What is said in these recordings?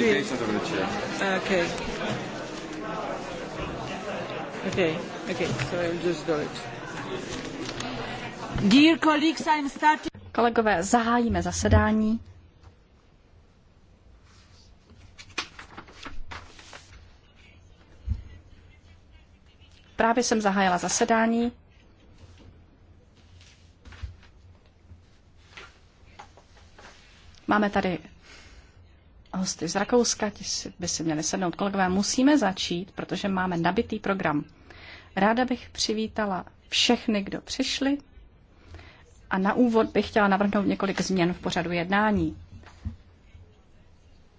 Sì. pensato che c'è. so I'll just do it. Dear colleagues, I'm starting... Kolegové, zahájíme zasedání. Právě jsem zahájila zasedání. Máme tady hosty z Rakouska, ti by si měli sednout. Kolegové, musíme začít, protože máme nabitý program. Ráda bych přivítala všechny, kdo přišli a na úvod bych chtěla navrhnout několik změn v pořadu jednání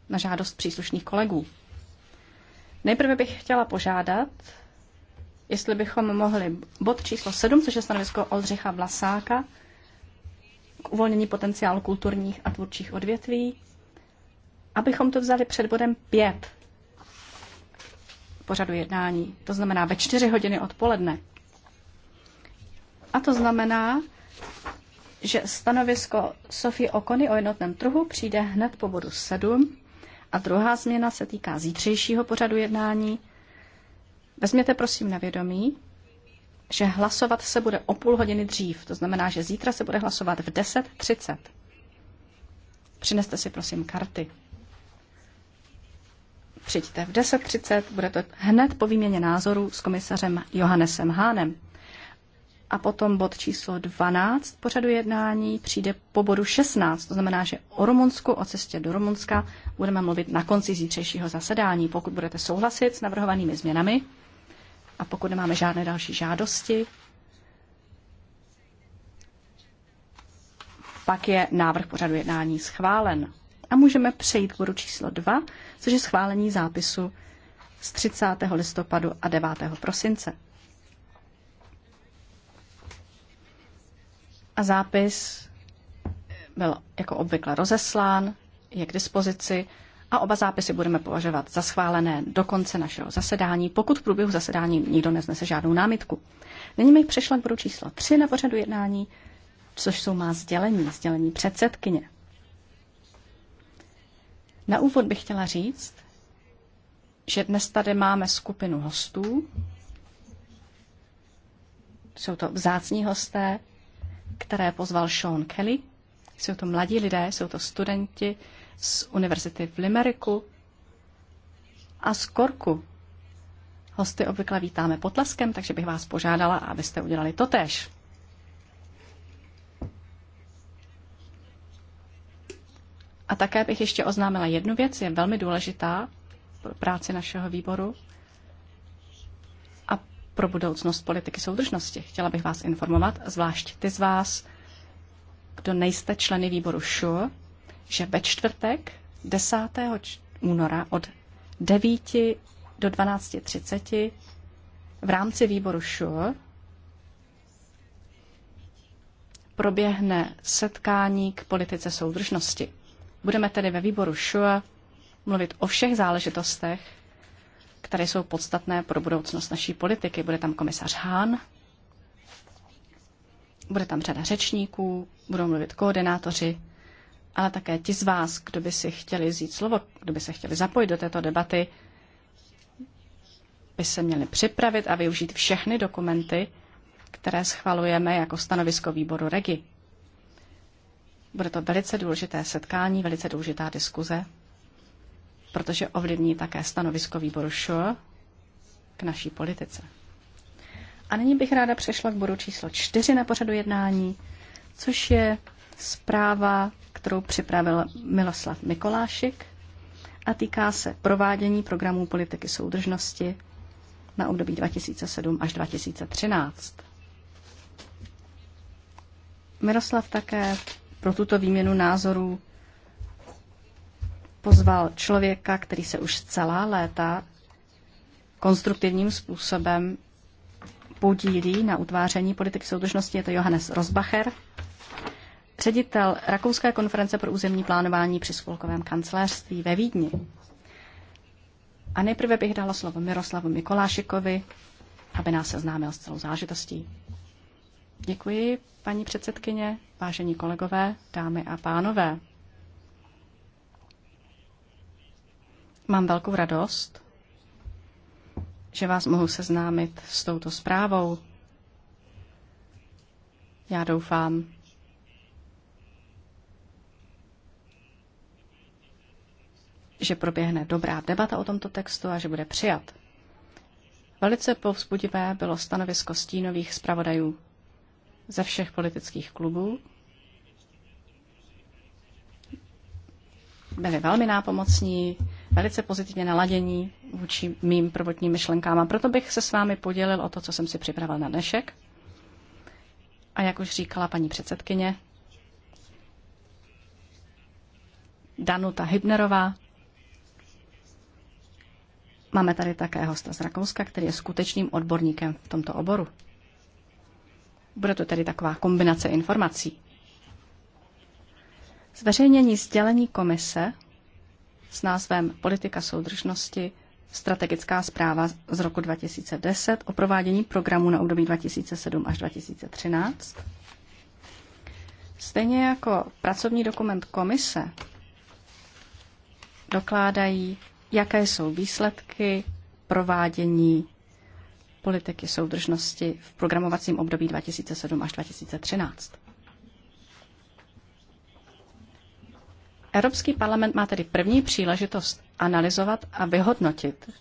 na žádost příslušných kolegů. Nejprve bych chtěla požádat, jestli bychom mohli bod číslo 7, což je stanovisko Oldřicha Vlasáka, k uvolnění potenciálu kulturních a tvůrčích odvětví, abychom to vzali před bodem 5 pořadu jednání, to znamená ve 4 hodiny odpoledne. A to znamená, že stanovisko Sofie Okony o jednotném trhu přijde hned po bodu 7 a druhá změna se týká zítřejšího pořadu jednání. Vezměte prosím na vědomí, že hlasovat se bude o půl hodiny dřív, to znamená, že zítra se bude hlasovat v 10.30. Přineste si prosím karty. Přijďte v 10.30, bude to hned po výměně názorů s komisařem Johannesem Hánem. A potom bod číslo 12 pořadu jednání přijde po bodu 16. To znamená, že o Rumunsku, o cestě do Rumunska budeme mluvit na konci zítřejšího zasedání, pokud budete souhlasit s navrhovanými změnami a pokud nemáme žádné další žádosti, pak je návrh pořadu jednání schválen a můžeme přejít k bodu číslo 2, což je schválení zápisu z 30. listopadu a 9. prosince. A zápis byl jako obvykle rozeslán, je k dispozici a oba zápisy budeme považovat za schválené do konce našeho zasedání, pokud v průběhu zasedání nikdo neznese žádnou námitku. Nyní mi přešla k bodu číslo 3 na pořadu jednání, což jsou má sdělení, sdělení předsedkyně. Na úvod bych chtěla říct, že dnes tady máme skupinu hostů. Jsou to vzácní hosté, které pozval Sean Kelly. Jsou to mladí lidé, jsou to studenti z univerzity v Limeriku a z Korku. Hosty obvykle vítáme potleskem, takže bych vás požádala, abyste udělali totéž. A také bych ještě oznámila jednu věc, je velmi důležitá pro práci našeho výboru a pro budoucnost politiky soudržnosti. Chtěla bych vás informovat, zvlášť ty z vás, kdo nejste členy výboru šu, že ve čtvrtek 10. února od 9 do 12.30 v rámci výboru šu proběhne setkání k politice soudržnosti. Budeme tedy ve výboru ŠUA mluvit o všech záležitostech, které jsou podstatné pro budoucnost naší politiky. Bude tam komisař Hahn, bude tam řada řečníků, budou mluvit koordinátoři, ale také ti z vás, kdo by si chtěli vzít slovo, kdo by se chtěli zapojit do této debaty, by se měli připravit a využít všechny dokumenty, které schvalujeme jako stanovisko výboru REGI. Bude to velice důležité setkání, velice důležitá diskuze, protože ovlivní také stanovisko výboru ŠUR k naší politice. A nyní bych ráda přešla k bodu číslo čtyři na pořadu jednání, což je zpráva, kterou připravil Miloslav Mikolášik a týká se provádění programů politiky soudržnosti na období 2007 až 2013. Miroslav také pro tuto výměnu názorů pozval člověka, který se už celá léta konstruktivním způsobem podílí na utváření politiky soudržnosti, je to Johannes Rozbacher, ředitel Rakouské konference pro územní plánování při spolkovém kancelářství ve Vídni. A nejprve bych dala slovo Miroslavu Mikolášikovi, aby nás seznámil s celou zážitostí. Děkuji, paní předsedkyně, vážení kolegové, dámy a pánové. Mám velkou radost, že vás mohu seznámit s touto zprávou. Já doufám, že proběhne dobrá debata o tomto textu a že bude přijat. Velice povzbudivé bylo stanovisko stínových zpravodajů ze všech politických klubů. Byli velmi nápomocní, velice pozitivně naladění vůči mým prvotním myšlenkám a proto bych se s vámi podělil o to, co jsem si připravil na dnešek. A jak už říkala paní předsedkyně, Danuta Hybnerová. Máme tady také hosta z Rakouska, který je skutečným odborníkem v tomto oboru. Bude to tedy taková kombinace informací. Zveřejnění sdělení komise s názvem Politika soudržnosti strategická zpráva z roku 2010 o provádění programu na období 2007 až 2013. Stejně jako pracovní dokument komise dokládají, jaké jsou výsledky provádění politiky soudržnosti v programovacím období 2007 až 2013. Evropský parlament má tedy první příležitost analyzovat a vyhodnotit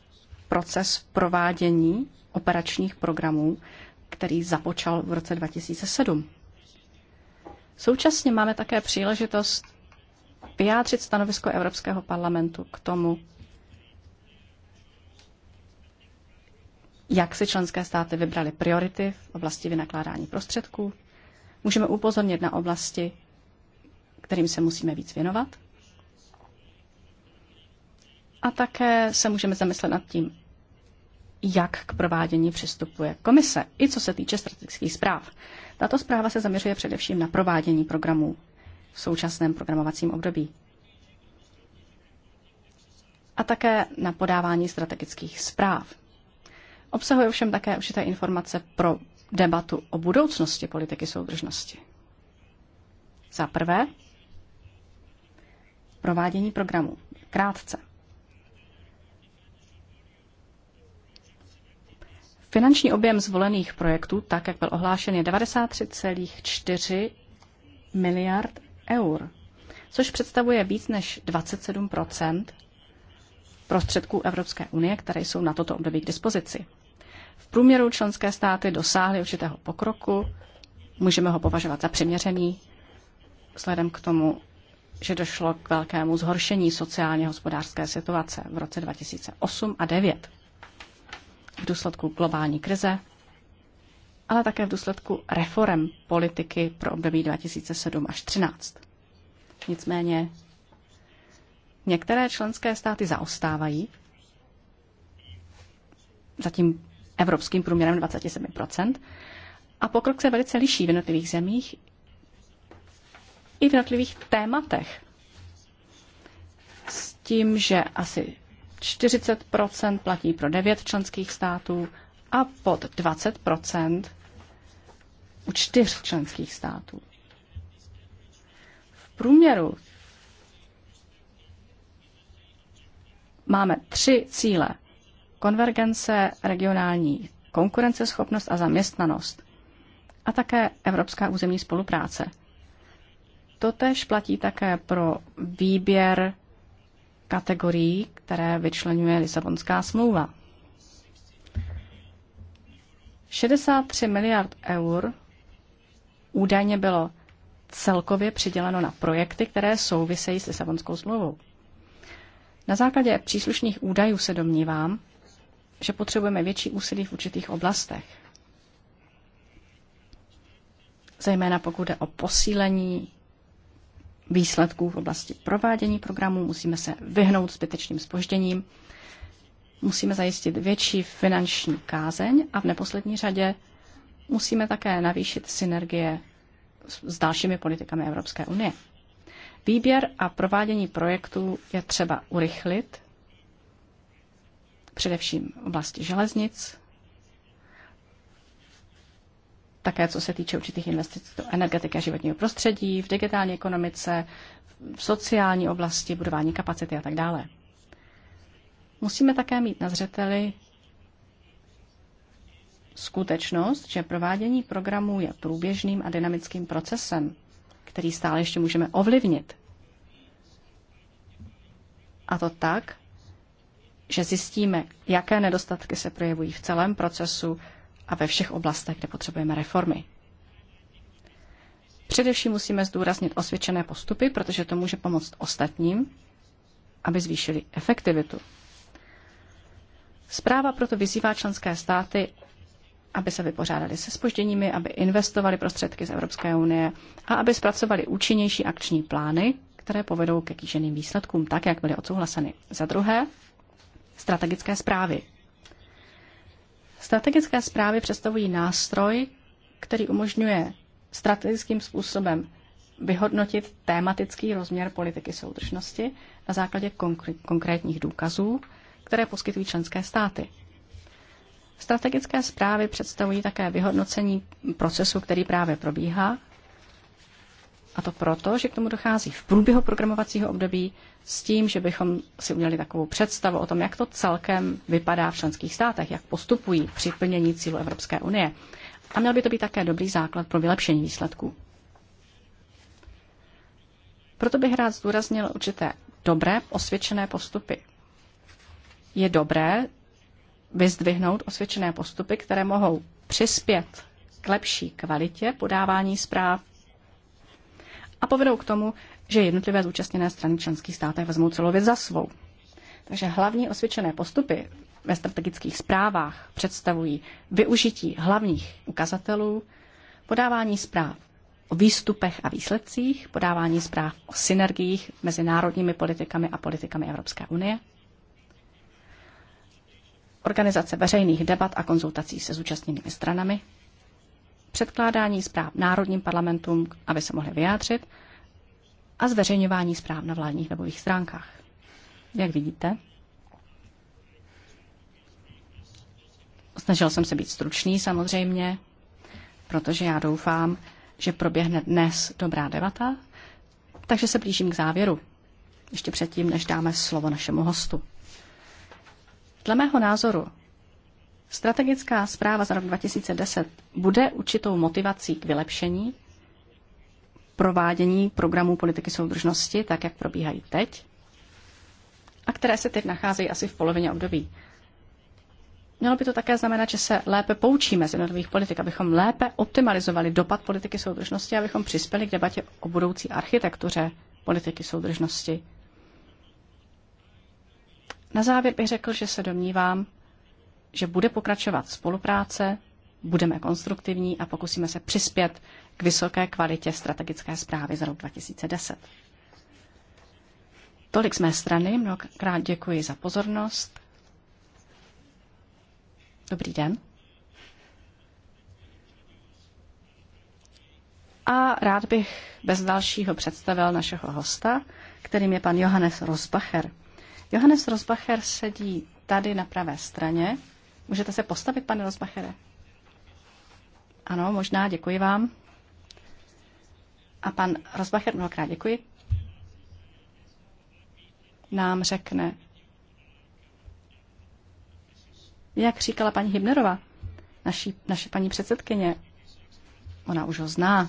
proces provádění operačních programů, který započal v roce 2007. Současně máme také příležitost vyjádřit stanovisko Evropského parlamentu k tomu, jak si členské státy vybraly priority v oblasti vynakládání prostředků. Můžeme upozornit na oblasti, kterým se musíme víc věnovat. A také se můžeme zamyslet nad tím, jak k provádění přistupuje komise, i co se týče strategických zpráv. Tato zpráva se zaměřuje především na provádění programů v současném programovacím období a také na podávání strategických zpráv. Obsahuje ovšem také určité informace pro debatu o budoucnosti politiky soudržnosti. Za prvé, provádění programu. Krátce. Finanční objem zvolených projektů, tak jak byl ohlášen, je 93,4 miliard eur, což představuje víc než 27 prostředků Evropské unie, které jsou na toto období k dispozici. V průměru členské státy dosáhly určitého pokroku, můžeme ho považovat za přiměřený, vzhledem k tomu, že došlo k velkému zhoršení sociálně hospodářské situace v roce 2008 a 2009 v důsledku globální krize, ale také v důsledku reform politiky pro období 2007 až 2013. Nicméně některé členské státy zaostávají, zatím evropským průměrem 27%. A pokrok se velice liší v jednotlivých zemích i v jednotlivých tématech. S tím, že asi 40 platí pro 9 členských států a pod 20 u čtyř členských států. V průměru máme tři cíle konvergence, regionální konkurenceschopnost a zaměstnanost a také evropská územní spolupráce. Totež platí také pro výběr kategorií, které vyčlenuje Lisabonská smlouva. 63 miliard eur údajně bylo celkově přiděleno na projekty, které souvisejí s Lisabonskou smlouvou. Na základě příslušných údajů se domnívám, že potřebujeme větší úsilí v určitých oblastech. Zejména pokud jde o posílení výsledků v oblasti provádění programů, musíme se vyhnout zbytečným spožděním, musíme zajistit větší finanční kázeň a v neposlední řadě musíme také navýšit synergie s dalšími politikami Evropské unie. Výběr a provádění projektů je třeba urychlit především v oblasti železnic, také co se týče určitých investic do energetiky a životního prostředí, v digitální ekonomice, v sociální oblasti, budování kapacity a tak dále. Musíme také mít na zřeteli skutečnost, že provádění programů je průběžným a dynamickým procesem, který stále ještě můžeme ovlivnit. A to tak, že zjistíme, jaké nedostatky se projevují v celém procesu a ve všech oblastech, kde potřebujeme reformy. Především musíme zdůraznit osvědčené postupy, protože to může pomoct ostatním, aby zvýšili efektivitu. Zpráva proto vyzývá členské státy, aby se vypořádali se spožděními, aby investovali prostředky z Evropské unie a aby zpracovali účinnější akční plány, které povedou ke kýženým výsledkům, tak jak byly odsouhlaseny. Za druhé, strategické zprávy. Strategické zprávy představují nástroj, který umožňuje strategickým způsobem vyhodnotit tématický rozměr politiky soudržnosti na základě konkrétních důkazů, které poskytují členské státy. Strategické zprávy představují také vyhodnocení procesu, který právě probíhá a to proto, že k tomu dochází v průběhu programovacího období s tím, že bychom si uměli takovou představu o tom, jak to celkem vypadá v členských státech, jak postupují při plnění cílu Evropské unie. A měl by to být také dobrý základ pro vylepšení výsledků. Proto bych rád zdůraznil určité dobré osvědčené postupy. Je dobré vyzdvihnout osvědčené postupy, které mohou přispět k lepší kvalitě podávání zpráv a povedou k tomu, že jednotlivé zúčastněné strany členských státech vezmou celou věc za svou. Takže hlavní osvědčené postupy ve strategických zprávách představují využití hlavních ukazatelů, podávání zpráv o výstupech a výsledcích, podávání zpráv o synergiích mezi národními politikami a politikami Evropské unie, organizace veřejných debat a konzultací se zúčastněnými stranami, předkládání zpráv národním parlamentům, aby se mohly vyjádřit, a zveřejňování zpráv na vládních webových stránkách. Jak vidíte, snažil jsem se být stručný samozřejmě, protože já doufám, že proběhne dnes dobrá debata, takže se blížím k závěru, ještě předtím, než dáme slovo našemu hostu. Dle mého názoru Strategická zpráva za rok 2010 bude určitou motivací k vylepšení provádění programů politiky soudržnosti, tak jak probíhají teď, a které se teď nacházejí asi v polovině období. Mělo by to také znamenat, že se lépe poučíme z jednotlivých politik, abychom lépe optimalizovali dopad politiky soudržnosti, abychom přispěli k debatě o budoucí architektuře politiky soudržnosti. Na závěr bych řekl, že se domnívám, že bude pokračovat spolupráce, budeme konstruktivní a pokusíme se přispět k vysoké kvalitě strategické zprávy za rok 2010. Tolik z mé strany, mnohokrát děkuji za pozornost. Dobrý den. A rád bych bez dalšího představil našeho hosta, kterým je pan Johannes Rosbacher. Johannes Rosbacher sedí tady na pravé straně. Můžete se postavit, pane Rozbachere? Ano, možná, děkuji vám. A pan Rozbacher, mnohokrát děkuji, nám řekne, jak říkala paní Hibnerová, naší, naše paní předsedkyně, ona už ho zná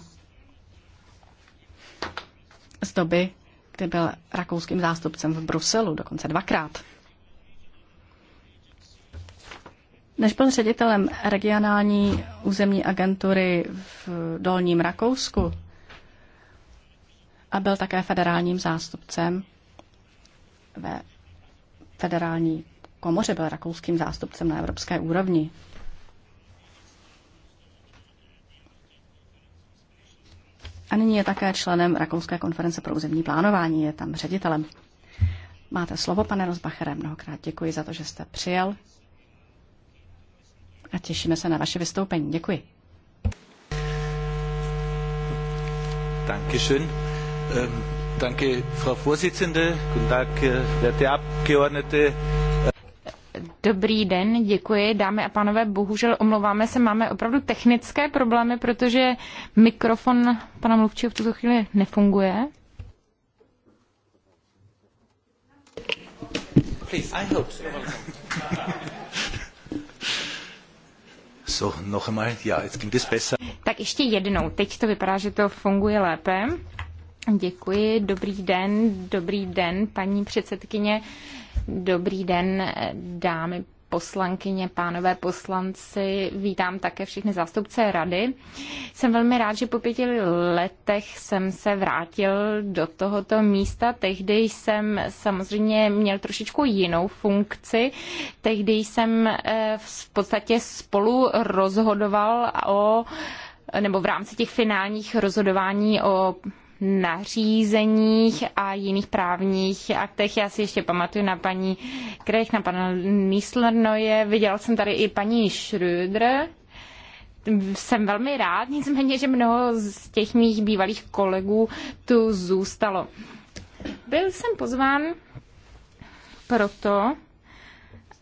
z doby, kdy byl rakouským zástupcem v Bruselu, dokonce dvakrát. Než byl ředitelem regionální územní agentury v Dolním Rakousku a byl také federálním zástupcem ve federální komoře, byl rakouským zástupcem na evropské úrovni. A nyní je také členem Rakouské konference pro územní plánování, je tam ředitelem. Máte slovo, pane Rozbachere, mnohokrát děkuji za to, že jste přijel a těšíme se na vaše vystoupení. Děkuji. Dankeschön. Ähm, danke, Frau Vorsitzende. Guten Tag, äh, werte Abgeordnete. Dobrý den, děkuji. Dámy a pánové, bohužel omlouváme se, máme opravdu technické problémy, protože mikrofon pana mluvčího v tuto chvíli nefunguje. Please, I hope so. So, noch ja, jetzt ging das besser. Tak ještě jednou, teď to vypadá, že to funguje lépe. Děkuji, dobrý den, dobrý den, paní předsedkyně, dobrý den, dámy poslankyně, pánové poslanci, vítám také všechny zástupce rady. Jsem velmi rád, že po pěti letech jsem se vrátil do tohoto místa. Tehdy jsem samozřejmě měl trošičku jinou funkci. Tehdy jsem eh, v podstatě spolu rozhodoval o nebo v rámci těch finálních rozhodování o nařízeních a jiných právních aktech. Já si ještě pamatuju na paní Krech, na pana Nislernoje, viděl jsem tady i paní Schröder, jsem velmi rád, nicméně, že mnoho z těch mých bývalých kolegů tu zůstalo. Byl jsem pozván proto,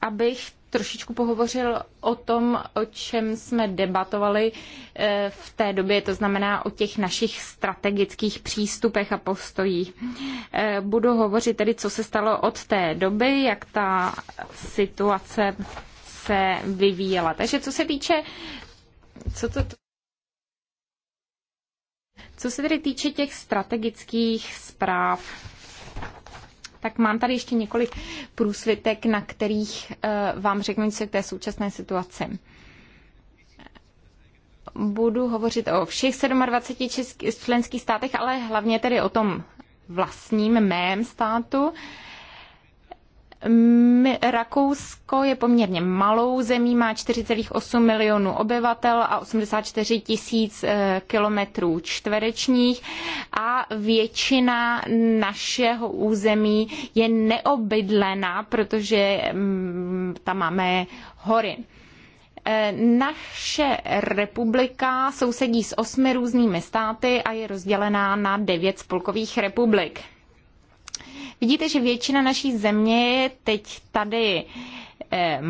abych trošičku pohovořil o tom, o čem jsme debatovali eh, v té době, to znamená o těch našich strategických přístupech a postojích. Eh, budu hovořit tedy, co se stalo od té doby, jak ta situace se vyvíjela. Takže co se týče, co to, co se tedy týče těch strategických zpráv, tak mám tady ještě několik průsvitek, na kterých eh, vám řeknu něco k té současné situaci budu hovořit o všech 27 českých členských státech, ale hlavně tedy o tom vlastním mém státu. Rakousko je poměrně malou zemí, má 4,8 milionů obyvatel a 84 tisíc eh, kilometrů čtverečních a většina našeho území je neobydlená, protože mm, tam máme hory. Eh, naše republika sousedí s osmi různými státy a je rozdělená na devět spolkových republik. Vidíte, že většina naší země je teď tady eh,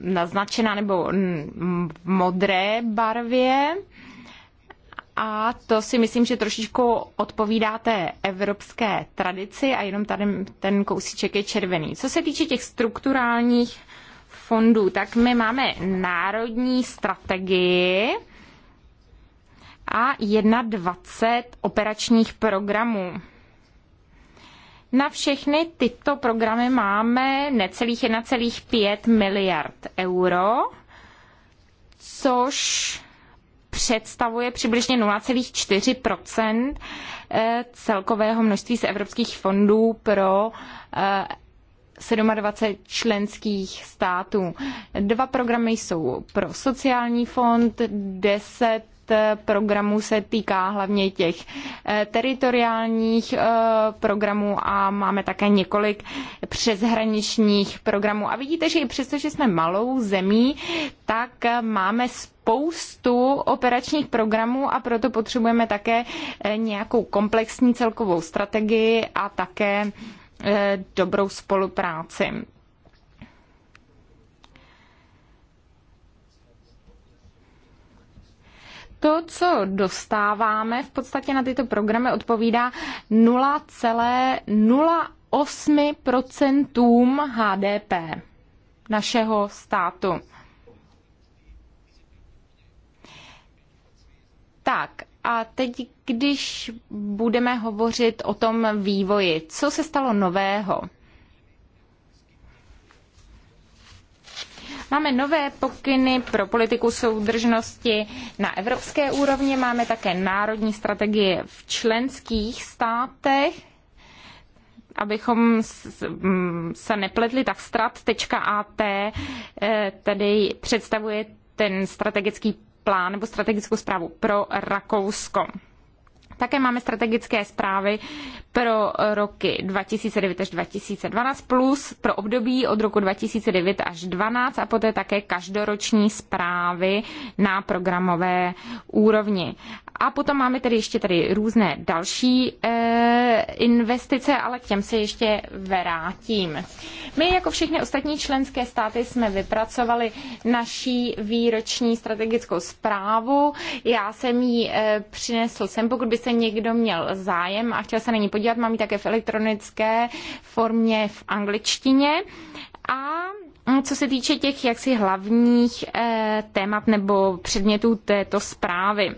naznačena nebo v modré barvě. A to si myslím, že trošičku odpovídá té evropské tradici a jenom tady ten kousíček je červený. Co se týče těch strukturálních fondů, tak my máme národní strategii a 21 operačních programů. Na všechny tyto programy máme necelých 1,5 miliard euro, což představuje přibližně 0,4 eh, celkového množství z evropských fondů pro 27 eh, členských států. Dva programy jsou pro sociální fond, 10 programů se týká hlavně těch eh, teritoriálních eh, programů a máme také několik přeshraničních programů. A vidíte, že i přesto, že jsme malou zemí, tak eh, máme spoustu operačních programů a proto potřebujeme také nějakou komplexní celkovou strategii a také dobrou spolupráci. to, co dostáváme v podstatě na tyto programy, odpovídá 0,08 HDP našeho státu. Tak a teď, když budeme hovořit o tom vývoji, co se stalo nového? Máme nové pokyny pro politiku soudržnosti na evropské úrovni, máme také národní strategie v členských státech, abychom mm, se nepletli, tak strat.at eh, tedy představuje ten strategický plán nebo strategickou zprávu pro Rakousko. Také máme strategické zprávy pro roky 2009 až 2012 plus pro období od roku 2009 až 2012 a poté také každoroční zprávy na programové úrovni. A potom máme tedy ještě tady různé další e, investice, ale k těm se ještě vrátím. My jako všechny ostatní členské státy jsme vypracovali naší výroční strategickou zprávu. Já jsem ji e, přinesl sem, pokud byste kdybyste někdo měl zájem a chtěl se na ní podívat, mám ji také v elektronické formě v angličtině. A co se týče těch jaksi hlavních eh, témat nebo předmětů této zprávy,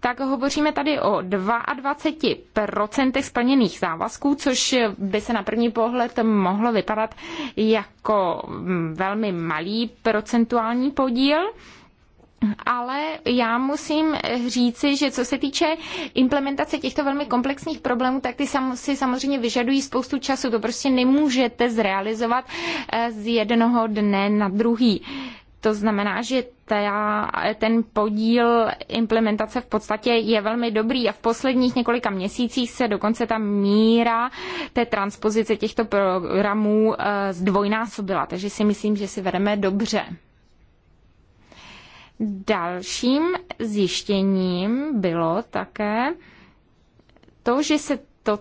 tak hovoříme tady o 22% splněných závazků, což by se na první pohled mohlo vypadat jako mm, velmi malý procentuální podíl ale já musím říci, že co se týče implementace těchto velmi komplexních problémů, tak ty si samozřejmě vyžadují spoustu času. To prostě nemůžete zrealizovat eh, z jednoho dne na druhý. To znamená, že ta, ten podíl implementace v podstatě je velmi dobrý a v posledních několika měsících se dokonce ta míra té transpozice těchto programů eh, zdvojnásobila. Takže si myslím, že si vedeme dobře. Dalším zjištěním bylo také to, že se to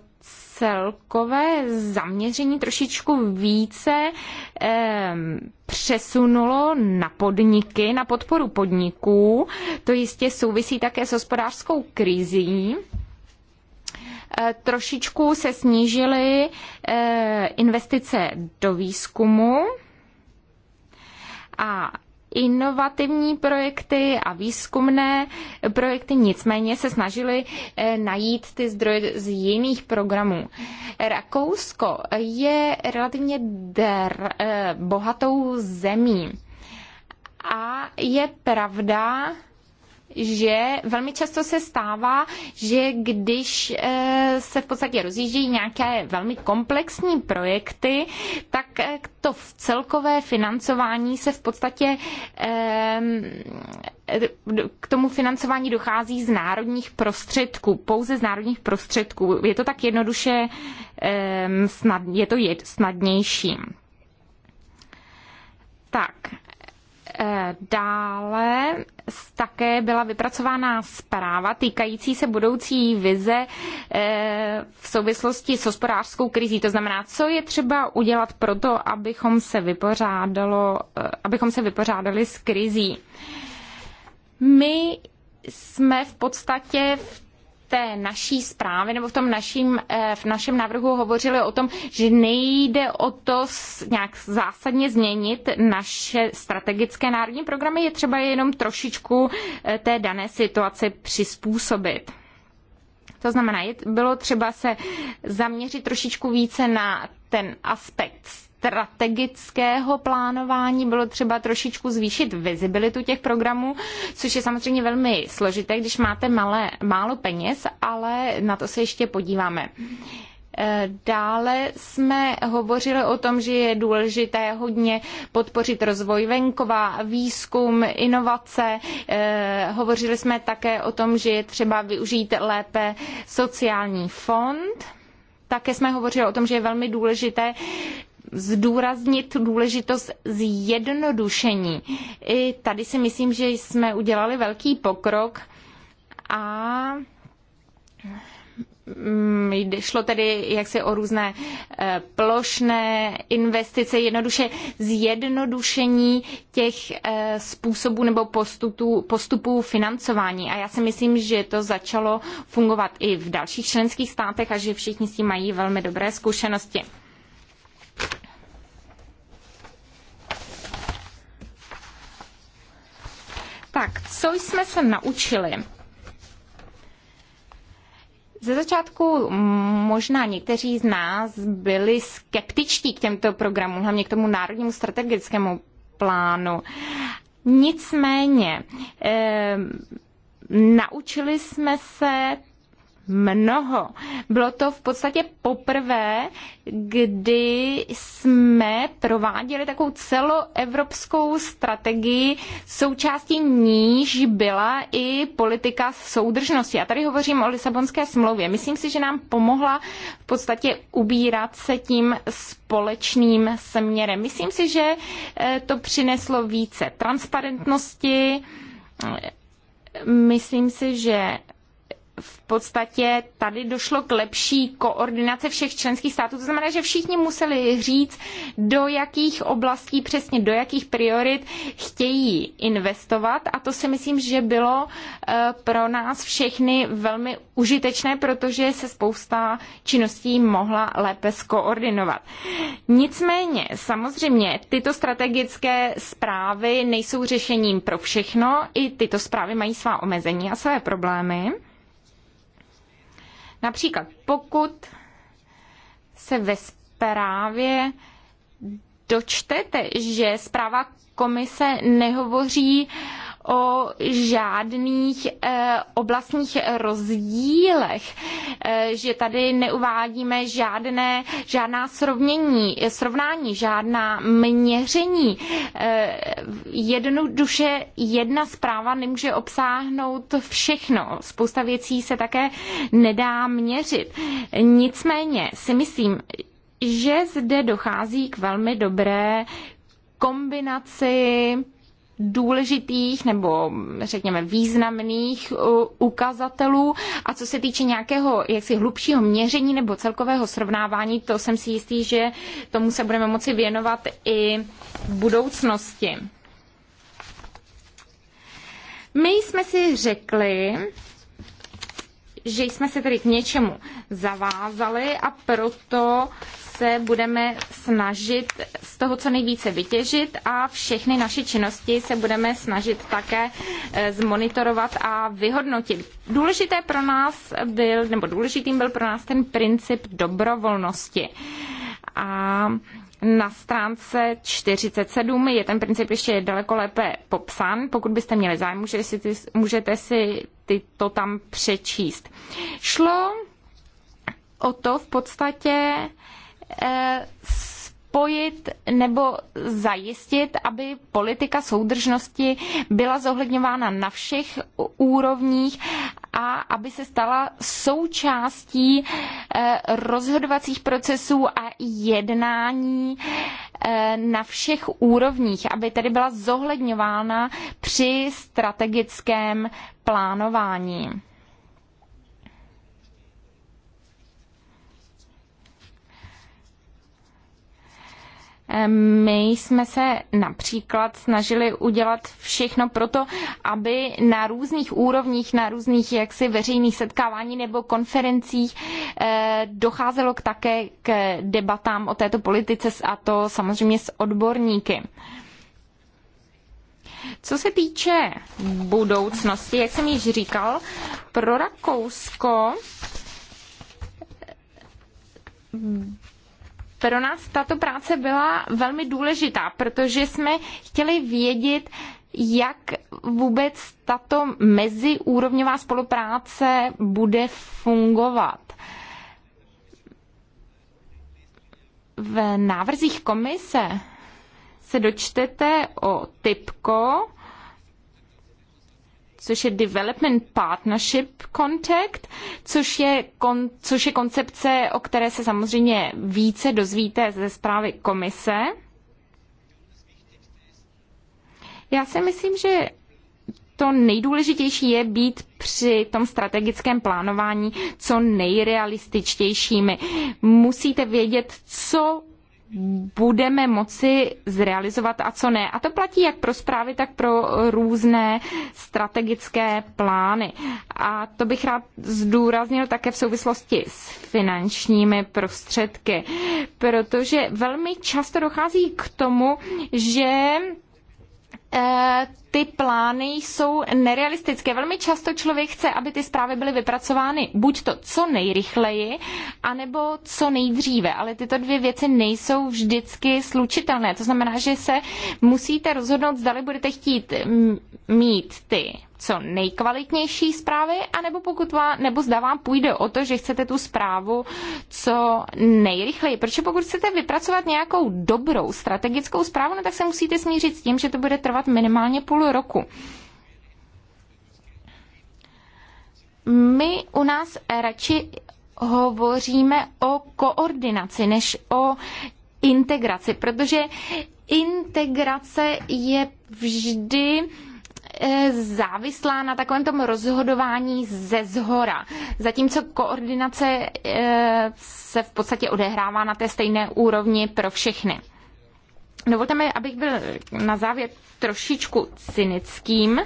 celkové zaměření trošičku více eh, přesunulo na podniky, na podporu podniků. To jistě souvisí také s hospodářskou krizí eh, trošičku se snížily eh, investice do výzkumu a inovativní projekty a výzkumné projekty, nicméně se snažili eh, najít ty zdroje z jiných programů. Rakousko je relativně der, eh, bohatou zemí a je pravda, že velmi často se stává, že když eh, se v podstatě rozjíždějí nějaké velmi komplexní projekty, tak eh, to v celkové financování se v podstatě ehm, k tomu financování dochází z národních prostředků, pouze z národních prostředků. Je to tak jednoduše, ehm, je to snadnější. Tak, Eh, dále také byla vypracována zpráva týkající se budoucí vize eh, v souvislosti s hospodářskou krizí. To znamená, co je třeba udělat pro to, abychom se, vypořádalo, eh, abychom se vypořádali s krizí. My jsme v podstatě v té naší zprávě nebo v tom naším, eh, v našem návrhu hovořili o tom, že nejde o to nějak zásadně změnit naše strategické národní programy, je třeba jenom trošičku eh, té dané situaci přizpůsobit. To znamená, bylo třeba se zaměřit trošičku více na ten aspekt strategického plánování bylo třeba trošičku zvýšit vizibilitu těch programů, což je samozřejmě velmi složité, když máte malé, málo peněz, ale na to se ještě podíváme. Eh, dále jsme hovořili o tom, že je důležité hodně podpořit rozvoj venkova, výzkum, inovace. Eh, hovořili jsme také o tom, že je třeba využít lépe sociální fond. Také jsme hovořili o tom, že je velmi důležité zdůraznit důležitost zjednodušení. I tady si myslím, že jsme udělali velký pokrok a mm, šlo tedy jaksi o různé e, plošné investice, jednoduše zjednodušení těch e, způsobů nebo postupů, postupů financování. A já si myslím, že to začalo fungovat i v dalších členských státech a že všichni s tím mají velmi dobré zkušenosti. Tak, co jsme se naučili? Ze začátku možná někteří z nás byli skeptičtí k těmto programům, hlavně k tomu národnímu strategickému plánu. Nicméně, eh, naučili jsme se mnoho. Bylo to v podstatě poprvé, kdy jsme prováděli takovou celoevropskou strategii, součástí níž byla i politika soudržnosti. Já tady hovořím o Lisabonské smlouvě. Myslím si, že nám pomohla v podstatě ubírat se tím společným směrem. Myslím si, že eh, to přineslo více transparentnosti, Myslím si, že v podstatě tady došlo k lepší koordinaci všech členských států. To znamená, že všichni museli říct, do jakých oblastí, přesně do jakých priorit chtějí investovat. A to si myslím, že bylo eh, pro nás všechny velmi užitečné, protože se spousta činností mohla lépe skoordinovat. Nicméně, samozřejmě, tyto strategické zprávy nejsou řešením pro všechno. I tyto zprávy mají svá omezení a své problémy. Například pokud se ve zprávě dočtete, že zpráva komise nehovoří o žádných eh, oblastních rozdílech, eh, že tady neuvádíme žádné, žádná srovnění, srovnání, žádná měření. Eh, jednoduše jedna zpráva nemůže obsáhnout všechno. Spousta věcí se také nedá měřit. Nicméně si myslím, že zde dochází k velmi dobré kombinaci důležitých nebo řekněme významných uh, ukazatelů a co se týče nějakého jaksi hlubšího měření nebo celkového srovnávání, to jsem si jistý, že tomu se budeme moci věnovat i v budoucnosti. My jsme si řekli, že jsme se tedy k něčemu zavázali a proto se budeme snažit z toho co nejvíce vytěžit a všechny naše činnosti se budeme snažit také eh, zmonitorovat a vyhodnotit. Důležité pro nás byl, nebo důležitým byl pro nás ten princip dobrovolnosti. A na stránce 47 je ten princip ještě daleko lépe popsán. Pokud byste měli zájem, můžete si, ty, můžete si ty, to tam přečíst. Šlo o to v podstatě Eh, spojit nebo zajistit, aby politika soudržnosti byla zohledňována na všech úrovních a aby se stala součástí eh, rozhodovacích procesů a jednání eh, na všech úrovních, aby tedy byla zohledňována při strategickém plánování. My jsme se například snažili udělat všechno proto, aby na různých úrovních, na různých jaksi veřejných setkávání nebo konferencích eh, docházelo k také k debatám o této politice a to samozřejmě s odborníky. Co se týče budoucnosti, jak jsem již říkal, pro Rakousko pro nás tato práce byla velmi důležitá, protože jsme chtěli vědět, jak vůbec tato meziúrovňová spolupráce bude fungovat. V návrzích komise se dočtete o typko, což je Development Partnership Contact, což je, kon, což je koncepce, o které se samozřejmě více dozvíte ze zprávy komise. Já si myslím, že to nejdůležitější je být při tom strategickém plánování co nejrealističtějšími. Musíte vědět, co budeme moci zrealizovat a co ne. A to platí jak pro zprávy, tak pro různé strategické plány. A to bych rád zdůraznil také v souvislosti s finančními prostředky, protože velmi často dochází k tomu, že Eh, ty plány jsou nerealistické. Velmi často člověk chce, aby ty zprávy byly vypracovány buď to co nejrychleji, anebo co nejdříve, ale tyto dvě věci nejsou vždycky slučitelné. To znamená, že se musíte rozhodnout, zdali budete chtít mm, mít ty co nejkvalitnější zprávy, anebo pokud vám, nebo zda vám půjde o to, že chcete tu zprávu co nejrychleji. Protože pokud chcete vypracovat nějakou dobrou strategickou zprávu, no tak se musíte smířit s tím, že to bude trvat minimálně půl roku. My u nás radši hovoříme o koordinaci než o integraci, protože integrace je vždy Eh, závislá na takovém tom rozhodování ze zhora, zatímco koordinace eh, se v podstatě odehrává na té stejné úrovni pro všechny. Dovolte mi, abych byl na závěr trošičku cynickým.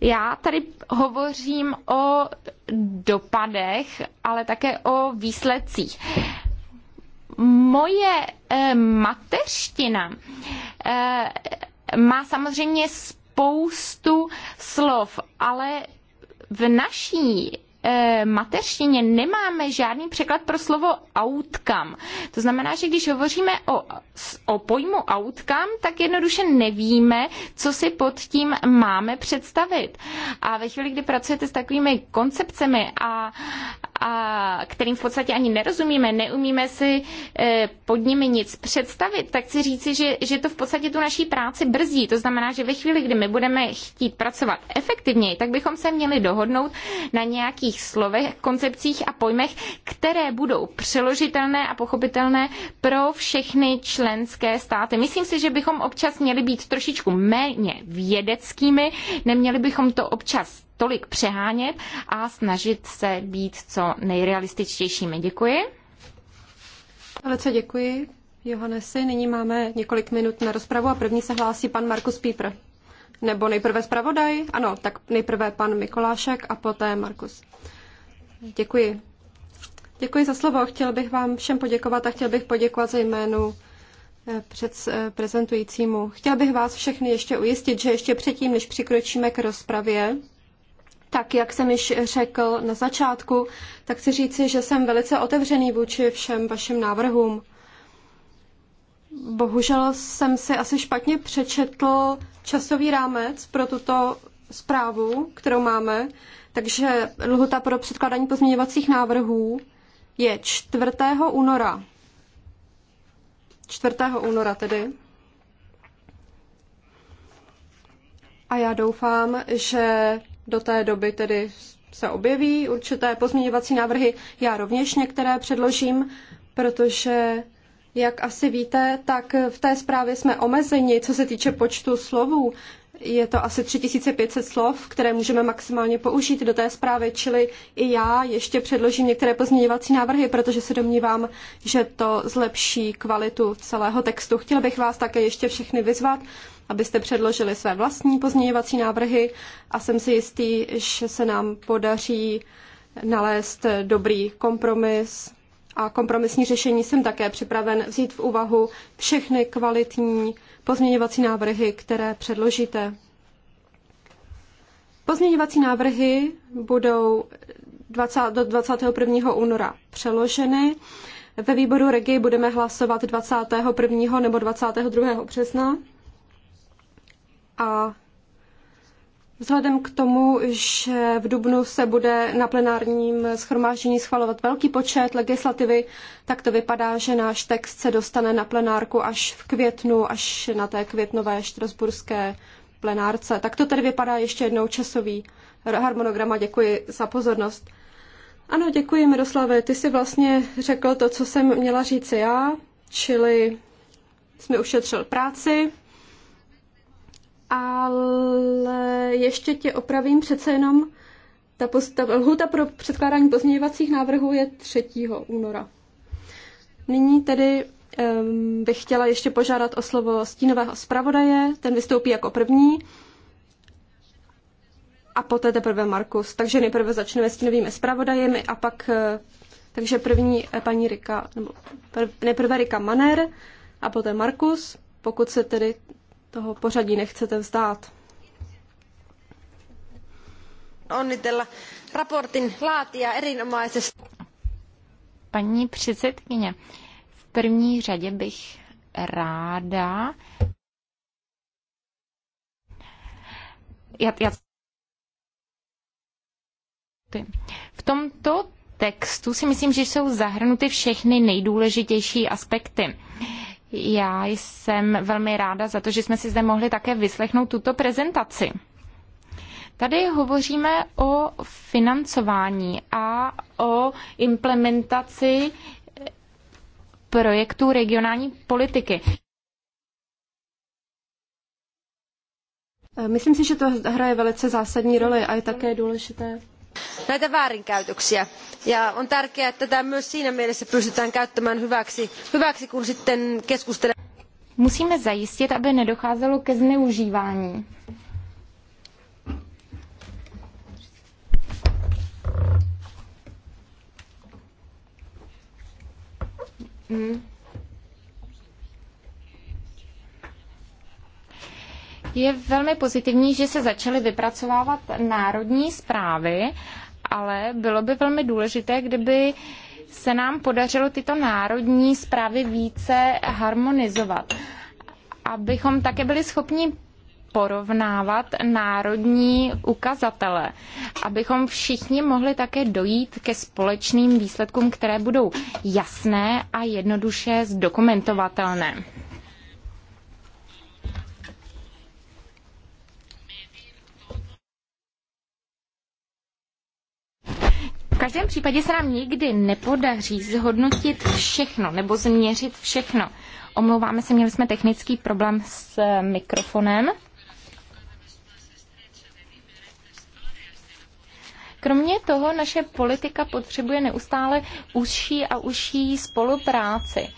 Já tady hovořím o dopadech, ale také o výsledcích. Moje eh, mateřština má samozřejmě spoustu slov, ale v naší e, mateřštině nemáme žádný překlad pro slovo outcome. To znamená, že když hovoříme o, o pojmu outcome, tak jednoduše nevíme, co si pod tím máme představit. A ve chvíli, kdy pracujete s takovými koncepcemi a, a kterým v podstatě ani nerozumíme, neumíme si e, pod nimi nic představit, tak chci říci, že, že to v podstatě tu naší práci brzdí. To znamená, že ve chvíli, kdy my budeme chtít pracovat efektivněji, tak bychom se měli dohodnout na nějaký nějakých slovech, koncepcích a pojmech, které budou přeložitelné a pochopitelné pro všechny členské státy. Myslím si, že bychom občas měli být trošičku méně vědeckými, neměli bychom to občas tolik přehánět a snažit se být co nejrealističtějšími. Děkuji. děkuji. Johannesi, nyní máme několik minut na rozpravu a první se hlásí pan Markus Pípr. Nebo nejprve zpravodaj? Ano, tak nejprve pan Mikolášek a poté Markus. Děkuji. Děkuji za slovo. Chtěl bych vám všem poděkovat a chtěl bych poděkovat za jménu eh, před eh, prezentujícímu. Chtěl bych vás všechny ještě ujistit, že ještě předtím, než přikročíme k rozpravě, tak jak jsem již řekl na začátku, tak chci říci, že jsem velice otevřený vůči všem vašim návrhům. Bohužel jsem si asi špatně přečetl časový rámec pro tuto zprávu, kterou máme, takže lhuta pro předkládání pozměňovacích návrhů je 4. února. 4. února tedy. A já doufám, že do té doby tedy se objeví určité pozměňovací návrhy. Já rovněž některé předložím, protože jak asi víte, tak v té zprávě jsme omezeni, co se týče počtu slovů. Je to asi 3500 slov, které můžeme maximálně použít do té zprávy, čili i já ještě předložím některé pozměňovací návrhy, protože se domnívám, že to zlepší kvalitu celého textu. Chtěla bych vás také ještě všechny vyzvat, abyste předložili své vlastní pozměňovací návrhy a jsem si jistý, že se nám podaří nalézt dobrý kompromis a kompromisní řešení jsem také připraven vzít v úvahu všechny kvalitní pozměňovací návrhy, které předložíte. Pozměňovací návrhy budou 20, do 21. února přeloženy. Ve výboru Regi budeme hlasovat 21. nebo 22. března. A Vzhledem k tomu, že v Dubnu se bude na plenárním schromáždění schvalovat velký počet legislativy, tak to vypadá, že náš text se dostane na plenárku až v květnu, až na té květnové štrasburské plenárce. Tak to tedy vypadá ještě jednou časový harmonograma. Děkuji za pozornost. Ano, děkuji Miroslave. Ty jsi vlastně řekl to, co jsem měla říci já, čili jsme ušetřil práci ale ještě tě opravím přece jenom. Ta, ta lhuta pro předkládání pozměňovacích návrhů je 3. února. Nyní tedy um, bych chtěla ještě požádat o slovo stínového zpravodaje, ten vystoupí jako první a poté teprve Markus. Takže nejprve začneme stínovými zpravodajemi a pak, eh, takže první eh, paní Rika, nebo nejprve Rika Maner a poté Markus, pokud se tedy toho pořadí nechcete vzdát. Onnitella raportin laatia erinomaisesti. Paní předsedkyně, v první řadě bych ráda já, já... V tomto textu si myslím, že jsou zahrnuty všechny nejdůležitější aspekty. Uh, já jsem velmi ráda za to, že jsme si zde mohli také vyslechnout tuto prezentaci. Tady hovoříme o financování a o implementaci projektů regionální politiky. Myslím si, že to hraje velice zásadní roli a je také důležité näitä väärinkäytöksiä ja on tärkeää että tätä myös siinä mielessä pystytään käyttämään hyväksi, hyväksi kun sitten keskustelemme. Musíme zajistit, aby nedocházelo ke zneužívání. Mm. Je velmi pozitivní, že se začaly vypracovávat národní zprávy, ale bylo by velmi důležité, kdyby se nám podařilo tyto národní zprávy více harmonizovat, abychom také byli schopni porovnávat národní ukazatele, abychom všichni mohli také dojít ke společným výsledkům, které budou jasné a jednoduše zdokumentovatelné. každém případě se nám nikdy nepodaří zhodnotit všechno nebo změřit všechno. Omlouváme se, měli jsme technický problém s eh, mikrofonem. Kromě toho naše politika potřebuje neustále užší a užší spolupráci.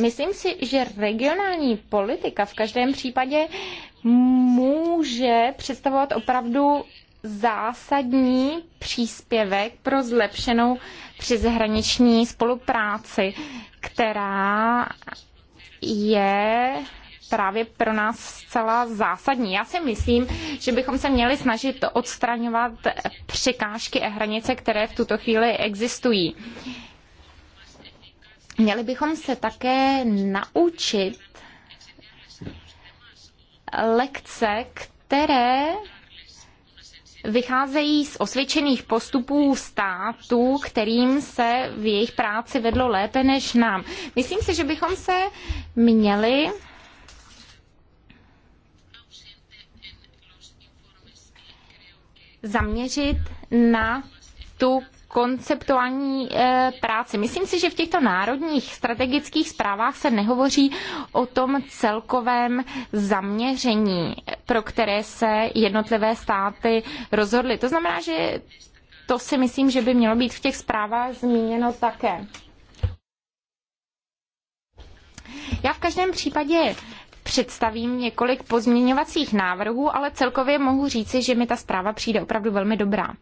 Myslím si, že regionální politika v každém případě může představovat opravdu zásadní příspěvek pro zlepšenou přeshraniční spolupráci, která je právě pro nás zcela zásadní. Já si myslím, že bychom se měli snažit odstraňovat překážky a hranice, které v tuto chvíli existují. Měli bychom se také naučit lekce, které vycházejí z osvědčených postupů států, kterým se v jejich práci vedlo lépe než nám. Myslím si, že bychom se měli zaměřit na tu konceptuální eh, práce. Myslím si, že v těchto národních strategických zprávách se nehovoří o tom celkovém zaměření, pro které se jednotlivé státy rozhodly. To znamená, že to si myslím, že by mělo být v těch zprávách zmíněno také. Já v každém případě představím několik pozměňovacích návrhů, ale celkově mohu říci, že mi ta zpráva přijde opravdu velmi dobrá.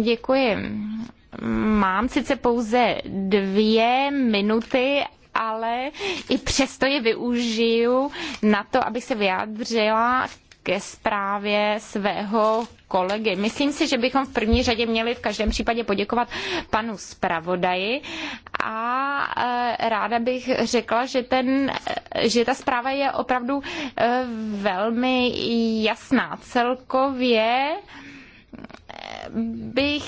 Děkuji. Mám sice pouze dvě minuty, ale i přesto je využiju na to, abych se vyjádřila ke zprávě svého kolegy. Myslím si, že bychom v první řadě měli v každém případě poděkovat panu zpravodaji a e, ráda bych řekla, že, ten, e, že ta zpráva je opravdu e, velmi jasná. Celkově bych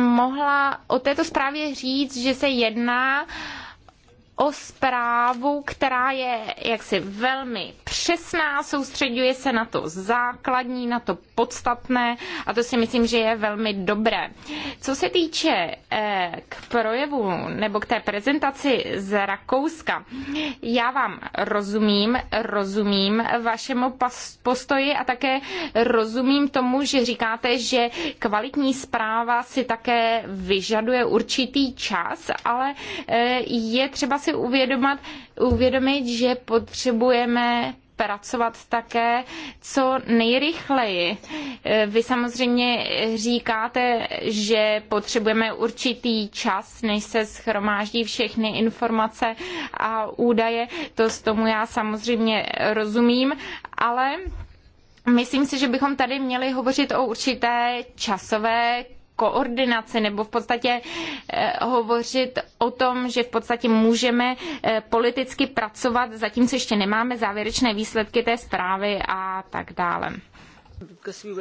mohla o této zprávě říct, že se jedná o zprávu, která je jaksi velmi přesná, soustředuje se na to základní, na to podstatné a to si myslím, že je velmi dobré. Co se týče eh, k projevu nebo k té prezentaci z Rakouska, já vám rozumím, rozumím vašemu postoji a také rozumím tomu, že říkáte, že kvalitní zpráva si také vyžaduje určitý čas, ale eh, je třeba si si uvědomat, uvědomit, že potřebujeme pracovat také co nejrychleji. E, vy samozřejmě říkáte, že potřebujeme určitý čas, než se schromáždí všechny informace a údaje. To s tomu já samozřejmě rozumím, ale Myslím si, že bychom tady měli hovořit o určité časové koordinaci nebo v podstatě eh, hovořit o tom, že v podstatě můžeme eh, politicky pracovat, zatímco ještě nemáme závěrečné výsledky té zprávy a tak dále.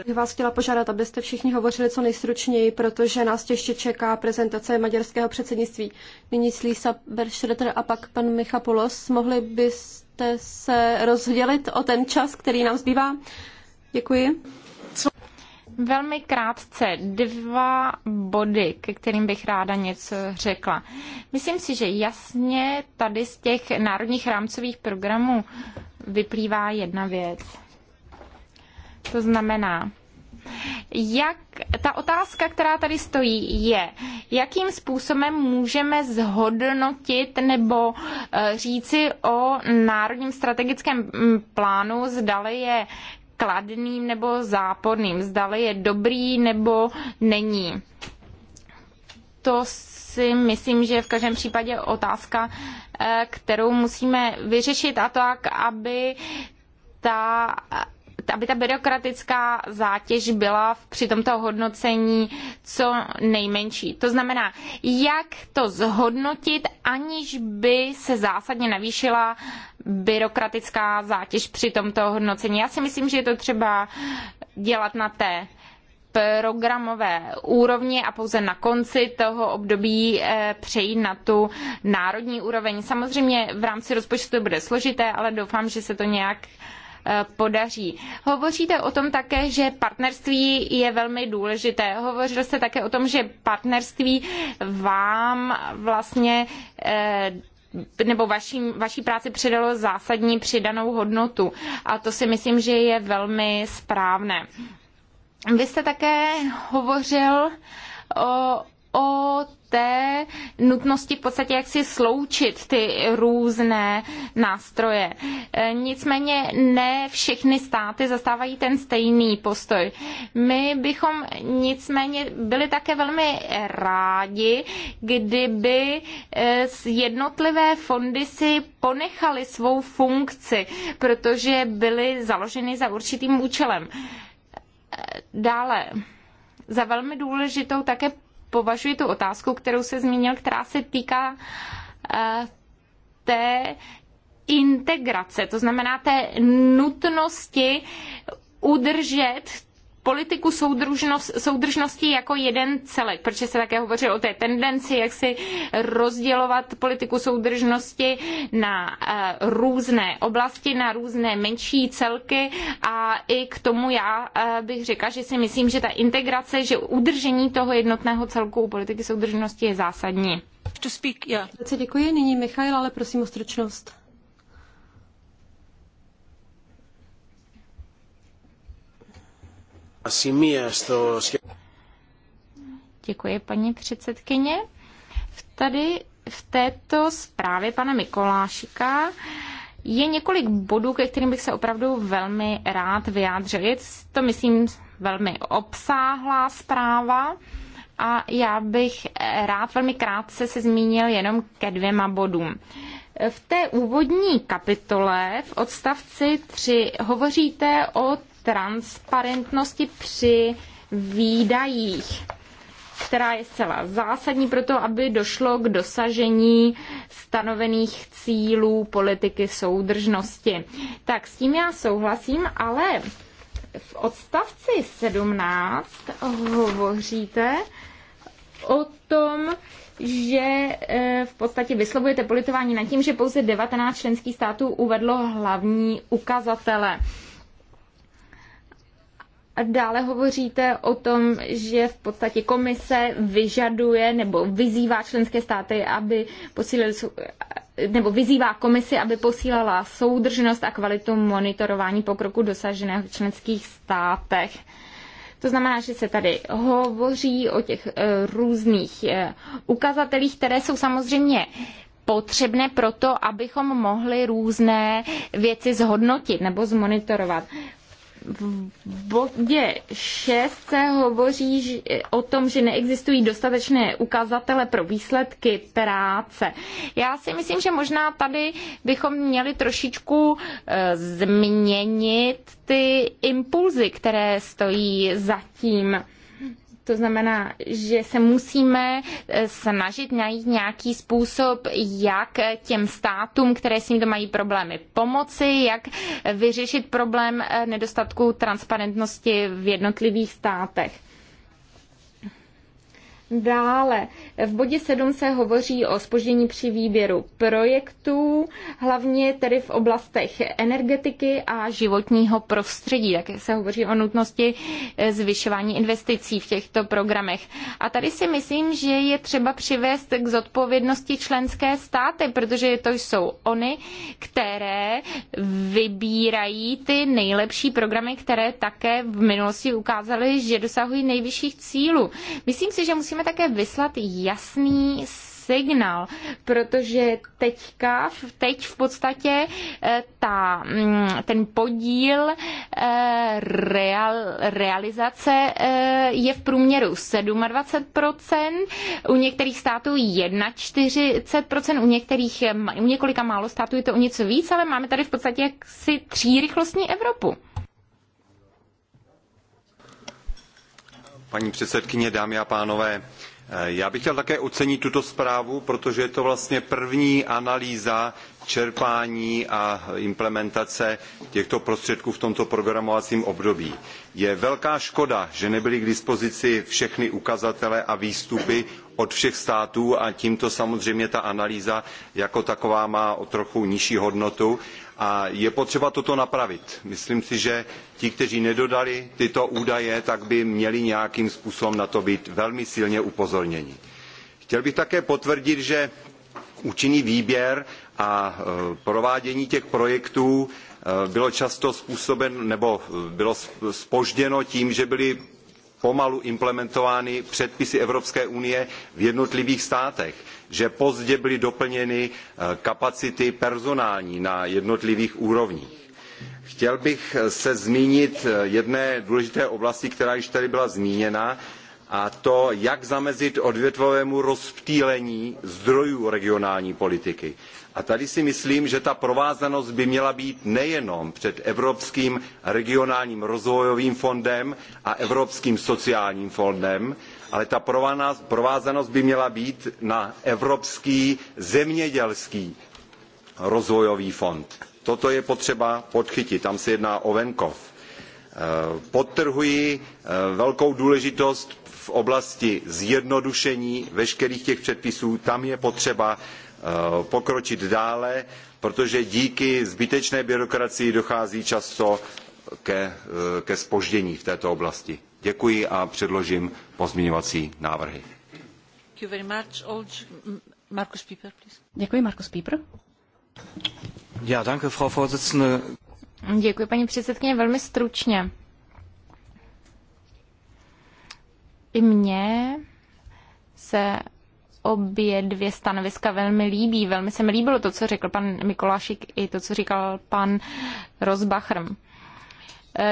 Bych vás chtěla požádat, abyste všichni hovořili co nejstručněji, protože nás ještě čeká prezentace maďarského předsednictví. Nyní Slisa Beršreter a pak pan Michapolos. Mohli byste se rozdělit o ten čas, který nám zbývá? Děkuji. Velmi krátce dva body, ke kterým bych ráda něco řekla. Myslím si, že jasně tady z těch národních rámcových programů vyplývá jedna věc. To znamená, jak ta otázka, která tady stojí, je, jakým způsobem můžeme zhodnotit nebo eh, říci o národním strategickém mm, plánu, zdali je kladným nebo záporným, zdali je dobrý nebo není. To si myslím, že je v každém případě otázka, eh, kterou musíme vyřešit a tak, aby ta aby ta byrokratická zátěž byla při tomto hodnocení co nejmenší. To znamená, jak to zhodnotit, aniž by se zásadně navýšila byrokratická zátěž při tomto hodnocení. Já si myslím, že je to třeba dělat na té programové úrovni a pouze na konci toho období eh, přejít na tu národní úroveň. Samozřejmě v rámci rozpočtu to bude složité, ale doufám, že se to nějak Eh, podaří. Hovoříte o tom také, že partnerství je velmi důležité. Hovořil jste také o tom, že partnerství vám vlastně eh, nebo vaší, vaší práci přidalo zásadní přidanou hodnotu. A to si myslím, že je velmi správné. Vy jste také hovořil o o té nutnosti v podstatě jak si sloučit ty různé nástroje. E, nicméně ne všechny státy zastávají ten stejný postoj. My bychom nicméně byli také velmi rádi, kdyby e, jednotlivé fondy si ponechaly svou funkci, protože byly založeny za určitým účelem. E, dále, za velmi důležitou také považuji tu otázku, kterou se zmínil, která se týká eh, té integrace, to znamená té nutnosti udržet politiku soudržnost, soudržnosti jako jeden celek, protože se také hovořilo o té tendenci, jak si rozdělovat politiku soudržnosti na eh, různé oblasti, na různé menší celky a i k tomu já eh, bych řekla, že si myslím, že ta integrace, že udržení toho jednotného celku u politiky soudržnosti je zásadní. To speak, yeah. Děkuji, nyní Michal, ale prosím o stručnost. Děkuji, paní předsedkyně. Tady v této zprávě pana Mikolášika je několik bodů, ke kterým bych se opravdu velmi rád vyjádřil. Je to, myslím, velmi obsáhlá zpráva a já bych rád velmi krátce se zmínil jenom ke dvěma bodům. V té úvodní kapitole v odstavci 3 hovoříte o transparentnosti při výdajích která je zcela zásadní pro to, aby došlo k dosažení stanovených cílů politiky soudržnosti. Tak s tím já souhlasím, ale v odstavci 17 hovoříte o tom, že eh, v podstatě vyslovujete politování nad tím, že pouze 19 členských států uvedlo hlavní ukazatele. Dále hovoříte o tom, že v podstatě komise vyžaduje nebo vyzývá členské státy, aby posílili, nebo vyzývá komisi, aby posílala soudržnost a kvalitu monitorování pokroku dosaženého v členských státech. To znamená, že se tady hovoří o těch eh, různých eh, ukazatelích, které jsou samozřejmě potřebné pro to, abychom mohli různé věci zhodnotit nebo zmonitorovat v bodě 6 se hovoří o tom, že neexistují dostatečné ukazatele pro výsledky práce. Já si myslím, že možná tady bychom měli trošičku e, změnit ty impulzy, které stojí za tím to znamená, že se musíme eh, snažit najít nějaký způsob, jak eh, těm státům, které s tímto mají problémy, pomoci, jak eh, vyřešit problém nedostatku transparentnosti v jednotlivých státech. Dále v bodě 7 se hovoří o spoždění při výběru projektů, hlavně tedy v oblastech energetiky a životního prostředí. Také se hovoří o nutnosti eh, zvyšování investicí v těchto programech. A tady si myslím, že je třeba přivést k zodpovědnosti členské státy, protože to jsou oni, které vybírají ty nejlepší programy, které také v minulosti ukázaly, že dosahují nejvyšších cílů. Myslím si, že musíme musíme také vyslat jasný signál, protože teďka, teď v podstatě eh, ta, mm, ten podíl eh, real, realizace eh, je v průměru 27%, u některých států 41%, u některých, u několika málo států je to o něco víc, ale máme tady v podstatě jaksi rychlostní Evropu. paní předsedkyně, dámy a pánové. Eh, já bych chtěl také ocenit tuto zprávu, protože je to vlastně první analýza čerpání a implementace těchto prostředků v tomto programovacím období. Je velká škoda, že nebyly k dispozici všechny ukazatele a výstupy od všech států a tímto samozřejmě ta analýza jako taková má o trochu nižší hodnotu a je potřeba toto napravit. Myslím si, že ti, kteří nedodali tyto údaje, tak by měli nějakým způsobem na to být velmi silně upozorněni. Chtěl bych také potvrdit, že účinný výběr a e, provádění těch projektů e, bylo často způsoben nebo e, bylo spožděno tím, že byly pomalu implementovány předpisy Evropské unie v jednotlivých státech, že pozdě byly doplněny eh, kapacity personální na jednotlivých úrovních. Chtěl bych eh, se zmínit eh, jedné důležité oblasti, která již tady byla zmíněna, a to, jak zamezit odvětvovému rozptýlení zdrojů regionální politiky. A tady si myslím, že ta provázanost by měla být nejenom před Evropským regionálním rozvojovým fondem a Evropským sociálním fondem, ale ta provázanost by měla být na Evropský zemědělský rozvojový fond. Toto je potřeba podchytit, tam se jedná o venkov. Eh, podtrhuji eh, velkou důležitost v oblasti zjednodušení veškerých těch předpisů, tam je potřeba Eh, pokročit dále, protože díky zbytečné byrokracii dochází často ke, eh, ke spoždění v této oblasti. Děkuji a předložím pozměňovací návrhy. Děkuji, Markus Pieper. Ja, danke, Frau Vorsitzende. Děkuji, paní předsedkyně, velmi stručně. I mně se obě dvě stanoviska velmi líbí. Velmi se mi líbilo to, co řekl pan Mikolášik i to, co říkal pan Rozbachrm.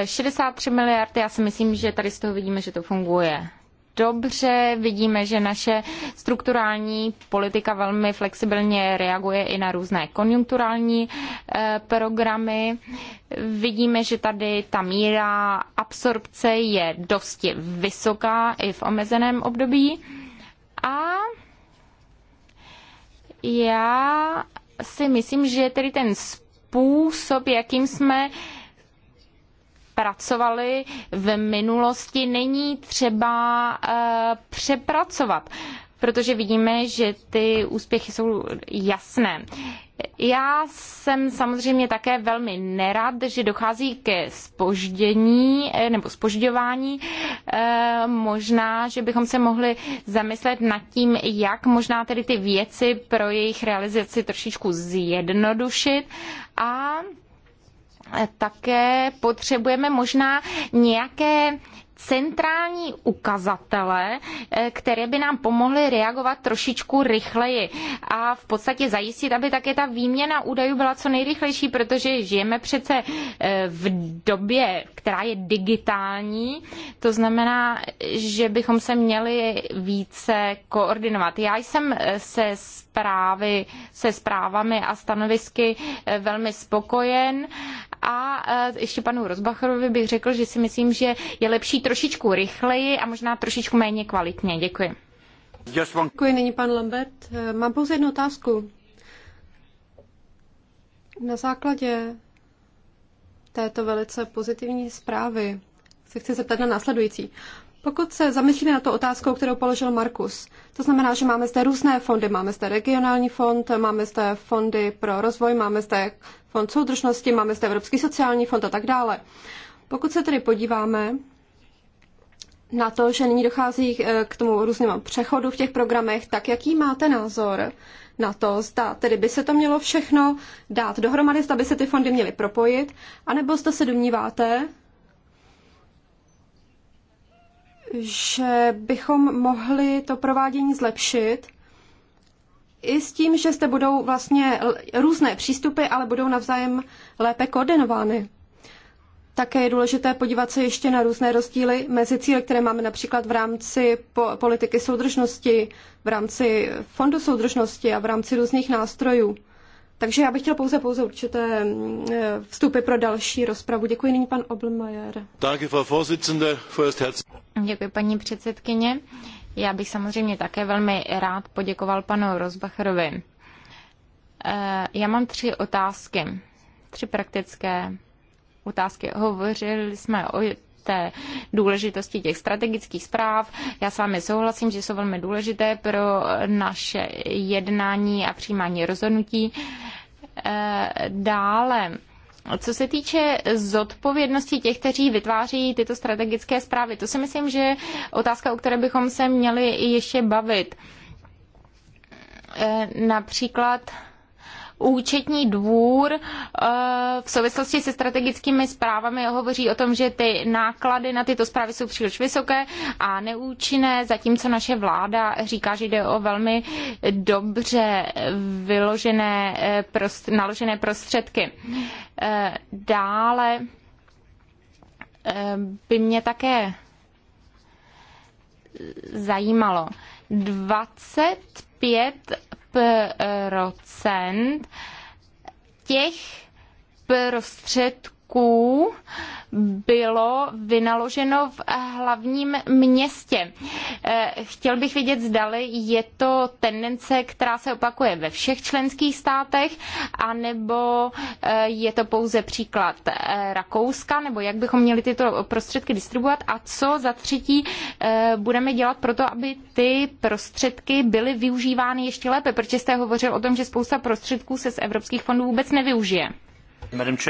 63 eh, miliard, já si myslím, že tady z toho vidíme, že to funguje dobře. Vidíme, že naše strukturální politika velmi flexibilně reaguje i na různé konjunkturální eh, programy. Vidíme, že tady ta míra absorpce je dosti vysoká i v omezeném období. A já si myslím, že tedy ten způsob, jakým jsme pracovali v minulosti, není třeba eh, přepracovat protože vidíme, že ty úspěchy jsou jasné. Já jsem samozřejmě také velmi nerad, že dochází ke spoždění eh, nebo spožďování. Eh, možná, že bychom se mohli zamyslet nad tím, jak možná tedy ty věci pro jejich realizaci trošičku zjednodušit a také potřebujeme možná nějaké centrální ukazatele, eh, které by nám pomohly reagovat trošičku rychleji a v podstatě zajistit, aby také ta výměna údajů byla co nejrychlejší, protože žijeme přece eh, v době, která je digitální, to znamená, že bychom se měli více koordinovat. Já jsem eh, se zprávy, se zprávami a stanovisky velmi spokojen a eh, ještě panu Rozbacherovi bych řekl, že si myslím, že je lepší trošičku rychleji a možná trošičku méně kvalitně. Děkuji. Děkuji, nyní pan Lambert. Eh, mám pouze jednu otázku. Na základě této velice pozitivní zprávy se chci zeptat na následující. Pokud se zamyslíme na to otázkou, kterou položil Markus, to znamená, že máme zde různé fondy. Máme zde regionální fond, máme zde fondy pro rozvoj, máme zde fond soudržnosti, máme zde Evropský sociální fond a tak dále. Pokud se tedy podíváme na to, že nyní dochází eh, k tomu různému přechodu v těch programech, tak jaký máte názor na to, zda tedy by se to mělo všechno dát dohromady, zda by se ty fondy měly propojit, anebo zda se domníváte, že bychom mohli to provádění zlepšit i s tím, že zde budou vlastně různé přístupy, ale budou navzájem lépe koordinovány. Také je důležité podívat se ještě na různé rozdíly mezi cíly, které máme například v rámci politiky soudržnosti, v rámci fondu soudržnosti a v rámci různých nástrojů. Takže já bych chtěl pouze, pouze určité mm, eh, vstupy pro další rozpravu. Děkuji nyní pan Oblmajer. Děkuji paní předsedkyně. Já bych samozřejmě také velmi rád poděkoval panu Rozbacherovi. Eh, já mám tři otázky, tři praktické otázky. Hovořili jsme o té důležitosti těch strategických zpráv. Já s vámi souhlasím, že jsou velmi důležité pro naše jednání a přijímání rozhodnutí. Eh, dále, co se týče zodpovědnosti těch, kteří vytváří tyto strategické zprávy, to si myslím, že je otázka, o které bychom se měli ještě bavit. Eh, například účetní dvůr eh, v souvislosti se strategickými zprávami hovoří o tom, že ty náklady na tyto zprávy jsou příliš vysoké a neúčinné, zatímco naše vláda říká, že jde o velmi dobře vyložené, eh, prost, naložené prostředky. Eh, dále by mě také zajímalo. 25 procent těch prostředků, bylo vynaloženo v hlavním městě. Eh, chtěl bych vědět, zdali je to tendence, která se opakuje ve všech členských státech, anebo eh, je to pouze příklad eh, Rakouska, nebo jak bychom měli tyto prostředky distribuovat a co za třetí budeme dělat pro to, aby ty prostředky byly využívány ještě lépe, protože jste hovořil o tom, že spousta prostředků se z evropských fondů vůbec nevyužije.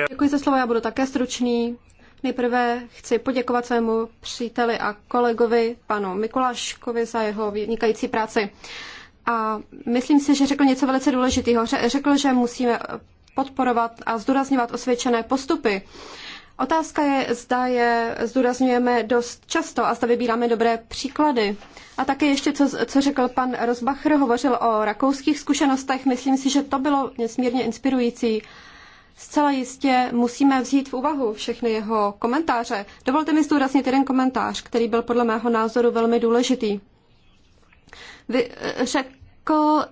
Děkuji za slovo, já budu také stručný. Nejprve chci poděkovat svému příteli a kolegovi panu Mikuláškovi za jeho vynikající práci. A myslím si, že řekl něco velice důležitého. Řekl, že musíme podporovat a zdůrazňovat osvědčené postupy. Otázka je, zda je zdůrazňujeme dost často a zda vybíráme dobré příklady. A také ještě, co, co řekl pan Rozbacher, hovořil o rakouských zkušenostech. Myslím si, že to bylo nesmírně inspirující Zcela jistě musíme vzít v úvahu všechny jeho komentáře. Dovolte mi zdůraznit jeden komentář, který byl podle mého názoru velmi důležitý. Vy, eh, řekl,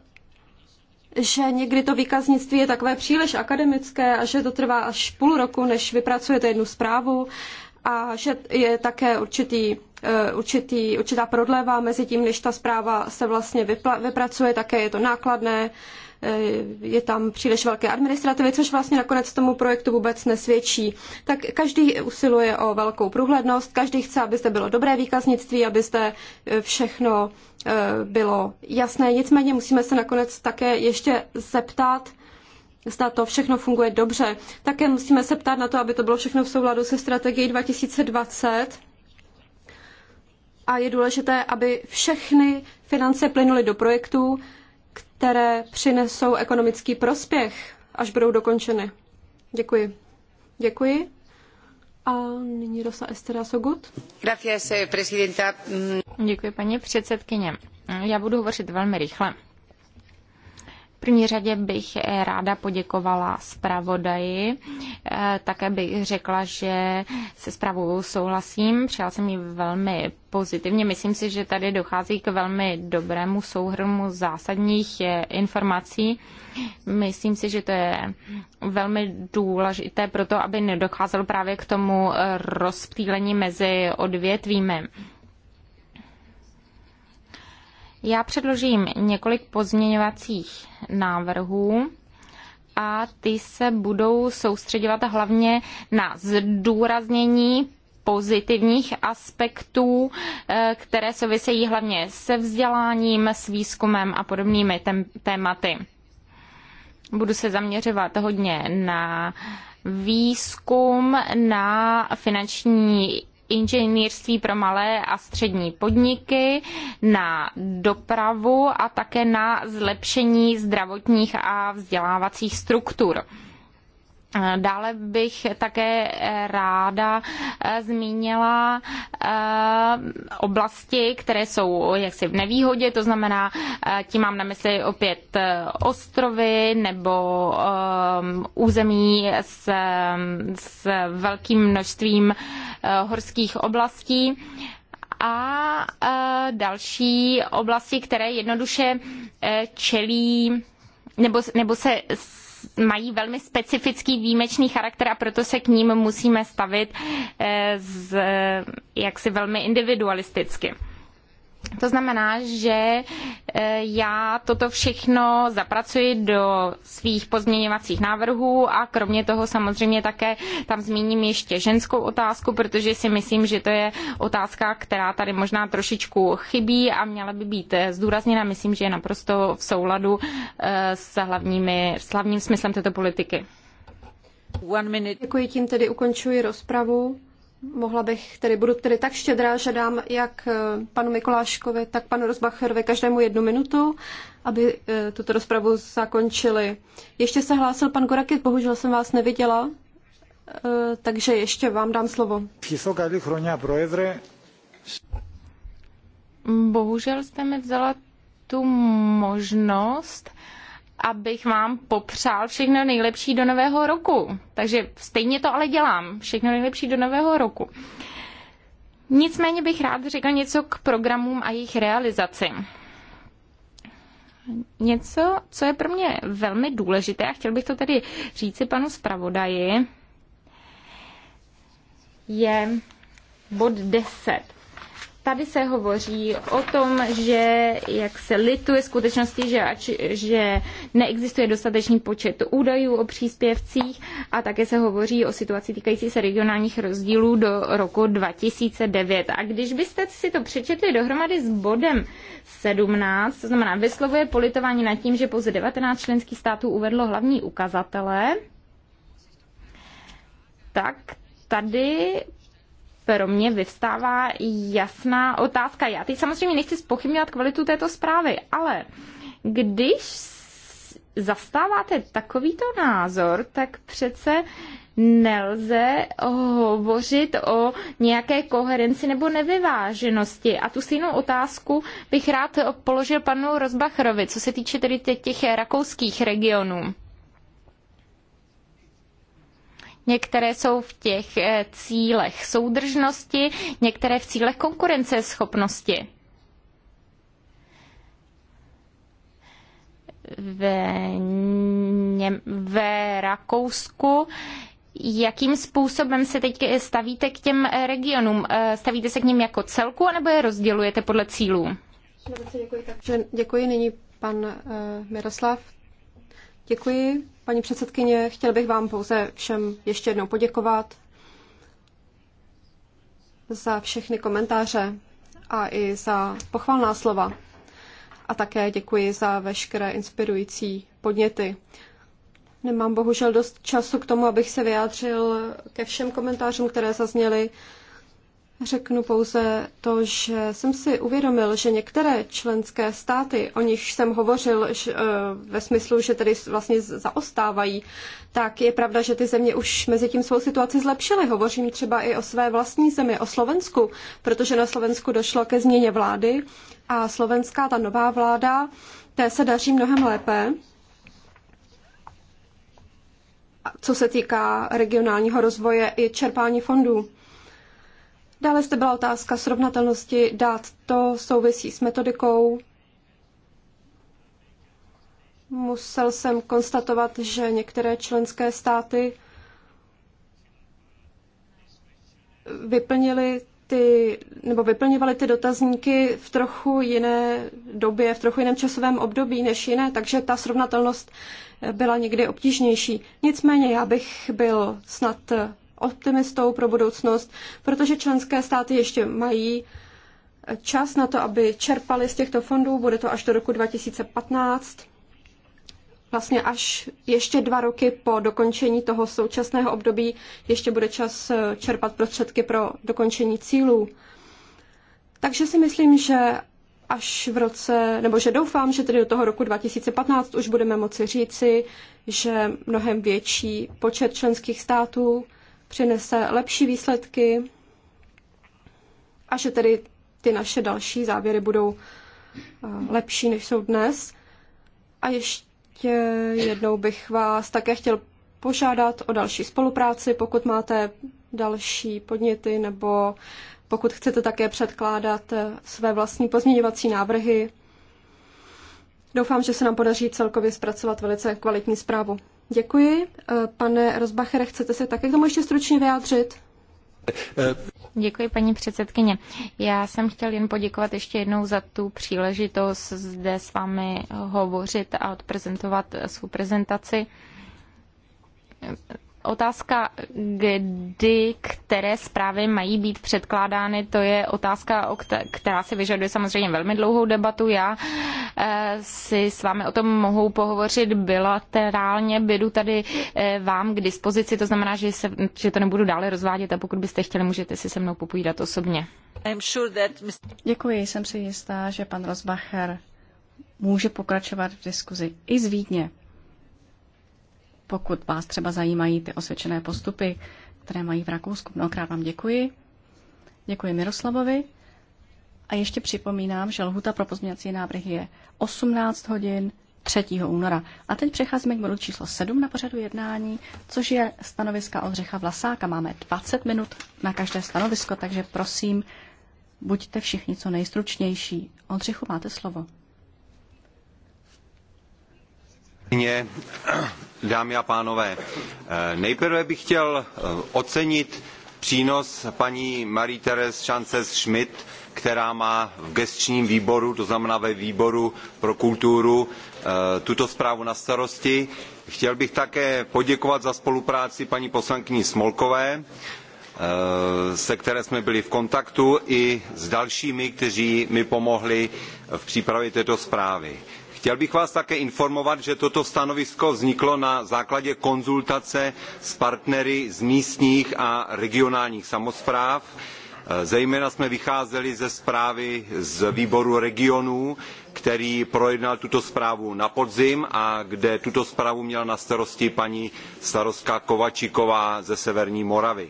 že někdy to výkaznictví je takové příliš akademické a že to trvá až půl roku, než vypracujete jednu zprávu a že je také určitý, eh, určitý, určitá prodleva mezi tím, než ta zpráva se vlastně vypla, vypracuje, také je to nákladné Eh, je tam příliš velké administrativy, což vlastně nakonec tomu projektu vůbec nesvědčí. Tak každý usiluje o velkou průhlednost, každý chce, aby zde bylo dobré výkaznictví, aby zde eh, všechno eh, bylo jasné. Nicméně musíme se nakonec také ještě zeptat, zda to všechno funguje dobře. Také musíme se ptát na to, aby to bylo všechno v souladu se strategií 2020. A je důležité, aby všechny finance plynuly do projektů, které přinesou ekonomický prospěch, až budou dokončeny. Děkuji. Děkuji. A nyní Rosa Estera Sogut. Gracias, eh, presidenta. Děkuji, paní předsedkyně. Já budu hovořit velmi rychle první řadě bych eh, ráda poděkovala zpravodaji. Eh, také bych řekla, že se zprávou souhlasím. Přijal jsem ji velmi pozitivně. Myslím si, že tady dochází k velmi dobrému souhrnu zásadních eh, informací. Myslím si, že to je velmi důležité pro to, aby nedocházelo právě k tomu rozptýlení mezi odvětvími. Já předložím několik pozměňovacích návrhů a ty se budou soustředovat hlavně na zdůraznění pozitivních aspektů, eh, které souvisejí hlavně se vzděláním, s výzkumem a podobnými tématy. Budu se zaměřovat hodně na výzkum, na finanční inženýrství pro malé a střední podniky, na dopravu a také na zlepšení zdravotních a vzdělávacích struktur. Dále bych také ráda e, zmínila e, oblasti, které jsou jaksi v nevýhodě, to znamená, e, tím mám na mysli opět ostrovy nebo území s, s velkým množstvím horských oblastí a další oblasti, které jednoduše čelí nebo, nebo se mají velmi specifický výjimečný charakter a proto se k ním musíme stavit eh, z, eh, jaksi velmi individualisticky. To znamená, že eh, já toto všechno zapracuji do svých pozměňovacích návrhů a kromě toho samozřejmě také tam zmíním ještě ženskou otázku, protože si myslím, že to je otázka, která tady možná trošičku chybí a měla by být eh, zdůrazněna. Myslím, že je naprosto v souladu eh, s, hlavními, s hlavním smyslem této politiky. Děkuji, tím tedy ukončuji rozpravu mohla bych, tedy budu tedy tak štědrá, že dám jak eh, panu Mikoláškovi, tak panu Rozbacherovi každému jednu minutu, aby eh, tuto rozpravu zakončili. Ještě se hlásil pan Gorakis, bohužel jsem vás neviděla, eh, takže ještě vám dám slovo. Bohužel jste mi vzala tu možnost abych vám popřál všechno nejlepší do nového roku. Takže stejně to ale dělám. Všechno nejlepší do nového roku. Nicméně bych rád řekla něco k programům a jejich realizaci. Něco, co je pro mě velmi důležité, a chtěl bych to tedy říci panu zpravodaji, je bod 10 Tady se hovoří o tom, že jak se lituje skutečnosti, že, ač, že neexistuje dostatečný počet údajů o příspěvcích a také se hovoří o situaci týkající se regionálních rozdílů do roku 2009. A když byste si to přečetli dohromady s bodem 17, to znamená vyslovuje politování nad tím, že pouze 19 členských států uvedlo hlavní ukazatele, tak tady pro mě vyvstává jasná otázka. Já teď samozřejmě nechci spochybňovat kvalitu této zprávy, ale když zastáváte takovýto názor, tak přece nelze hovořit o nějaké koherenci nebo nevyváženosti. A tu stejnou otázku bych rád položil panu Rozbacherovi, co se týče tedy těch rakouských regionů. Některé jsou v těch eh, cílech soudržnosti, některé v cílech konkurenceschopnosti. V, Něm- ve Rakousku Jakým způsobem se teď eh, stavíte k těm eh, regionům? Stavíte se k ním jako celku, anebo je rozdělujete podle cílů? Děkuji, takže děkuji. Nyní pan Miroslav Děkuji, paní předsedkyně. Chtěl bych vám pouze všem ještě jednou poděkovat za všechny komentáře a i za pochvalná slova. A také děkuji za veškeré inspirující podněty. Nemám bohužel dost času k tomu, abych se vyjádřil ke všem komentářům, které zazněly. Řeknu pouze to, že jsem si uvědomil, že některé členské státy, o nich jsem hovořil že, eh, ve smyslu, že tedy vlastně zaostávají, tak je pravda, že ty země už mezi tím svou situaci zlepšily. Hovořím třeba i o své vlastní zemi, o Slovensku, protože na Slovensku došlo ke změně vlády a slovenská ta nová vláda, té se daří mnohem lépe co se týká regionálního rozvoje i čerpání fondů. Dále zde byla otázka srovnatelnosti dát. To souvisí s metodikou. Musel jsem konstatovat, že některé členské státy vyplnili ty, nebo vyplňovali ty dotazníky v trochu jiné době, v trochu jiném časovém období než jiné, takže ta srovnatelnost byla někdy obtížnější. Nicméně já bych byl snad optimistou pro budoucnost, protože členské státy ještě mají čas na to, aby čerpali z těchto fondů, bude to až do roku 2015, vlastně až ještě dva roky po dokončení toho současného období ještě bude čas eh, čerpat prostředky pro dokončení cílů. Takže si myslím, že až v roce, nebo že doufám, že tedy do toho roku 2015 už budeme moci říci, že mnohem větší počet členských států přinese lepší výsledky a že tedy ty naše další závěry budou eh, lepší, než jsou dnes. A ještě jednou bych vás také chtěl požádat o další spolupráci, pokud máte další podněty nebo pokud chcete také předkládat eh, své vlastní pozměňovací návrhy. Doufám, že se nám podaří celkově zpracovat velice kvalitní zprávu. Děkuji. Eh, pane Rozbachere, chcete se také k tomu ještě stručně vyjádřit? Eh. Děkuji, paní předsedkyně. Já jsem chtěl jen poděkovat ještě jednou za tu příležitost zde s vámi hovořit a odprezentovat svou prezentaci otázka, kdy které zprávy mají být předkládány, to je otázka, která si vyžaduje samozřejmě velmi dlouhou debatu. Já eh, si s vámi o tom mohu pohovořit bilaterálně, bydu tady eh, vám k dispozici, to znamená, že, se, že to nebudu dále rozvádět a pokud byste chtěli, můžete si se mnou popovídat osobně. Děkuji, jsem si jistá, že pan Rozbacher může pokračovat v diskuzi i z Vídně pokud vás třeba zajímají ty osvědčené postupy, které mají v Rakousku. Mnohokrát vám děkuji. Děkuji Miroslavovi. A ještě připomínám, že lhuta pro pozměňovací návrhy je 18 hodin 3. února. A teď přecházíme k bodu číslo 7 na pořadu jednání, což je stanoviska Oldřicha Vlasáka. Máme 20 minut na každé stanovisko, takže prosím, buďte všichni co nejstručnější. Oldřichu, máte slovo. Dámy a pánové, eh, nejprve bych chtěl eh, ocenit přínos paní Marie Therese Chances Schmidt, která má v gestčním výboru, to znamená ve výboru pro kulturu, eh, tuto zprávu na starosti. Chtěl bych také poděkovat za spolupráci paní poslankyni Smolkové, se které jsme byli v kontaktu, i s dalšími, kteří mi pomohli v přípravě této zprávy Chtěl bych vás také informovat, že toto stanovisko vzniklo na základě konzultace s partnery z místních a regionálních samospráv. Zejména jsme vycházeli ze zprávy z výboru regionů, který projednal tuto zprávu na podzim a kde tuto zprávu měla na starosti paní starostka Kovačiková ze Severní Moravy.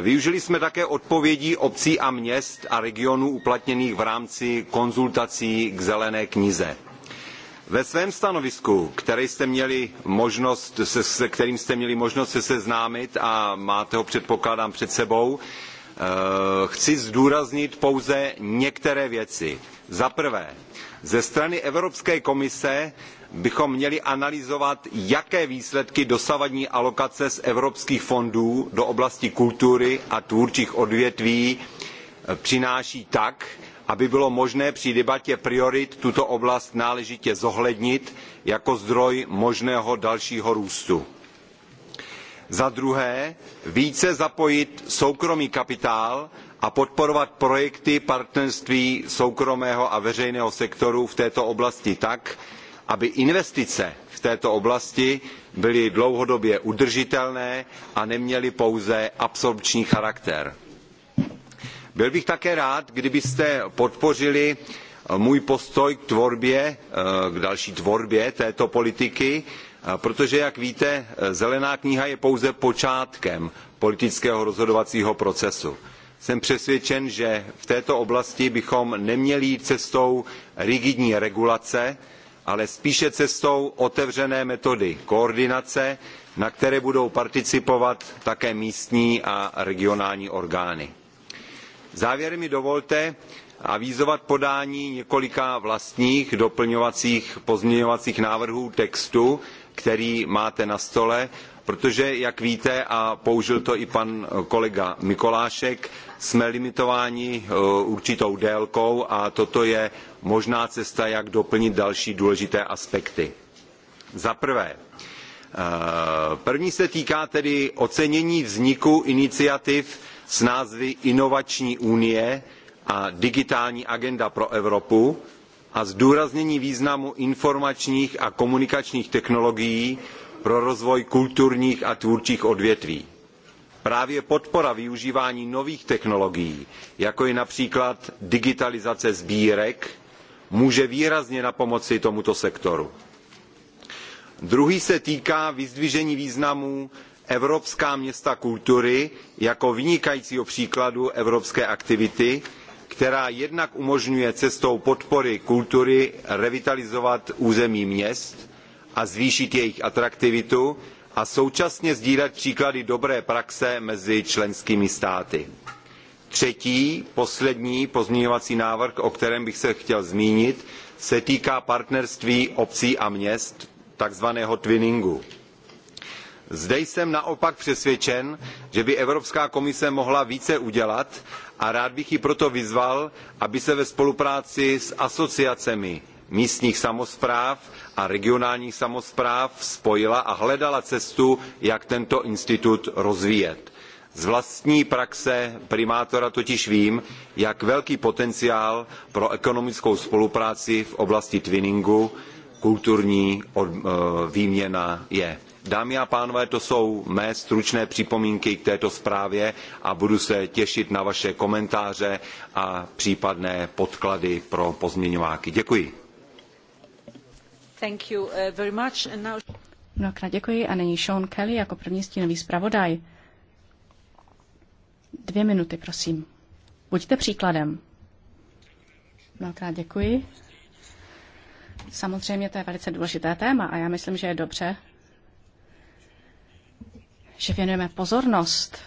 Využili jsme také odpovědí obcí a měst a regionů uplatněných v rámci konzultací k zelené knize ve svém stanovisku, jste měli možnost, se, se kterým jste měli možnost se seznámit a máte ho předpokládám před sebou, eh, chci zdůraznit pouze některé věci. Za prvé, ze strany Evropské komise bychom měli analyzovat, jaké výsledky dosavadní alokace z evropských fondů do oblasti kultury a tvůrčích odvětví eh, přináší tak, aby bylo možné při debatě priorit tuto oblast náležitě zohlednit jako zdroj možného dalšího růstu. Za druhé, více zapojit soukromý kapitál a podporovat projekty partnerství soukromého a veřejného sektoru v této oblasti tak, aby investice v této oblasti byly dlouhodobě udržitelné a neměly pouze absorpční charakter byl bych také rád, kdybyste podpořili eh, můj postoj k tvorbě, eh, k další tvorbě této politiky, eh, protože, jak víte, zelená kniha je pouze počátkem politického rozhodovacího procesu. Jsem přesvědčen, že v této oblasti bychom neměli jít cestou rigidní regulace, ale spíše cestou otevřené metody koordinace, na které budou participovat také místní a regionální orgány Závěrem mi dovolte avizovat podání několika vlastních doplňovacích pozměňovacích návrhů textu, který máte na stole, protože, jak víte, a použil to i pan kolega Mikolášek, jsme limitováni eh, určitou délkou a toto je možná cesta, jak doplnit další důležité aspekty. Za prvé, eh, první se týká tedy ocenění vzniku iniciativ s názvy Inovační unie a Digitální agenda pro Evropu a zdůraznění významu informačních a komunikačních technologií pro rozvoj kulturních a tvůrčích odvětví. Právě podpora využívání nových technologií, jako je například digitalizace sbírek, může výrazně napomoci tomuto sektoru. Druhý se týká vyzdvižení významu Evropská města kultury jako vynikajícího příkladu evropské aktivity, která jednak umožňuje cestou podpory kultury revitalizovat území měst a zvýšit jejich atraktivitu a současně sdílet příklady dobré praxe mezi členskými státy. Třetí, poslední pozměňovací návrh, o kterém bych se chtěl zmínit, se týká partnerství obcí a měst, takzvaného twinningu zde jsem naopak přesvědčen, že by Evropská komise mohla více udělat a rád bych ji proto vyzval, aby se ve spolupráci s asociacemi místních samospráv a regionálních samospráv spojila a hledala cestu, jak tento institut rozvíjet. Z vlastní praxe primátora totiž vím, jak velký potenciál pro ekonomickou spolupráci v oblasti twinningu kulturní e, výměna je. Dámy a pánové, to jsou mé stručné připomínky k této zprávě a budu se těšit na vaše komentáře a případné podklady pro pozměňováky. Děkuji. Thank you uh, very much. And now... Mnohokrát děkuji a nyní Sean Kelly jako první stínový zpravodaj. Dvě minuty, prosím. Buďte příkladem. Mnohokrát děkuji. Samozřejmě to je velice důležité téma a já myslím, že je dobře, že věnujeme pozornost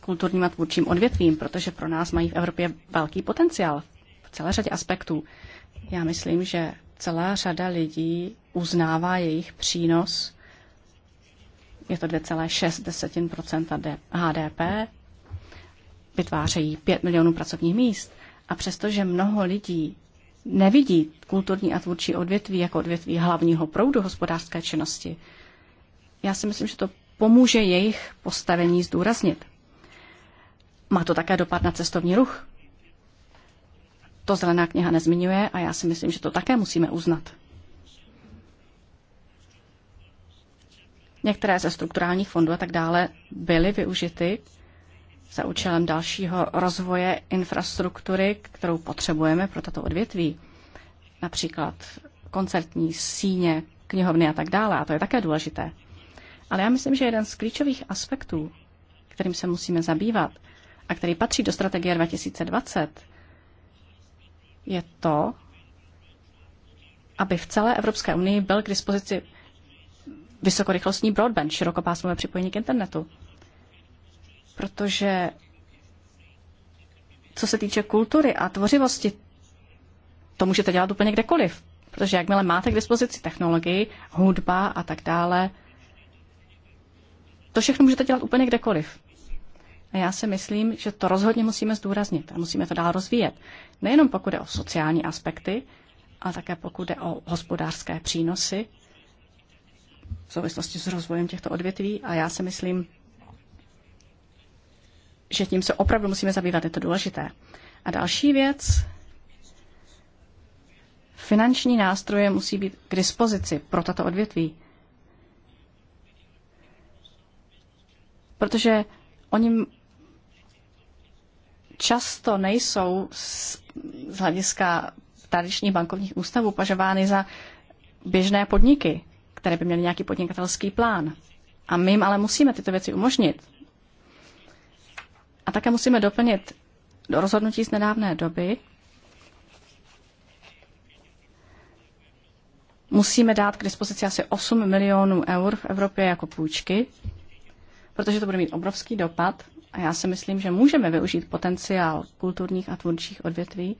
kulturním a tvůrčím odvětvím, protože pro nás mají v Evropě velký potenciál v celé řadě aspektů. Já myslím, že celá řada lidí uznává jejich přínos. Je to 2,6 HDP, vytvářejí 5 milionů pracovních míst. A přestože mnoho lidí nevidí kulturní a tvůrčí odvětví jako odvětví hlavního proudu hospodářské činnosti, já si myslím, že to pomůže jejich postavení zdůraznit. Má to také dopad na cestovní ruch. To zelená kniha nezmiňuje a já si myslím, že to také musíme uznat. Některé ze strukturálních fondů a tak dále byly využity za účelem dalšího rozvoje infrastruktury, kterou potřebujeme pro tato odvětví. Například koncertní síně, knihovny a tak dále. A to je také důležité. Ale já myslím, že jeden z klíčových aspektů, kterým se musíme zabývat a který patří do strategie 2020, je to, aby v celé Evropské unii byl k dispozici vysokorychlostní broadband, širokopásmové připojení k internetu. Protože co se týče kultury a tvořivosti, to můžete dělat úplně kdekoliv. Protože jakmile máte k dispozici technologii, hudba a tak dále, to všechno můžete dělat úplně kdekoliv. A já si myslím, že to rozhodně musíme zdůraznit a musíme to dál rozvíjet. Nejenom pokud jde o sociální aspekty, ale také pokud jde o hospodářské přínosy v souvislosti s rozvojem těchto odvětví. A já si myslím, že tím se opravdu musíme zabývat, je to důležité. A další věc, finanční nástroje musí být k dispozici pro tato odvětví. protože oni často nejsou z hlediska tradičních bankovních ústavů považovány za běžné podniky, které by měly nějaký podnikatelský plán. A my jim ale musíme tyto věci umožnit. A také musíme doplnit do rozhodnutí z nedávné doby. Musíme dát k dispozici asi 8 milionů eur v Evropě jako půjčky protože to bude mít obrovský dopad a já si myslím, že můžeme využít potenciál kulturních a tvůrčích odvětví.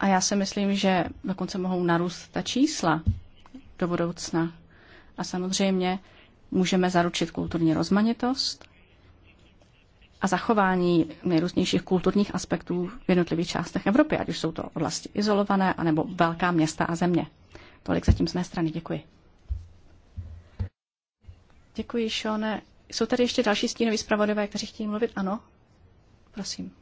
A já si myslím, že dokonce mohou narůst ta čísla do budoucna. A samozřejmě můžeme zaručit kulturní rozmanitost a zachování nejrůznějších kulturních aspektů v jednotlivých částech Evropy, ať už jsou to oblasti izolované, anebo velká města a země. Tolik zatím z mé strany. Děkuji. Děkuji, Šone. Jsou tady ještě další stínoví zpravodové, kteří chtějí mluvit? Ano? Prosím.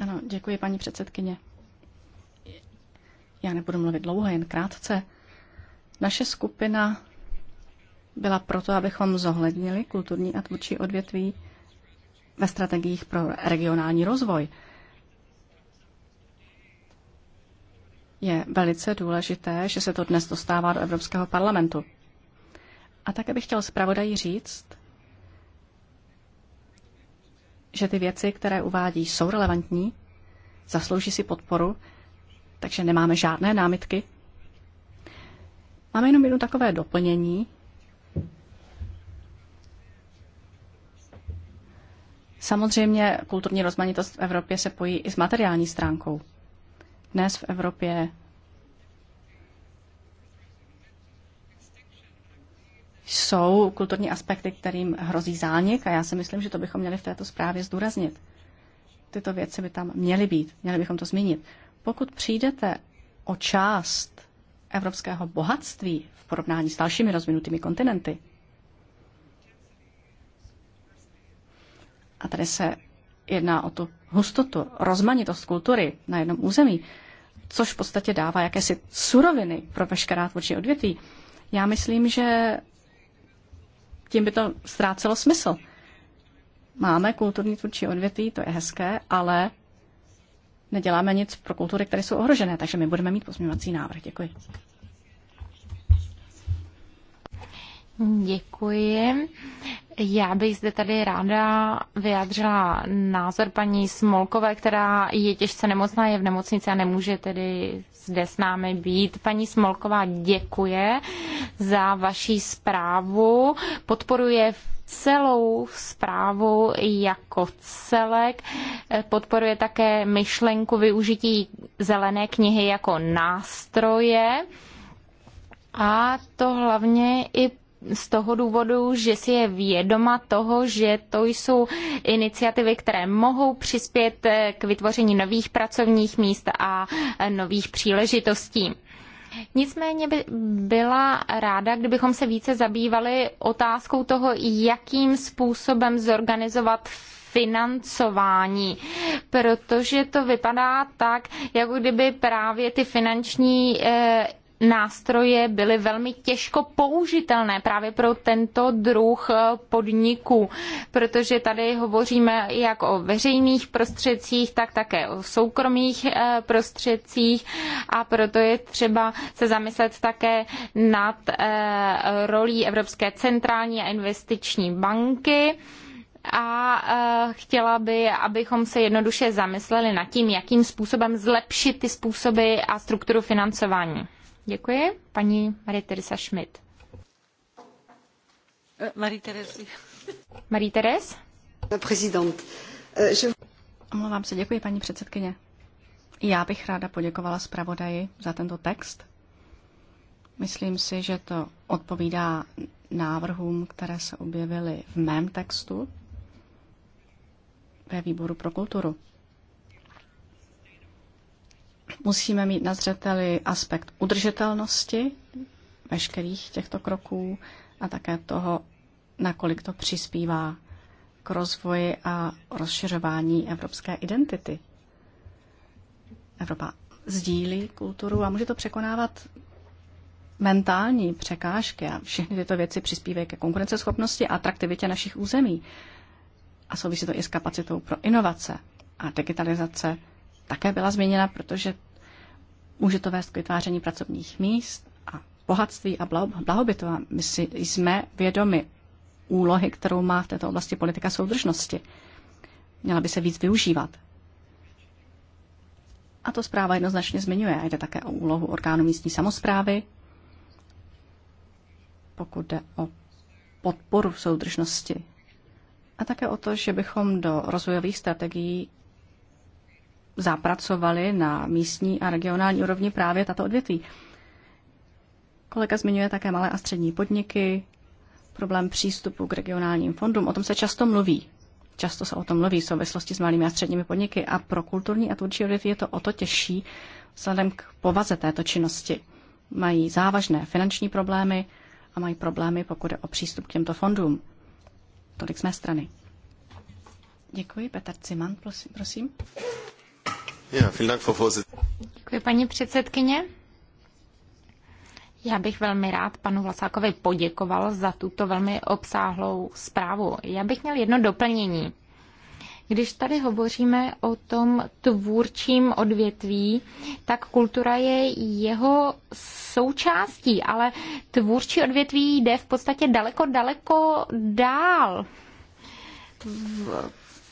Ano, děkuji, paní předsedkyně. Já nebudu mluvit dlouho, jen krátce. Naše skupina byla proto, abychom zohlednili kulturní a tvůrčí odvětví ve strategiích pro regionální rozvoj. Je velice důležité, že se to dnes dostává do Evropského parlamentu. A také bych chtěl zpravodaji říct, že ty věci, které uvádí, jsou relevantní, zaslouží si podporu, takže nemáme žádné námitky. Máme jenom jedno takové doplnění. Samozřejmě kulturní rozmanitost v Evropě se pojí i s materiální stránkou. Dnes v Evropě jsou kulturní aspekty, kterým hrozí zánik a já si myslím, že to bychom měli v této zprávě zdůraznit. Tyto věci by tam měly být, měli bychom to zmínit. Pokud přijdete o část evropského bohatství v porovnání s dalšími rozvinutými kontinenty, a tady se jedná o tu hustotu, rozmanitost kultury na jednom území, což v podstatě dává jakési suroviny pro veškerá tvůrčí odvětví, já myslím, že tím by to ztrácelo smysl. Máme kulturní tvůrčí odvětví, to je hezké, ale neděláme nic pro kultury, které jsou ohrožené, takže my budeme mít pozměňovací návrh. Děkuji. Děkuji. Já bych zde tady ráda vyjádřila názor paní Smolkové, která je těžce nemocná, je v nemocnici a nemůže tedy zde s námi být. Paní Smolková děkuje za vaši zprávu, podporuje celou zprávu jako celek. Podporuje také myšlenku využití zelené knihy jako nástroje. A to hlavně i z toho důvodu, že si je vědoma toho, že to jsou iniciativy, které mohou přispět eh, k vytvoření nových pracovních míst a eh, nových příležitostí. Nicméně by byla ráda, kdybychom se více zabývali otázkou toho, jakým způsobem zorganizovat financování, protože to vypadá tak, jako kdyby právě ty finanční eh, nástroje byly velmi těžko použitelné právě pro tento druh eh, podniků, protože tady hovoříme jak o veřejných prostředcích, tak také o soukromých eh, prostředcích a proto je třeba se zamyslet také nad eh, rolí Evropské centrální a investiční banky a chtěla by, abychom se jednoduše zamysleli nad tím, jakým způsobem zlepšit ty způsoby a strukturu financování. Děkuji. Paní Marie Teresa Schmidt. Eh, Marie Teresa. Marie Teresa? Prezident. Euh, Omlouvám se, děkuji, paní předsedkyně. Já bych ráda poděkovala zpravodaji za tento text. Myslím si, že to odpovídá návrhům, které se objevily v mém textu ve výboru pro kulturu. Musíme mít na zřeteli aspekt udržitelnosti veškerých těchto kroků a také toho, nakolik to přispívá k rozvoji a rozšiřování evropské identity. Evropa sdílí kulturu a může to překonávat mentální překážky a všechny tyto věci přispívají ke konkurenceschopnosti a atraktivitě našich území. A souvisí to i s kapacitou pro inovace a digitalizace také byla změněna, protože může to vést k vytváření pracovních míst a bohatství a blahobytu. A my si jsme vědomi úlohy, kterou má v této oblasti politika soudržnosti. Měla by se víc využívat. A to zpráva jednoznačně zmiňuje. Jde také o úlohu orgánu místní samozprávy, pokud jde o podporu soudržnosti. A také o to, že bychom do rozvojových strategií zapracovali na místní a regionální úrovni právě tato odvětví. Kolega zmiňuje také malé a střední podniky, problém přístupu k regionálním fondům. O tom se často mluví. Často se o tom mluví v souvislosti s malými a středními podniky a pro kulturní a tvůrčí odvětví je to o to těžší vzhledem k povaze této činnosti. Mají závažné finanční problémy a mají problémy, pokud je o přístup k těmto fondům. Tolik z mé strany. Děkuji. Petr Ciman, prosím. Děkuji, paní předsedkyně. Já bych velmi rád panu Vlasákovi poděkoval za tuto velmi obsáhlou zprávu. Já bych měl jedno doplnění. Když tady hovoříme o tom tvůrčím odvětví, tak kultura je jeho součástí, ale tvůrčí odvětví jde v podstatě daleko, daleko dál. V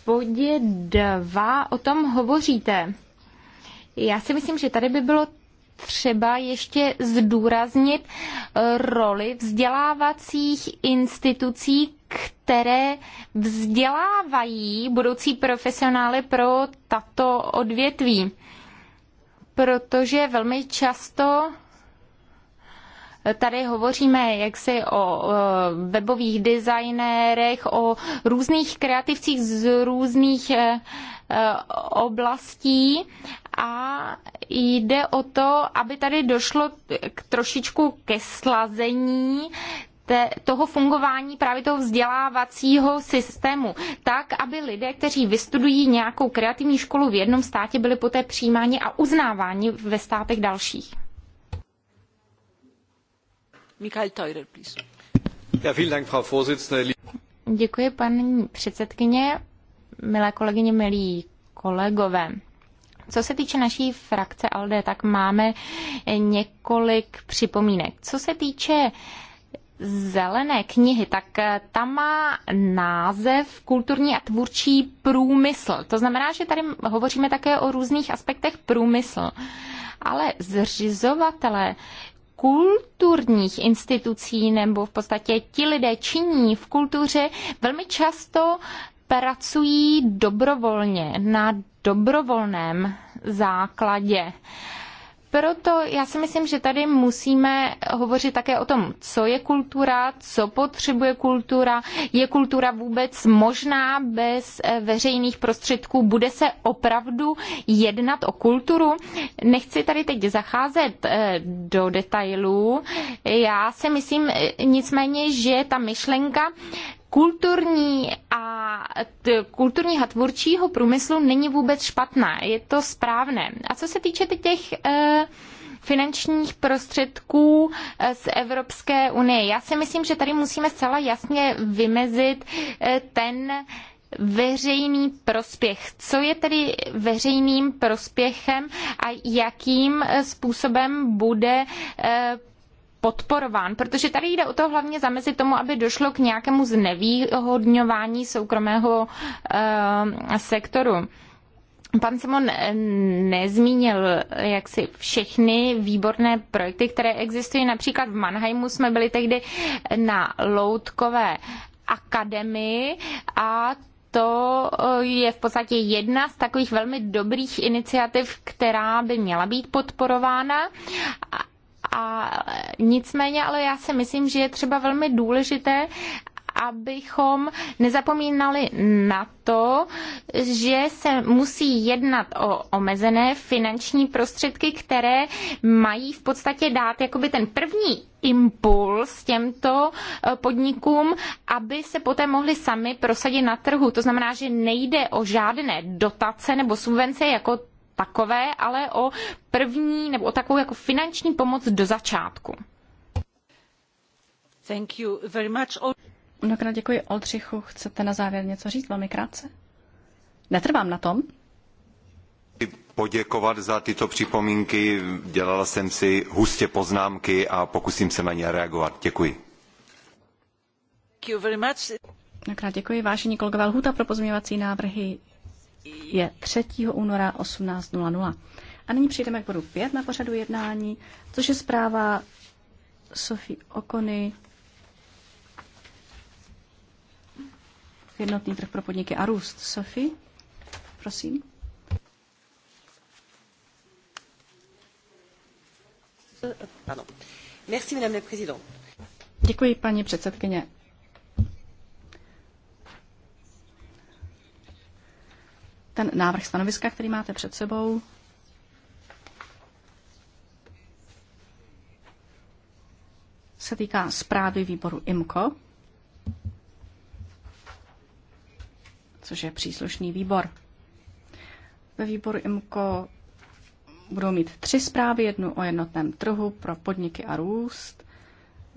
bodě 2 o tom hovoříte. Já si myslím, že tady by bylo třeba ještě zdůraznit eh, roli vzdělávacích institucí, které vzdělávají budoucí profesionály pro tato odvětví. Protože velmi často eh, tady hovoříme jaksi o eh, webových designérech, o různých kreativcích z různých Eh, oblastí a jde o to, aby tady došlo k trošičku ke slazení toho fungování právě toho vzdělávacího systému, tak, aby lidé, kteří vystudují nějakou kreativní školu v jednom státě, byli poté přijímáni a uznáváni ve státech dalších. Michael Teurer, please. Ja, vielen Dank, Frau Děkuji, paní předsedkyně milé kolegyně, milí kolegové. Co se týče naší frakce ALDE, tak máme několik připomínek. Co se týče zelené knihy, tak tam má název kulturní a tvůrčí průmysl. To znamená, že tady hovoříme také o různých aspektech průmysl. Ale zřizovatele kulturních institucí nebo v podstatě ti lidé činí v kultuře velmi často pracují dobrovolně, na dobrovolném základě. Proto já si myslím, že tady musíme hovořit také o tom, co je kultura, co potřebuje kultura, je kultura vůbec možná bez eh, veřejných prostředků, bude se opravdu jednat o kulturu. Nechci tady teď zacházet eh, do detailů. Já si myslím eh, nicméně, že ta myšlenka kulturní a kulturního tvůrčího průmyslu není vůbec špatná. Je to správné. A co se týče těch e, finančních prostředků eh, z Evropské unie. Já si myslím, že tady musíme zcela jasně vymezit eh, ten veřejný prospěch. Co je tedy veřejným prospěchem a jakým způsobem bude podporován, protože tady jde o to hlavně zamezit tomu, aby došlo k nějakému znevýhodňování soukromého e, sektoru. Pan Simon eh, nezmínil jaksi všechny výborné projekty, které existují. Například v Mannheimu jsme byli tehdy na Loutkové akademii a to eh, je v podstatě jedna z takových velmi dobrých iniciativ, která by měla být podporována. A nicméně, ale já si myslím, že je třeba velmi důležité, abychom nezapomínali na to, že se musí jednat o omezené finanční prostředky, které mají v podstatě dát jakoby ten první impuls těmto eh, podnikům, aby se poté mohli sami prosadit na trhu. To znamená, že nejde o žádné dotace nebo subvence jako takové, ale o první nebo o takovou jako finanční pomoc do začátku. Thank you very much. Mnohokrát děkuji Oldřichu. Chcete na závěr něco říct velmi krátce? Netrvám na tom. Poděkovat za tyto připomínky. Dělala jsem si hustě poznámky a pokusím se na ně reagovat. Děkuji. Mnohokrát děkuji. Vážení kolegové, lhůta pro pozměňovací návrhy je 3. února 18.00. A nyní přijdeme k bodu 5 na pořadu jednání, což je zpráva Sofie Okony, jednotný trh pro podniky a růst. Sofie, prosím. Pardon. Merci, madame la Děkuji, paní předsedkyně. ten návrh stanoviska, který máte před sebou. se týká zprávy výboru IMCO, což je příslušný výbor. Ve výboru IMCO budou mít tři zprávy, jednu o jednotném trhu pro podniky a růst,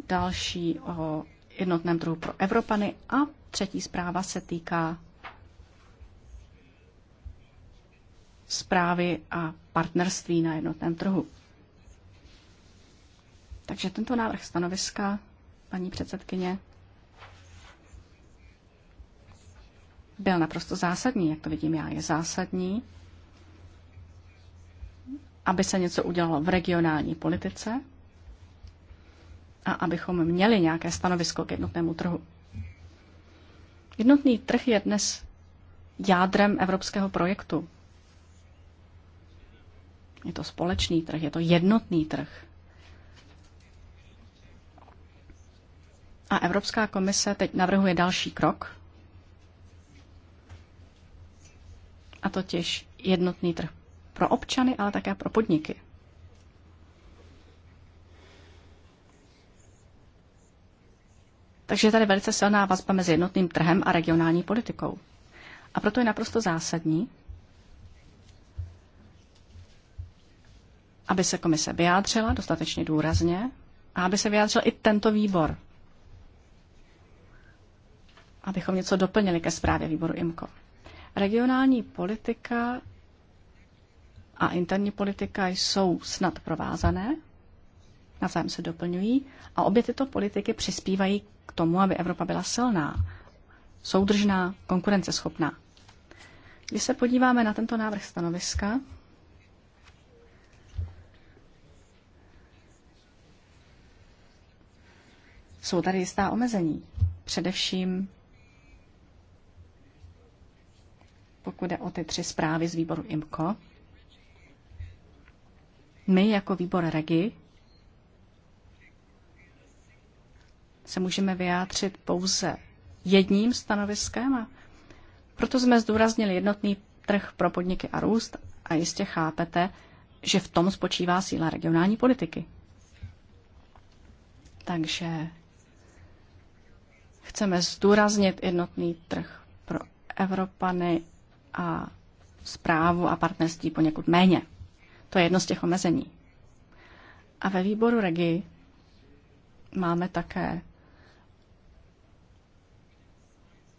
další o jednotném trhu pro Evropany a třetí zpráva se týká zprávy a partnerství na jednotném trhu. Takže tento návrh stanoviska, paní předsedkyně, byl naprosto zásadní, jak to vidím já, je zásadní, aby se něco udělalo v regionální politice a abychom měli nějaké stanovisko k jednotnému trhu. Jednotný trh je dnes jádrem evropského projektu. Je to společný trh, je to jednotný trh. A Evropská komise teď navrhuje další krok, a totiž jednotný trh pro občany, ale také pro podniky. Takže je tady velice silná vazba mezi jednotným trhem a regionální politikou. A proto je naprosto zásadní, aby se komise vyjádřila dostatečně důrazně a aby se vyjádřil i tento výbor. Abychom něco doplnili ke zprávě výboru IMCO. Regionální politika a interní politika jsou snad provázané, navzájem se doplňují a obě tyto politiky přispívají k tomu, aby Evropa byla silná, soudržná, konkurenceschopná. Když se podíváme na tento návrh stanoviska, Jsou tady jistá omezení. Především pokud jde o ty tři zprávy z výboru IMCO. My jako výbor REGI se můžeme vyjádřit pouze jedním stanoviskem a proto jsme zdůraznili jednotný trh pro podniky a růst a jistě chápete, že v tom spočívá síla regionální politiky. Takže Chceme zdůraznit jednotný trh pro Evropany a zprávu a partnerství poněkud méně. To je jedno z těch omezení. A ve výboru Regi máme také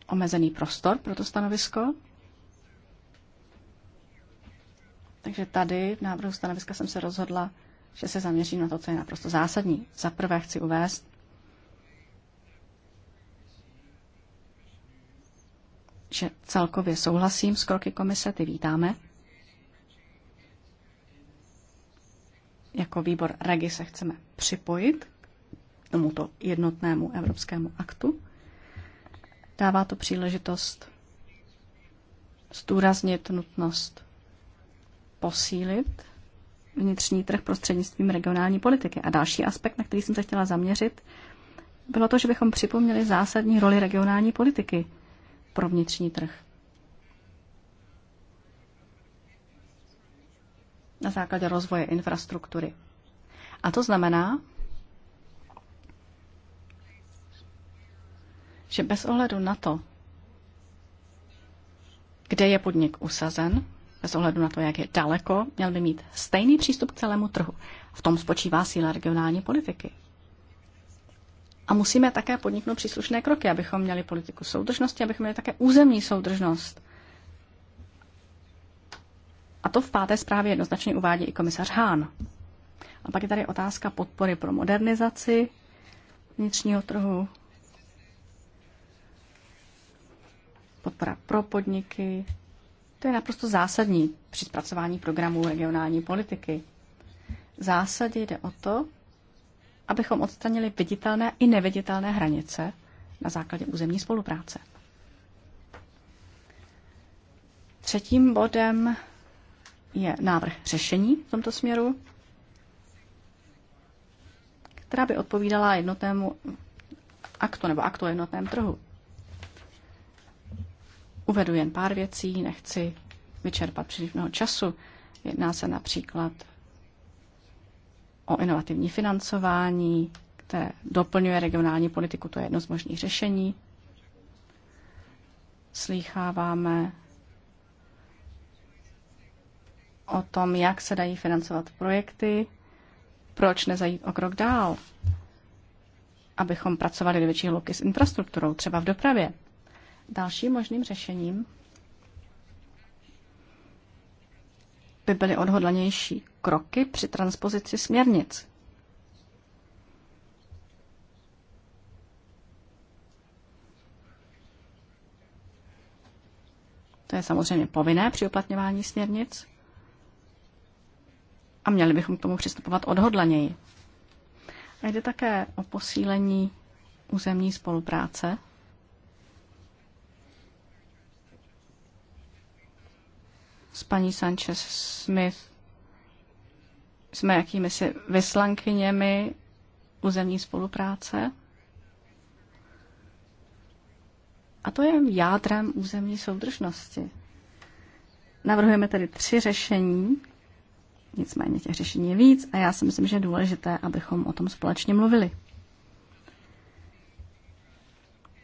omezený prostor pro to stanovisko. Takže tady v návrhu stanoviska jsem se rozhodla, že se zaměřím na to, co je naprosto zásadní. Za prvé chci uvést, že celkově souhlasím s kroky komise, ty vítáme. Jako výbor REGI se chceme připojit k tomuto jednotnému evropskému aktu. Dává to příležitost zdůraznit nutnost posílit vnitřní trh prostřednictvím regionální politiky. A další aspekt, na který jsem se chtěla zaměřit, bylo to, že bychom připomněli zásadní roli regionální politiky – pro vnitřní trh. Na základě rozvoje infrastruktury. A to znamená, že bez ohledu na to, kde je podnik usazen, bez ohledu na to, jak je daleko, měl by mít stejný přístup k celému trhu. V tom spočívá síla regionální politiky. A musíme také podniknout příslušné kroky, abychom měli politiku soudržnosti, abychom měli také územní soudržnost. A to v páté zprávě jednoznačně uvádí i komisař Hán. A pak je tady otázka podpory pro modernizaci vnitřního trhu, podpora pro podniky. To je naprosto zásadní při zpracování programů regionální politiky. V zásadě jde o to, abychom odstranili viditelné i neviditelné hranice na základě územní spolupráce. Třetím bodem je návrh řešení v tomto směru, která by odpovídala jednotnému aktu nebo aktu o jednotném trhu. Uvedu jen pár věcí, nechci vyčerpat příliš mnoho času. Jedná se například o inovativní financování, které doplňuje regionální politiku, to je jedno z možných řešení. Slýcháváme o tom, jak se dají financovat projekty, proč nezajít o krok dál, abychom pracovali do větší hloubky s infrastrukturou, třeba v dopravě. Dalším možným řešením by byly odhodlanější kroky při transpozici směrnic. To je samozřejmě povinné při uplatňování směrnic. A měli bychom k tomu přistupovat odhodlaněji. A jde také o posílení územní spolupráce. S paní Sanchez Smith jsme jakými si vyslankyněmi územní spolupráce. A to je jádrem územní soudržnosti. Navrhujeme tedy tři řešení, nicméně těch řešení je víc a já si myslím, že je důležité, abychom o tom společně mluvili.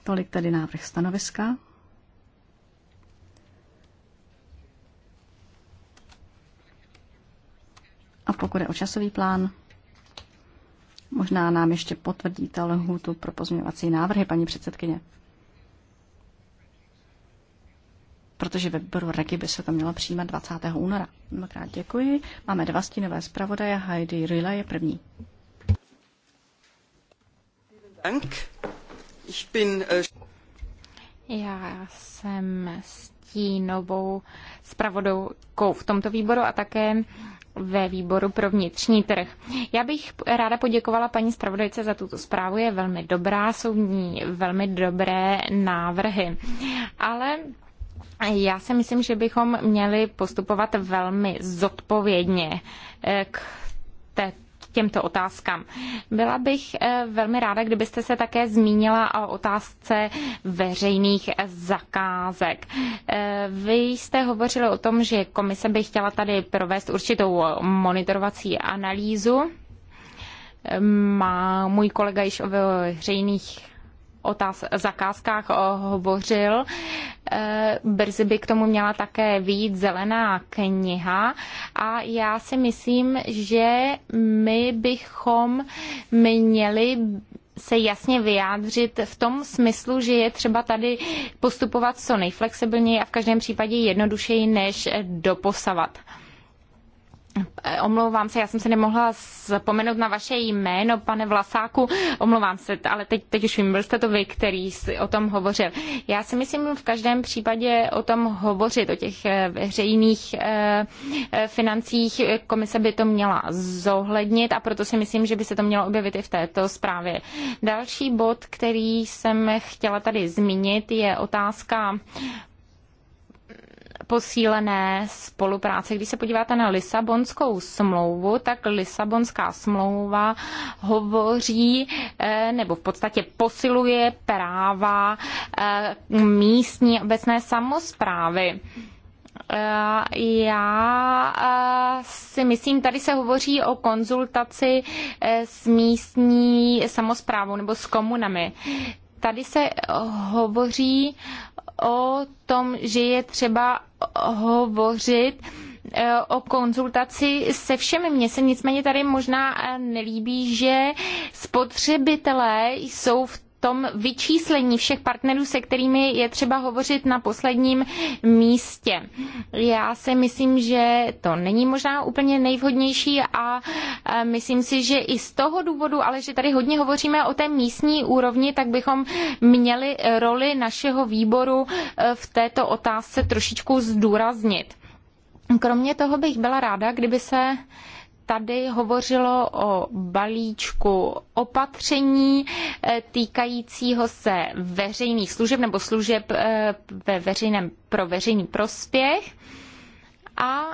Tolik tedy návrh stanoviska. A pokud je o časový plán, možná nám ještě potvrdíte lhůtu pro pozměňovací návrhy, paní předsedkyně. protože ve výboru Regi by se to mělo přijímat 20. února. Mnohokrát děkuji. Máme dva stínové zpravodaje. Heidi Rila je první. Ich bin, äh, Já jsem stínovou zpravodajkou v tomto výboru a také ve výboru pro vnitřní trh. Já bych ráda poděkovala paní zpravodajce za tuto zprávu, je velmi dobrá, jsou v ní velmi dobré návrhy. Ale já si myslím, že bychom měli postupovat velmi zodpovědně eh, k této těmto otázkám. Byla bych eh, velmi ráda, kdybyste se také zmínila o otázce veřejných zakázek. Eh, vy jste hovořili o tom, že komise by chtěla tady provést určitou monitorovací analýzu. Má můj kolega již o veřejných otáz, zakázkách hovořil. Eh, brzy by k tomu měla také výjít zelená kniha a já si myslím, že my bychom měli se jasně vyjádřit v tom smyslu, že je třeba tady postupovat co nejflexibilněji a v každém případě jednodušeji než doposavat. Eh, omlouvám se, já jsem se nemohla zapomenout na vaše jméno, pane Vlasáku. Omlouvám se, ale teď, teď už vím, byl jste to vy, který o tom hovořil. Já si myslím v každém případě o tom hovořit, o těch eh, veřejných eh, financích. Komise by to měla zohlednit a proto si myslím, že by se to mělo objevit i v této zprávě. Další bod, který jsem chtěla tady zmínit, je otázka posílené spolupráce. Když se podíváte na Lisabonskou smlouvu, tak Lisabonská smlouva hovoří eh, nebo v podstatě posiluje práva eh, místní obecné samozprávy. Eh, já si myslím, tady se hovoří o konzultaci s místní samozprávou nebo s komunami. Tady se hovoří o tom, že je třeba hovořit e, o konzultaci se všemi. Mně se nicméně tady možná e, nelíbí, že spotřebitelé jsou v tom vyčíslení všech partnerů, se kterými je třeba hovořit na posledním místě. Já si myslím, že to není možná úplně nejvhodnější a e, myslím si, že i z toho důvodu, ale že tady hodně hovoříme o té místní úrovni, tak bychom měli roli našeho výboru e, v této otázce trošičku zdůraznit. Kromě toho bych byla ráda, kdyby se tady hovořilo o balíčku opatření eh, týkajícího se veřejných služeb nebo služeb eh, ve veřejném, pro veřejný prospěch a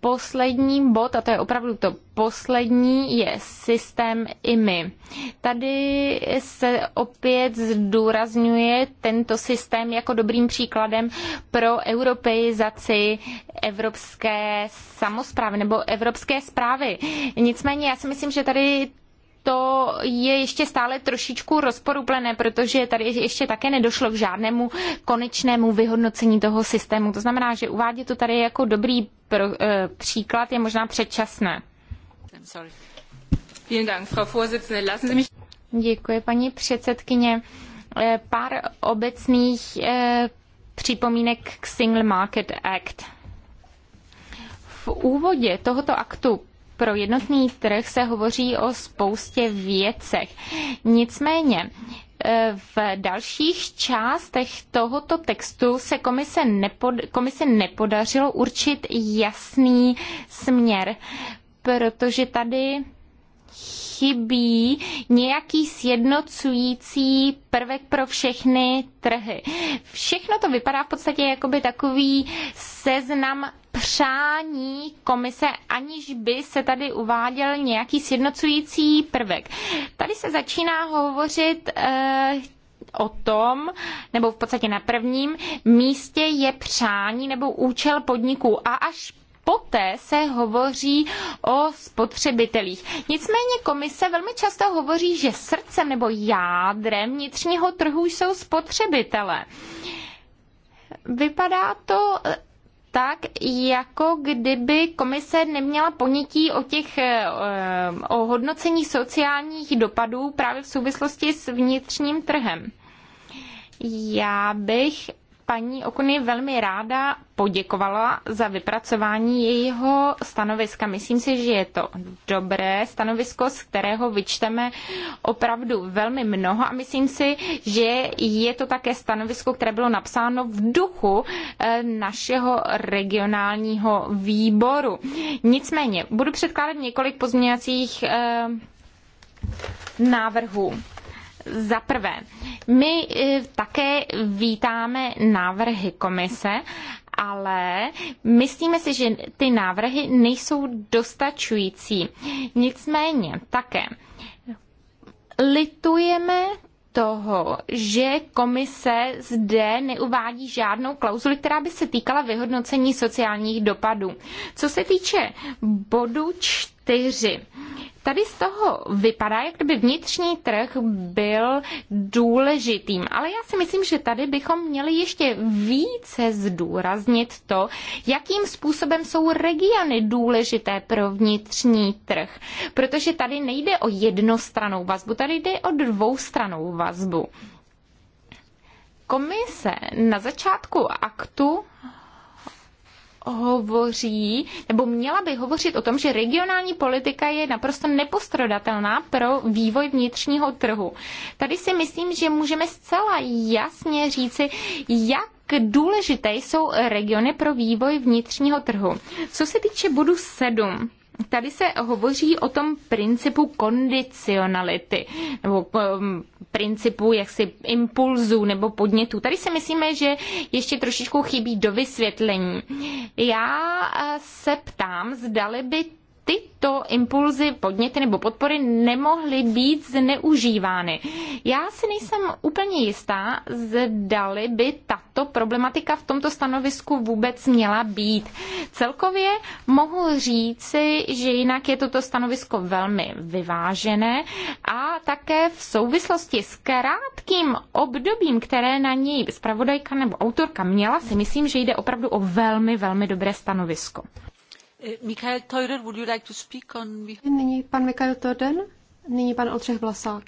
poslední bod, a to je opravdu to poslední, je systém IMI. Tady se opět zdůrazňuje tento systém jako dobrým příkladem pro europeizaci evropské samozprávy nebo evropské zprávy. Nicméně já si myslím, že tady to je ještě stále trošičku rozporuplné, protože tady ještě také nedošlo k žádnému konečnému vyhodnocení toho systému. To znamená, že uvádět to tady jako dobrý pro, uh, příklad je možná předčasné. Děkuji, paní předsedkyně. Eh, pár obecných uh, připomínek k Single Market Act. V úvodě tohoto aktu pro jednotný trh se hovoří o spoustě věcech. Nicméně, e, v dalších částech tohoto textu se komise, nepod, komise nepodařilo určit jasný směr, protože tady chybí nějaký sjednocující prvek pro všechny trhy. Všechno to vypadá v podstatě jako by takový seznam přání komise, aniž by se tady uváděl nějaký sjednocující prvek. Tady se začíná hovořit e, o tom, nebo v podstatě na prvním místě je přání nebo účel podniků a až poté se hovoří o spotřebitelích. Nicméně komise velmi často hovoří, že srdcem nebo jádrem vnitřního trhu jsou spotřebitele. Vypadá to eh, tak, jako kdyby komise neměla ponětí o těch eh, o hodnocení sociálních dopadů právě v souvislosti s vnitřním trhem. Já bych paní Okuny velmi ráda poděkovala za vypracování jejího stanoviska. Myslím si, že je to dobré stanovisko, z kterého vyčteme opravdu velmi mnoho a myslím si, že je to také stanovisko, které bylo napsáno v duchu eh, našeho regionálního výboru. Nicméně, budu předkládat několik pozměňovacích eh, návrhů. Za prvé, my eh, také vítáme návrhy komise, ale myslíme si, že ty návrhy nejsou dostačující. Nicméně také litujeme toho, že komise zde neuvádí žádnou klauzuli, která by se týkala vyhodnocení sociálních dopadů. Co se týče bodu 4, čtyři. Tady z toho vypadá, jak kdyby vnitřní trh byl důležitým, ale já si myslím, že tady bychom měli ještě více zdůraznit to, jakým způsobem jsou regiony důležité pro vnitřní trh. Protože tady nejde o jednostranou vazbu, tady jde o dvoustranou vazbu. Komise na začátku aktu hovoří, nebo měla by hovořit o tom, že regionální politika je naprosto nepostradatelná pro vývoj vnitřního trhu. Tady si myslím, že můžeme zcela jasně říci, jak důležité jsou regiony pro vývoj vnitřního trhu. Co se týče bodu 7, tady se hovoří o tom principu kondicionality, nebo um, principu jaksi impulzu, nebo podnětu. Tady si myslíme, že ještě trošičku chybí do vysvětlení. Já eh, se ptám, zdali by tyto impulzy, podněty nebo podpory nemohly být zneužívány. Já si nejsem úplně jistá, zdali by tato problematika v tomto stanovisku vůbec měla být. Celkově mohu říci, že jinak je toto stanovisko velmi vyvážené a také v souvislosti s krátkým obdobím, které na něj zpravodajka nebo autorka měla, si myslím, že jde opravdu o velmi, velmi dobré stanovisko. Eh, Mikhail Teurer, would you like to speak on... Nyní pan Mikhail Torden, nyní pan Oltřech Vlasák.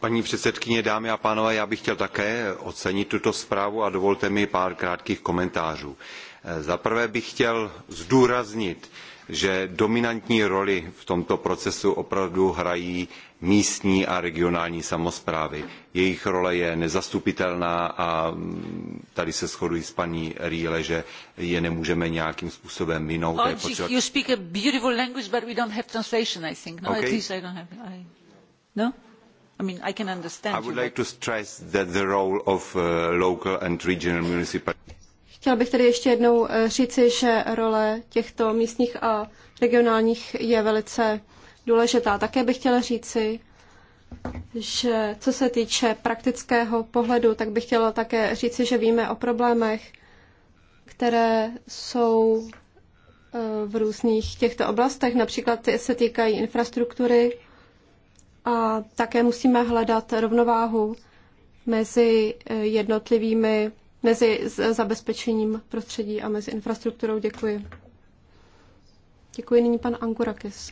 Paní předsedkyně, dámy a pánové, já bych chtěl také ocenit tuto zprávu a dovolte mi pár krátkých komentářů. Eh, za prvé bych chtěl zdůraznit, že dominantní roli v tomto procesu opravdu hrají místní a regionální samosprávy. Jejich role je nezastupitelná a tady se shoduji s paní Rýle, že je nemůžeme nějakým způsobem minout. Oh, potřeba... you speak a beautiful language, but we don't have translation, I think. No, okay. at least I don't have... I... No? I mean, I can understand I would you, like but... to stress that the role of uh, local and regional municipalities Chtěla bych tedy ještě jednou eh, říci, že role těchto místních a regionálních je velice důležitá. Také bych chtěla říci, že co se týče praktického pohledu, tak bych chtěla také říci, že víme o problémech, které jsou eh, v různých těchto oblastech, například ty se týkají infrastruktury a také musíme hledat rovnováhu mezi eh, jednotlivými mezi zabezpečením prostředí a mezi infrastrukturou. Děkuji. Děkuji nyní pan Angurakis.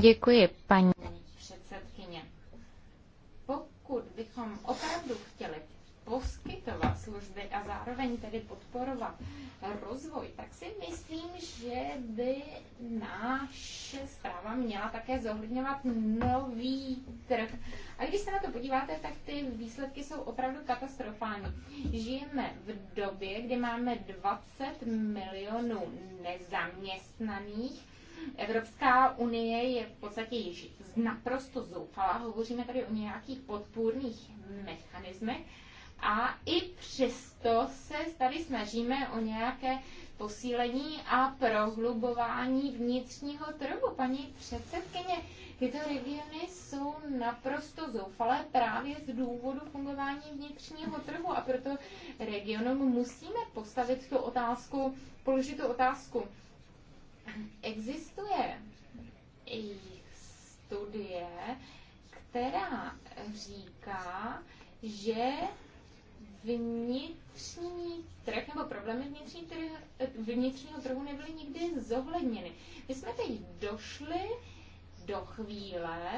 Děkuji, paní předsedkyně. Pokud bychom opravdu chtěli poskytovat služby a zároveň tedy podporovat rozvoj, tak si myslím, že by naše zpráva měla také zohledňovat nový trh. A když se na to podíváte, tak ty výsledky jsou opravdu katastrofální. Žijeme v době, kdy máme 20 milionů nezaměstnaných, Evropská unie je v podstatě již naprosto zoufalá. Hovoříme tady o nějakých podpůrných mechanismech, a i přesto se tady snažíme o nějaké posílení a prohlubování vnitřního trhu. Paní předsedkyně, tyto regiony jsou naprosto zoufalé právě z důvodu fungování vnitřního trhu a proto regionům musíme postavit tu otázku, položit tu otázku. Existuje i studie, která říká, že vnitřní trh nebo problémy vnitřní trh, eh, vnitřního trhu nebyly nikdy zohledněny. My jsme teď došli do chvíle,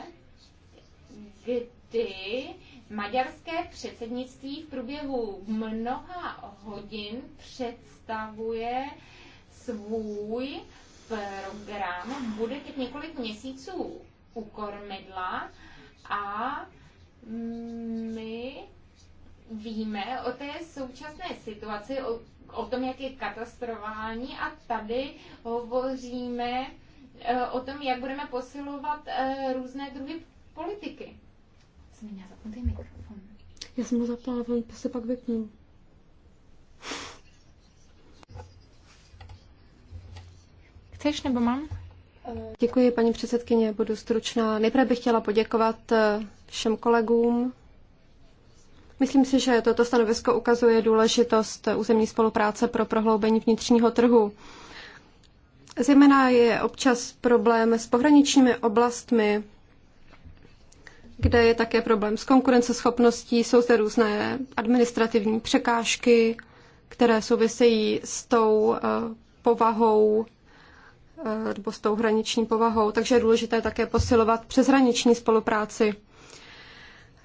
kdy maďarské předsednictví v průběhu mnoha hodin představuje svůj program, bude teď několik měsíců u kormidla a my víme o té současné situaci, o, o tom, jak je katastrofální a tady hovoříme e, o tom, jak budeme posilovat e, různé druhy politiky. Jsem zapnutý mikrofon. Já jsem ho zapala, on se pak vypnul. Chceš nebo mám? Děkuji, paní předsedkyně, budu stručná. Nejprve bych chtěla poděkovat e, všem kolegům Myslím si, že toto stanovisko ukazuje důležitost územní spolupráce pro prohloubení vnitřního trhu. Zejména je občas problém s pohraničními oblastmi, kde je také problém s konkurenceschopností, jsou zde různé administrativní překážky, které souvisejí s tou eh, povahou eh, nebo s tou hraniční povahou, takže je důležité také posilovat přeshraniční spolupráci.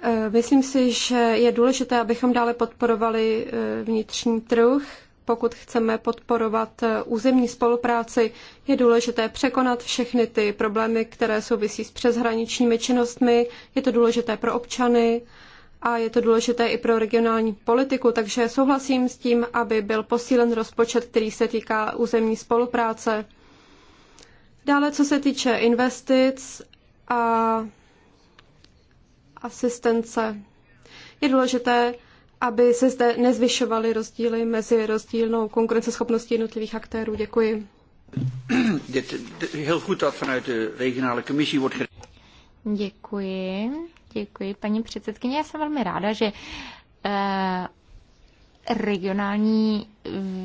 Eh, myslím si, že je důležité, abychom dále podporovali eh, vnitřní trh. Pokud chceme podporovat eh, územní spolupráci, je důležité překonat všechny ty problémy, které souvisí s přeshraničními činnostmi. Je to důležité pro občany a je to důležité i pro regionální politiku, takže souhlasím s tím, aby byl posílen rozpočet, který se týká územní spolupráce. Dále, co se týče investic a asistence. Je důležité, aby se zde nezvyšovaly rozdíly mezi rozdílnou konkurenceschopností jednotlivých aktérů. Děkuji. Děkuji. Děkuji, paní předsedkyně. Já jsem velmi ráda, že eh, regionální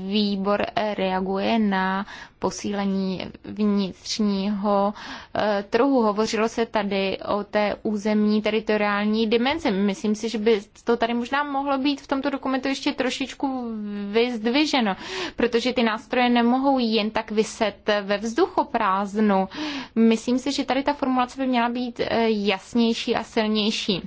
výbor reaguje na posílení vnitřního eh, trhu. Hovořilo se tady o té územní teritoriální dimenzi. Myslím si, že by to tady možná mohlo být v tomto dokumentu ještě trošičku vyzdviženo, protože ty nástroje nemohou jen tak vyset ve vzduchu prázdnu. Myslím si, že tady ta formulace by měla být eh, jasnější a silnější.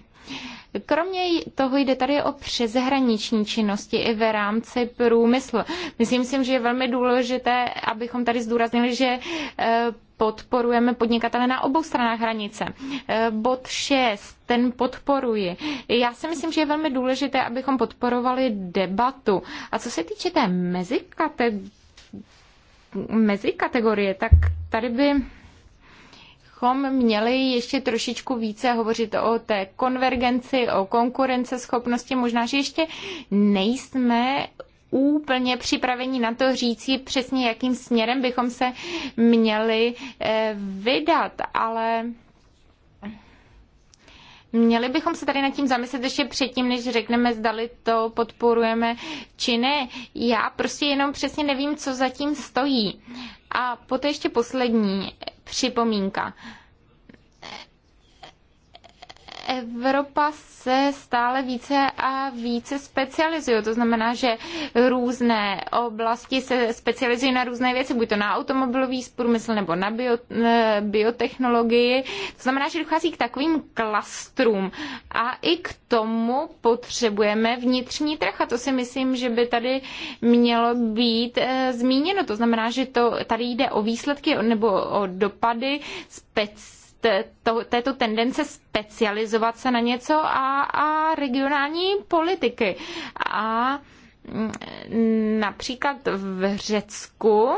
Kromě toho jde tady o přeshraniční činnosti i ve rámci průmyslu. Myslím si, že je velmi důležité, abychom tady zdůraznili, že eh, podporujeme podnikatele na obou stranách hranice. Eh, bod 6, ten podporuji. Já si myslím, že je velmi důležité, abychom podporovali debatu. A co se týče té mezikate- mezikategorie, tak tady by bychom měli ještě trošičku více hovořit o té konvergenci, o konkurenceschopnosti. Možná, že ještě nejsme úplně připraveni na to říci přesně, jakým směrem bychom se měli eh, vydat, ale Měli bychom se tady nad tím zamyslet ještě předtím, než řekneme, zdali to podporujeme či ne. Já prostě jenom přesně nevím, co zatím stojí. A poté ještě poslední připomínka. Evropa se stále více a více specializuje. To znamená, že různé oblasti se specializují na různé věci, buď to na automobilový průmysl nebo na bio, eh, biotechnologii. To znamená, že dochází k takovým klastrům a i k tomu potřebujeme vnitřní trh a to si myslím, že by tady mělo být eh, zmíněno. To znamená, že to tady jde o výsledky nebo o dopady speciální této tendence specializovat se na něco a, a regionální politiky. A mm, například v Řecku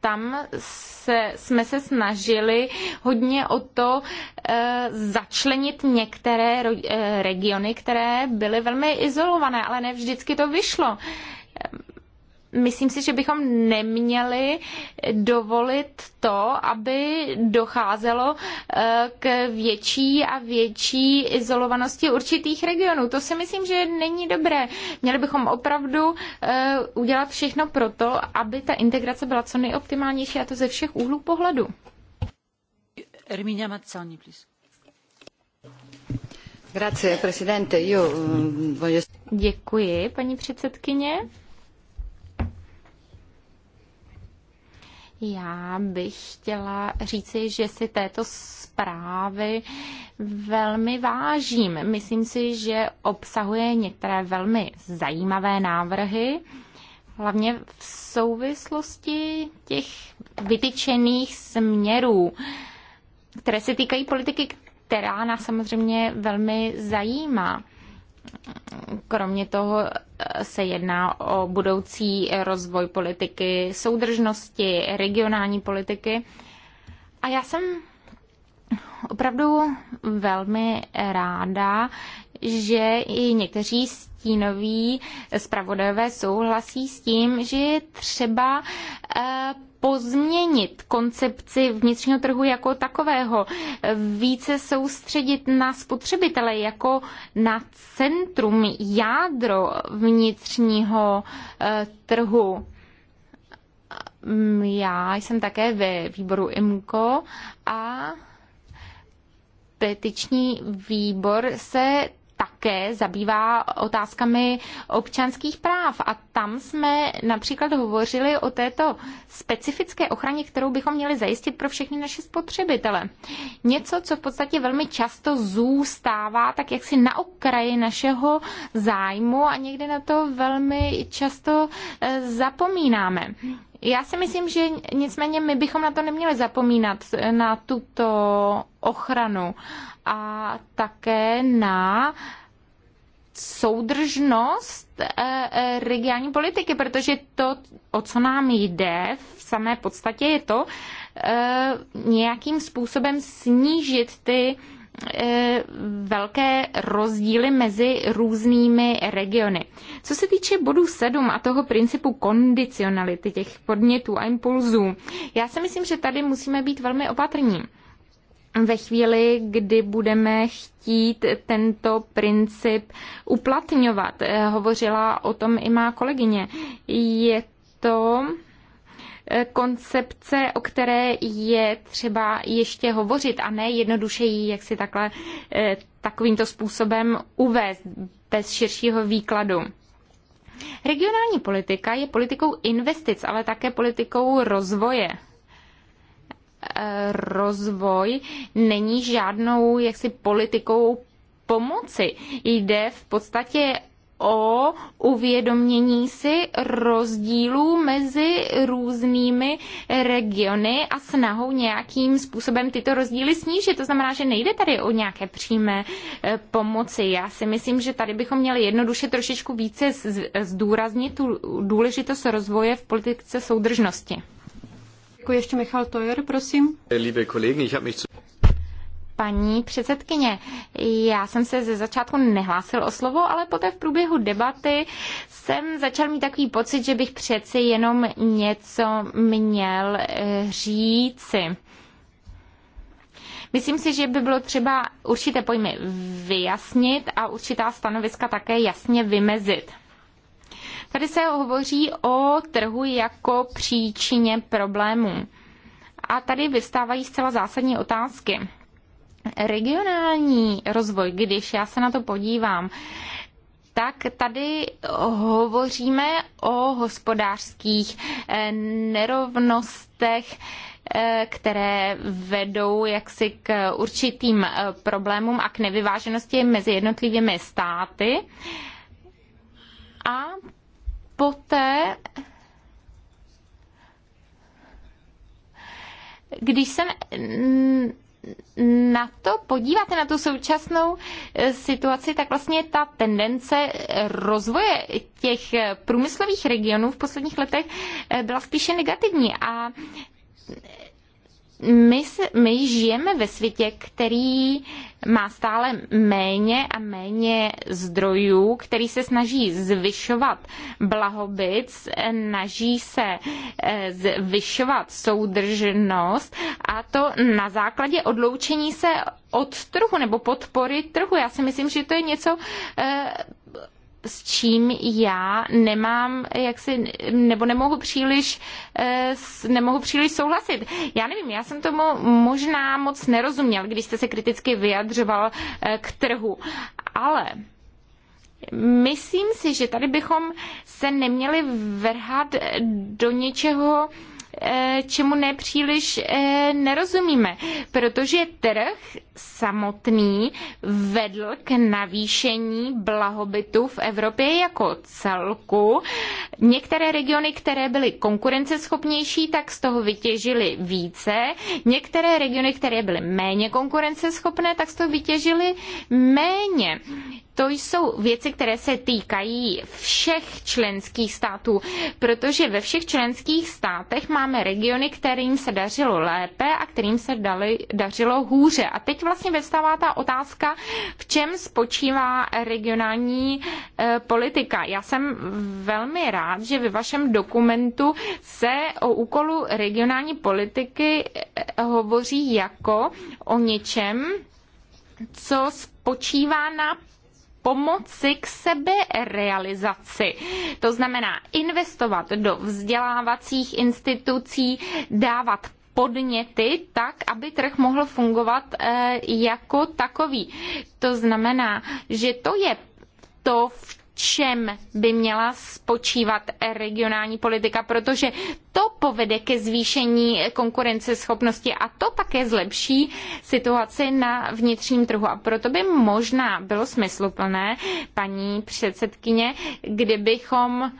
tam se, jsme se snažili hodně o to e, začlenit některé ro, e, regiony, které byly velmi izolované, ale ne vždycky to vyšlo myslím si, že bychom neměli dovolit to, aby docházelo eh, k větší a větší izolovanosti určitých regionů. To si myslím, že není dobré. Měli bychom opravdu eh, udělat všechno pro to, aby ta integrace byla co nejoptimálnější a to ze všech úhlů pohledu. Erminia mm, Děkuji, paní předsedkyně. Já bych chtěla říci, že si této zprávy velmi vážím. Myslím si, že obsahuje některé velmi zajímavé návrhy, hlavně v souvislosti těch vytyčených směrů, které se týkají politiky, která nás samozřejmě velmi zajímá. Kromě toho se jedná o budoucí rozvoj politiky soudržnosti, regionální politiky. A já jsem opravdu velmi ráda, že i někteří stínoví zpravodajové souhlasí s tím, že je třeba eh, pozměnit koncepci vnitřního trhu jako takového, více soustředit na spotřebitele jako na centrum, jádro vnitřního eh, trhu. Mm, já jsem také ve výboru IMKO a petiční výbor se také zabývá otázkami občanských práv. A tam jsme například hovořili o této specifické ochraně, kterou bychom měli zajistit pro všechny naše spotřebitele. Něco, co v podstatě velmi často zůstává tak jaksi na okraji našeho zájmu a někde na to velmi často eh, zapomínáme. Já si myslím, že nicméně my bychom na to neměli zapomínat, na tuto ochranu a také na soudržnost eh, eh, regionální politiky, protože to, o co nám jde v samé podstatě, je to eh, nějakým způsobem snížit ty E, velké rozdíly mezi různými regiony. Co se týče bodu 7 a toho principu kondicionality těch podnětů a impulzů, já si myslím, že tady musíme být velmi opatrní ve chvíli, kdy budeme chtít tento princip uplatňovat. E, hovořila o tom i má kolegyně. Je to Eh, koncepce, o které je třeba ještě hovořit a ne jednoduše ji jak si takhle eh, takovýmto způsobem uvést bez širšího výkladu. Regionální politika je politikou investic, ale také politikou rozvoje eh, rozvoj není žádnou jaksi politikou pomoci. Jde v podstatě o uvědomění si rozdílů mezi různými regiony a snahou nějakým způsobem tyto rozdíly snížit. To znamená, že nejde tady o nějaké přímé eh, pomoci. Já si myslím, že tady bychom měli jednoduše trošičku více zdůraznit tu důležitost rozvoje v politice soudržnosti. Děkuji ještě Michal Tojer, prosím. Paní předsedkyně, já jsem se ze začátku nehlásil o slovo, ale poté v průběhu debaty jsem začal mít takový pocit, že bych přeci jenom něco měl eh, říci. Myslím si, že by bylo třeba určité pojmy vyjasnit a určitá stanoviska také jasně vymezit. Tady se hovoří o trhu jako příčině problémů. A tady vystávají zcela zásadní otázky regionální rozvoj, když já se na to podívám, tak tady hovoříme o hospodářských eh, nerovnostech, eh, které vedou jaksi k určitým eh, problémům a k nevyváženosti mezi jednotlivými státy. A poté když jsem na to podíváte, na tu současnou e, situaci, tak vlastně ta tendence e, rozvoje těch průmyslových regionů v posledních letech e, byla spíše negativní a my, my žijeme ve světě, který má stále méně a méně zdrojů, který se snaží zvyšovat blahobyt, snaží se eh, zvyšovat soudržnost a to na základě odloučení se od trhu nebo podpory trhu. Já si myslím, že to je něco eh, s čím já nemám, jak si, nebo nemohu příliš, eh, nemohu příliš souhlasit. Já nevím, já jsem tomu možná moc nerozuměl, když jste se kriticky vyjadřoval eh, k trhu. Ale myslím si, že tady bychom se neměli vrhat do něčeho, Eh, čemu nepříliš eh, nerozumíme, protože trh samotný vedl k navýšení blahobytu v Evropě jako celku. Některé regiony, které byly konkurenceschopnější, tak z toho vytěžily více. Některé regiony, které byly méně konkurenceschopné, tak z toho vytěžily méně. To jsou věci, které se týkají všech členských států, protože ve všech členských státech máme regiony, kterým se dařilo lépe a kterým se dali, dařilo hůře. A teď vlastně vyvstává ta otázka, v čem spočívá regionální e, politika. Já jsem velmi rád, že ve vašem dokumentu se o úkolu regionální politiky eh, hovoří jako o něčem, co spočívá na pomoci k seberealizaci. To znamená investovat do vzdělávacích institucí, dávat podněty tak, aby trh mohl fungovat eh, jako takový. To znamená, že to je to, v čem by měla spočívat regionální politika, protože to povede ke zvýšení konkurenceschopnosti a to také zlepší situaci na vnitřním trhu. A proto by možná bylo smysluplné, paní předsedkyně, kdybychom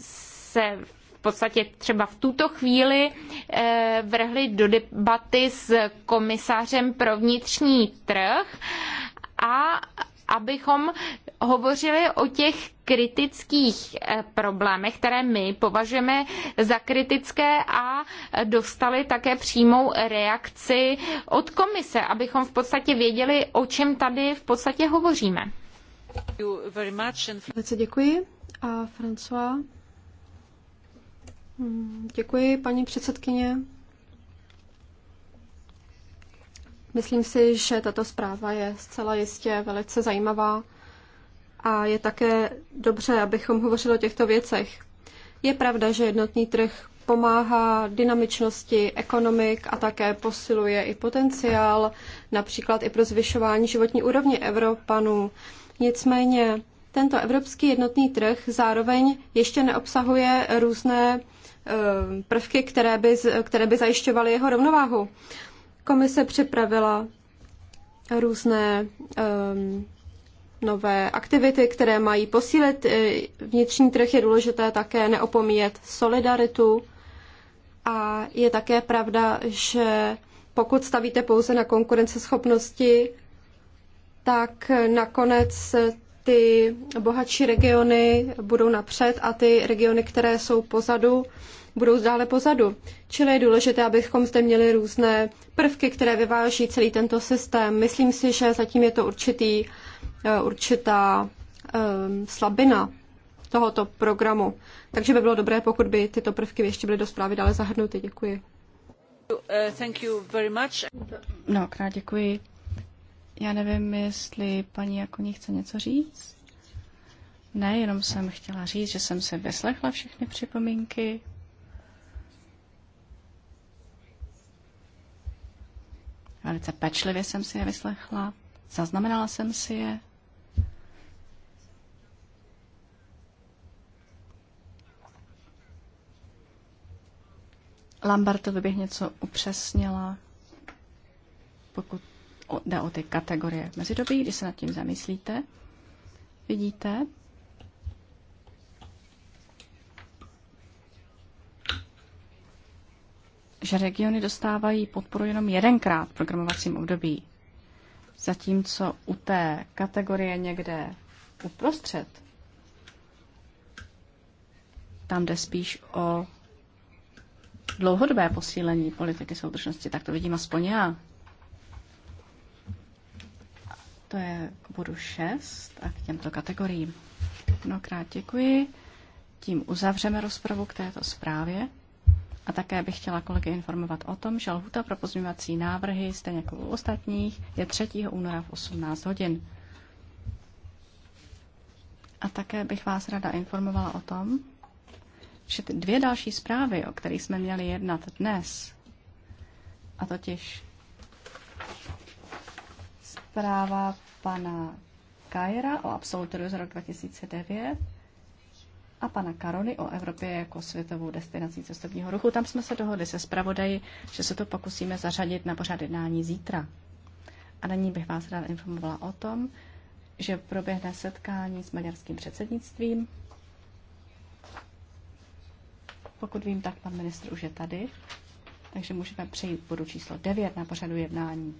se v podstatě třeba v tuto chvíli eh, vrhli do debaty s komisářem pro vnitřní trh a abychom hovořili o těch kritických eh, problémech, které my považujeme za kritické a dostali také přímou reakci od komise, abychom v podstatě věděli, o čem tady v podstatě hovoříme. Velice děkuji. A François? Hmm, děkuji, paní předsedkyně. Myslím si, že tato zpráva je zcela jistě velice zajímavá a je také dobře, abychom hovořili o těchto věcech. Je pravda, že jednotný trh pomáhá dynamičnosti ekonomik a také posiluje i potenciál, například i pro zvyšování životní úrovně Evropanů. Nicméně tento evropský jednotný trh zároveň ještě neobsahuje různé eh, prvky, které by, které by zajišťovaly jeho rovnováhu. Komise připravila různé um, nové aktivity, které mají posílit eh, vnitřní trh. Je důležité také neopomíjet solidaritu. A je také pravda, že pokud stavíte pouze na konkurenceschopnosti, tak nakonec ty bohatší regiony budou napřed a ty regiony, které jsou pozadu, budou dále pozadu. Čili je důležité, abychom zde měli různé prvky, které vyváží celý tento systém. Myslím si, že zatím je to určitý, eh, určitá um, slabina tohoto programu. Takže by bylo dobré, pokud by tyto prvky ještě byly do zprávy dále zahrnuty. Děkuji. Eh, thank you very much. Mnohokrát děkuji. Já nevím, jestli paní jako chce něco říct. Ne, jenom jsem chtěla říct, že jsem se vyslechla všechny připomínky, Velice pečlivě jsem si je vyslechla, zaznamenala jsem si je. Lambertovi bych něco upřesnila, pokud jde o ty kategorie. mezidobí, když se nad tím zamyslíte, vidíte, že regiony dostávají podporu jenom jedenkrát v programovacím období, zatímco u té kategorie někde uprostřed, tam jde spíš o dlouhodobé posílení politiky soudržnosti, tak to vidím aspoň já. To je k bodu 6 a k těmto kategoriím. Mnohokrát děkuji. Tím uzavřeme rozpravu k této zprávě. A také bych chtěla kolegy informovat o tom, že lhuta pro pozměňovací návrhy, stejně jako u ostatních, je 3. února v 18 hodin. A také bych vás rada informovala o tom, že ty dvě další zprávy, o kterých jsme měli jednat dnes, a totiž zpráva pana Kajera o absolutoriu z roku 2009 a pana Karony o Evropě jako světovou destinací cestovního ruchu. Tam jsme se dohodli se zpravodaji, že se to pokusíme zařadit na pořád jednání zítra. A na ní bych vás rád informovala o tom, že proběhne setkání s maďarským předsednictvím. Pokud vím, tak pan ministr už je tady, takže můžeme přejít k bodu číslo 9 na pořadu jednání.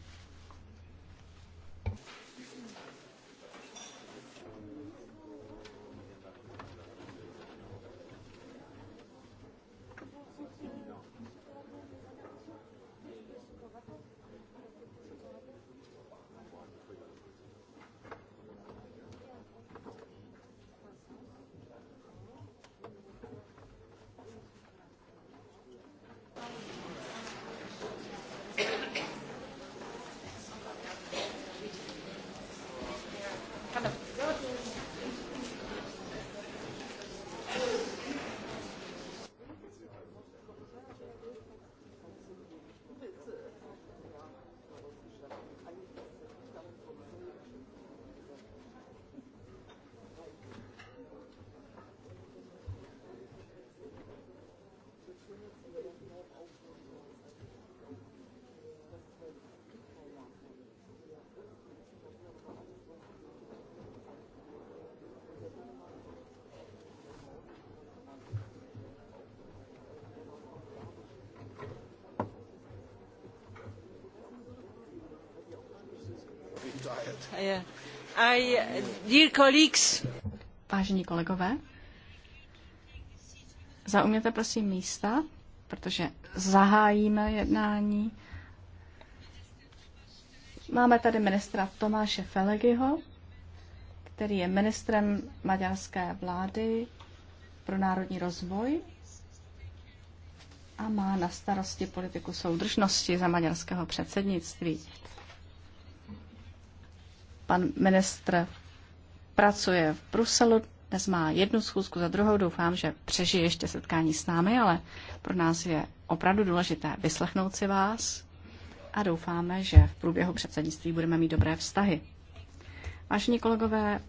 Vážení kolegové, zaujměte prosím místa, protože zahájíme jednání. Máme tady ministra Tomáše Felegiho, který je ministrem maďarské vlády pro národní rozvoj a má na starosti politiku soudržnosti za maďarského předsednictví. Pan ministr pracuje v Bruselu, dnes má jednu schůzku za druhou. Doufám, že přežije ještě setkání s námi, ale pro nás je opravdu důležité vyslechnout si vás a doufáme, že v průběhu předsednictví budeme mít dobré vztahy. Vážení kolegové,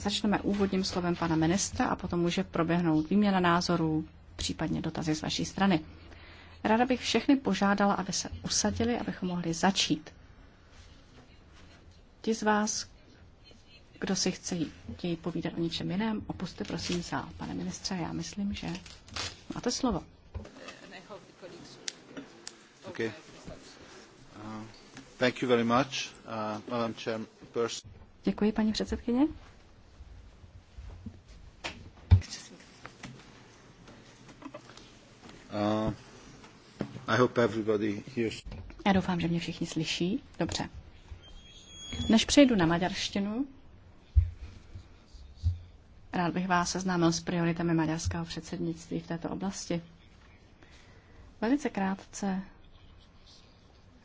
začneme úvodním slovem pana ministra a potom může proběhnout výměna názorů, případně dotazy z vaší strany. Ráda bych všechny požádala, aby se usadili, abychom mohli začít. Ti z vás, kdo si chce jí povídat o něčem jiném, opuste prosím sál. Pane ministře, já myslím, že máte slovo. Okay. Uh, thank you very much, uh, Madam Chairperson. Děkuji, paní předsedkyně. Uh, I hope everybody hears. Já doufám, že mě všichni slyší. Dobře. Než přejdu na maďarštinu, rád bych vás seznámil s prioritami maďarského předsednictví v této oblasti. Velice krátce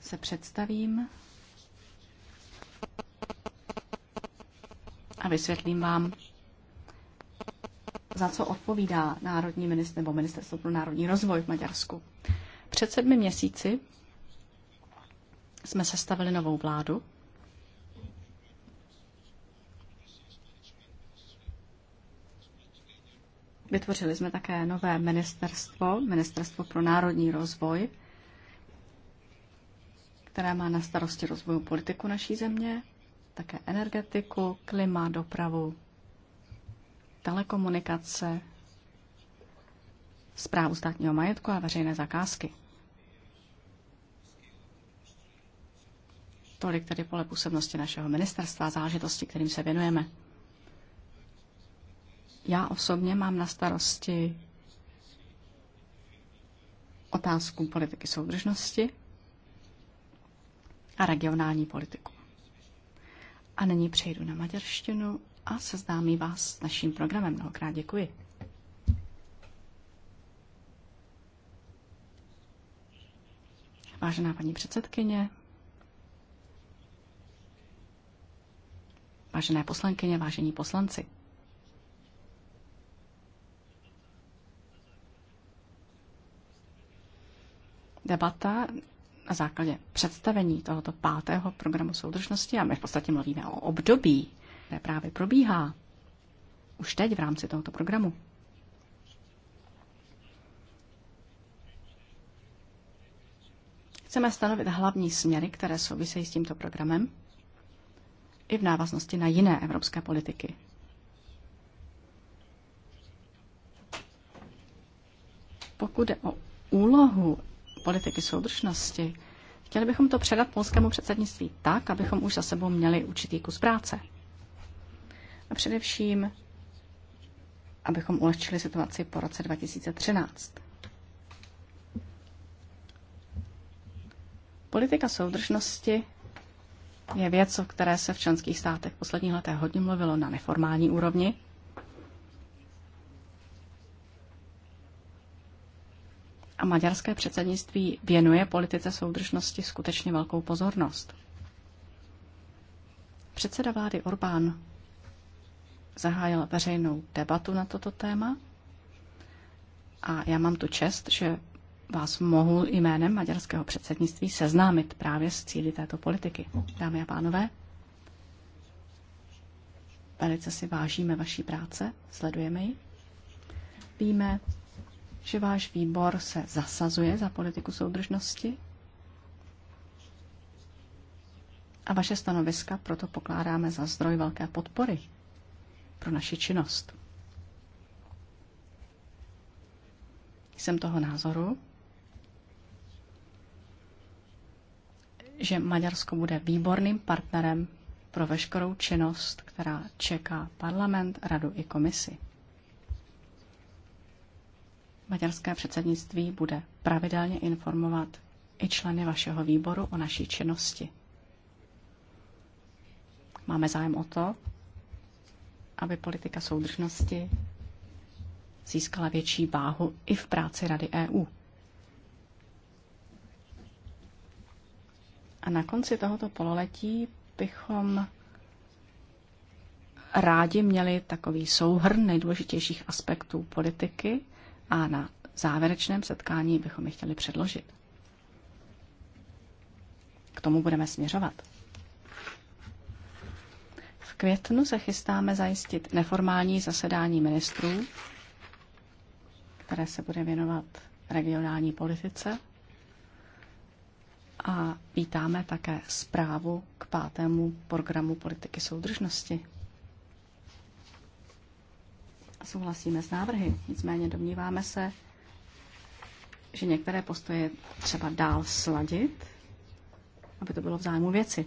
se představím a vysvětlím vám, za co odpovídá Národní minister nebo Ministerstvo pro národní rozvoj v Maďarsku. Před sedmi měsíci jsme sestavili novou vládu, Vytvořili jsme také nové ministerstvo, Ministerstvo pro národní rozvoj, které má na starosti rozvoju politiku naší země, také energetiku, klima, dopravu, telekomunikace, zprávu státního majetku a veřejné zakázky. Tolik tedy pole působnosti našeho ministerstva a záležitosti, kterým se věnujeme. Já osobně mám na starosti otázku politiky soudržnosti a regionální politiku. A nyní přejdu na maďarštinu a seznámí vás s naším programem. Mnohokrát děkuji. Vážená paní předsedkyně, vážené poslankyně, vážení poslanci. debata na základě představení tohoto pátého programu soudržnosti, a my v podstatě mluvíme o období, které právě probíhá už teď v rámci tohoto programu. Chceme stanovit hlavní směry, které souvisejí s tímto programem i v návaznosti na jiné evropské politiky. Pokud jde o úlohu politiky soudržnosti, chtěli bychom to předat polskému předsednictví tak, abychom už za sebou měli určitý kus práce. A především, abychom ulehčili situaci po roce 2013. Politika soudržnosti je věc, o které se v členských státech v posledních letech hodně mluvilo na neformální úrovni, maďarské předsednictví věnuje politice soudržnosti skutečně velkou pozornost. Předseda vlády Orbán zahájil veřejnou debatu na toto téma a já mám tu čest, že vás mohu jménem maďarského předsednictví seznámit právě s cíly této politiky. Dámy a pánové, velice si vážíme vaší práce, sledujeme ji. Víme, že váš výbor se zasazuje za politiku soudržnosti a vaše stanoviska proto pokládáme za zdroj velké podpory pro naši činnost. Jsem toho názoru, že Maďarsko bude výborným partnerem pro veškerou činnost, která čeká parlament, radu i komisi. Maďarské předsednictví bude pravidelně informovat i členy vašeho výboru o naší činnosti. Máme zájem o to, aby politika soudržnosti získala větší váhu i v práci Rady EU. A na konci tohoto pololetí bychom rádi měli takový souhrn nejdůležitějších aspektů politiky a na závěrečném setkání bychom je chtěli předložit. K tomu budeme směřovat. V květnu se chystáme zajistit neformální zasedání ministrů, které se bude věnovat regionální politice a vítáme také zprávu k pátému programu politiky soudržnosti souhlasíme s návrhy, nicméně domníváme se, že některé postoje třeba dál sladit, aby to bylo v zájmu věci.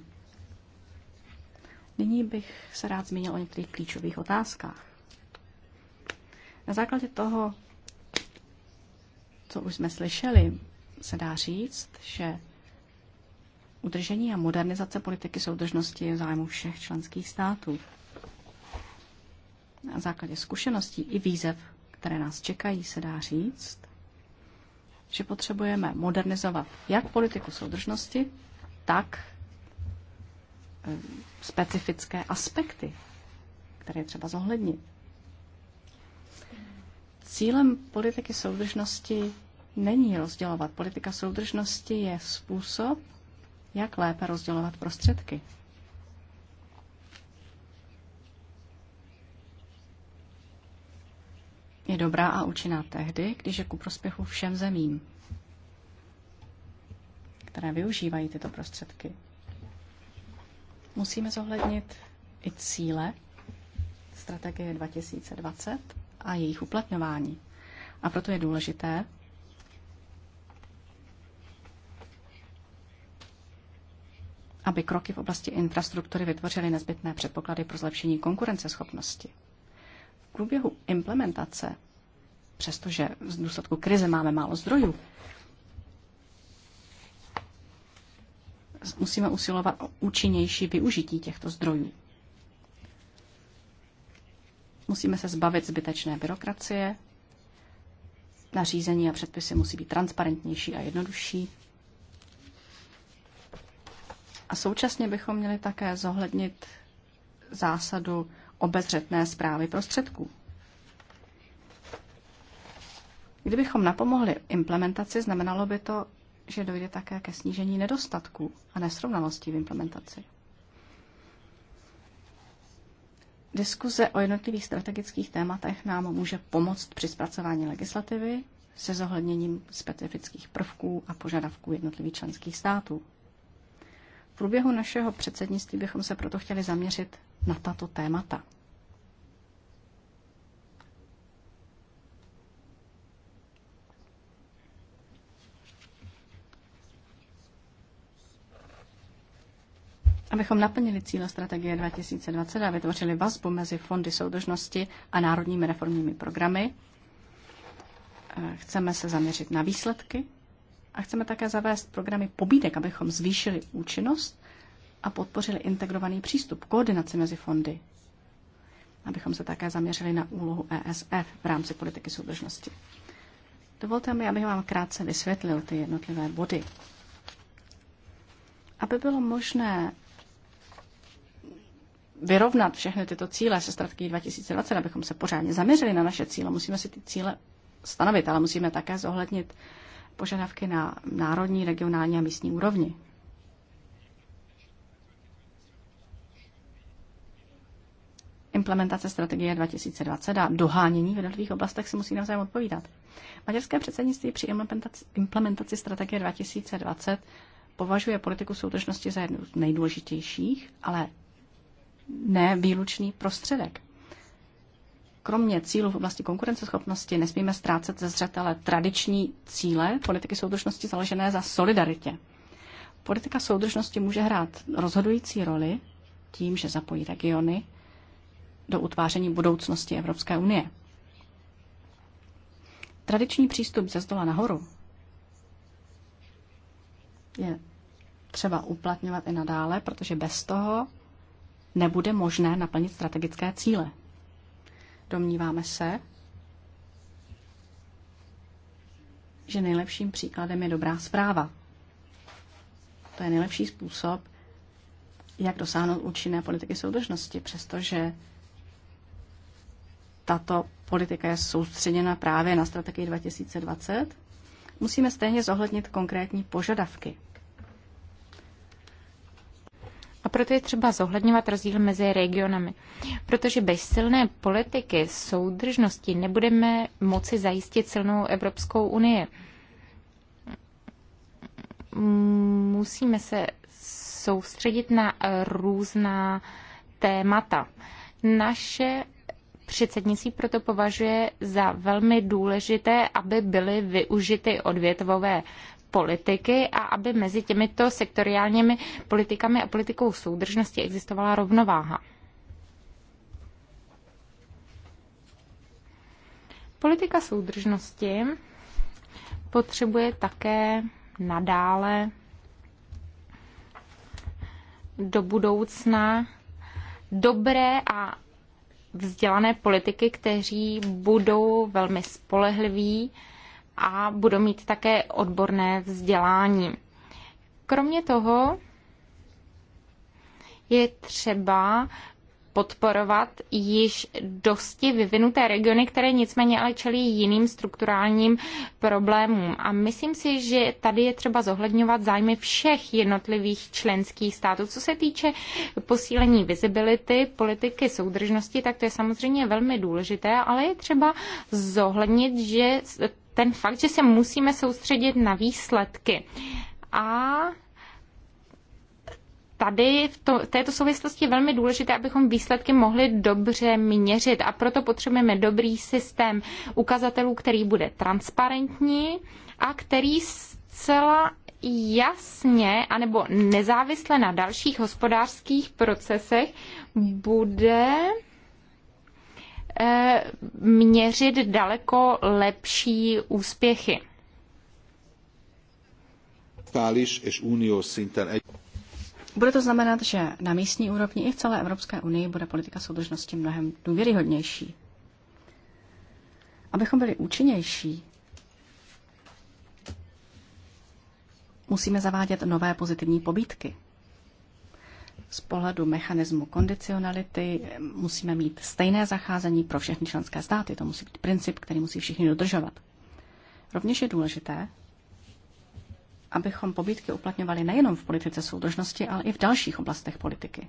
Nyní bych se rád zmínil o některých klíčových otázkách. Na základě toho, co už jsme slyšeli, se dá říct, že udržení a modernizace politiky soudržnosti je v zájmu všech členských států. Na základě zkušeností i výzev, které nás čekají, se dá říct, že potřebujeme modernizovat jak politiku soudržnosti, tak eh, specifické aspekty, které je třeba zohlednit. Cílem politiky soudržnosti není rozdělovat. Politika soudržnosti je způsob, jak lépe rozdělovat prostředky. je dobrá a účinná tehdy, když je ku prospěchu všem zemím, které využívají tyto prostředky. Musíme zohlednit i cíle strategie 2020 a jejich uplatňování. A proto je důležité, aby kroky v oblasti infrastruktury vytvořily nezbytné předpoklady pro zlepšení konkurenceschopnosti průběhu implementace, přestože z důsledku krize máme málo zdrojů, musíme usilovat o účinnější využití těchto zdrojů. Musíme se zbavit zbytečné byrokracie, nařízení a předpisy musí být transparentnější a jednodušší. A současně bychom měli také zohlednit zásadu obezřetné zprávy prostředků. Kdybychom napomohli implementaci, znamenalo by to, že dojde také ke snížení nedostatků a nesrovnalostí v implementaci. Diskuze o jednotlivých strategických tématech nám může pomoct při zpracování legislativy se zohledněním specifických prvků a požadavků jednotlivých členských států. V průběhu našeho předsednictví bychom se proto chtěli zaměřit na tato témata. Abychom naplnili cíle strategie 2020 a vytvořili vazbu mezi fondy soudržnosti a národními reformními programy, eh, chceme se zaměřit na výsledky a chceme také zavést programy pobídek, abychom zvýšili účinnost a podpořili integrovaný přístup, koordinaci mezi fondy, abychom se také zaměřili na úlohu ESF v rámci politiky soudržnosti. Dovolte mi, abych vám krátce vysvětlil ty jednotlivé body. Aby bylo možné vyrovnat všechny tyto cíle se strategií 2020, abychom se pořádně zaměřili na naše cíle, musíme si ty cíle stanovit, ale musíme také zohlednit požadavky na národní, regionální a místní úrovni. implementace strategie 2020 a dohánění v jednotlivých oblastech se musí navzájem odpovídat. Maďarské předsednictví při implementaci, implementaci strategie 2020 považuje politiku soudržnosti za jednu z nejdůležitějších, ale ne výlučný prostředek. Kromě cílů v oblasti konkurenceschopnosti nesmíme ztrácet ze zřetele tradiční cíle politiky soudržnosti založené za solidaritě. Politika soudržnosti může hrát rozhodující roli tím, že zapojí regiony, do utváření budoucnosti Evropské unie. Tradiční přístup ze zdola nahoru je třeba uplatňovat i nadále, protože bez toho nebude možné naplnit strategické cíle. Domníváme se, že nejlepším příkladem je dobrá zpráva. To je nejlepší způsob, jak dosáhnout účinné politiky soudržnosti, přestože tato politika je soustředěna právě na strategii 2020, musíme stejně zohlednit konkrétní požadavky. A proto je třeba zohledňovat rozdíl mezi regionami. Protože bez silné politiky soudržnosti nebudeme moci zajistit silnou Evropskou unii. Musíme se soustředit na různá témata. Naše předsednictví proto považuje za velmi důležité, aby byly využity odvětvové politiky a aby mezi těmito sektoriálními politikami a politikou soudržnosti existovala rovnováha. Politika soudržnosti potřebuje také nadále do budoucna dobré a vzdělané politiky, kteří budou velmi spolehliví a budou mít také odborné vzdělání. Kromě toho je třeba podporovat již dosti vyvinuté regiony, které nicméně ale čelí jiným strukturálním problémům. A myslím si, že tady je třeba zohledňovat zájmy všech jednotlivých členských států. Co se týče posílení visibility, politiky soudržnosti, tak to je samozřejmě velmi důležité, ale je třeba zohlednit, že ten fakt, že se musíme soustředit na výsledky. A tady v, to, v této souvislosti je velmi důležité, abychom výsledky mohli dobře měřit a proto potřebujeme dobrý systém ukazatelů, který bude transparentní a který zcela jasně anebo nezávisle na dalších hospodářských procesech bude eh, měřit daleko lepší úspěchy. Bude to znamenat, že na místní úrovni i v celé Evropské unii bude politika soudržnosti mnohem důvěryhodnější. Abychom byli účinnější, musíme zavádět nové pozitivní pobídky. Z pohledu mechanismu kondicionality musíme mít stejné zacházení pro všechny členské státy. To musí být princip, který musí všichni dodržovat. Rovněž je důležité, abychom pobídky uplatňovali nejenom v politice soudržnosti, ale i v dalších oblastech politiky.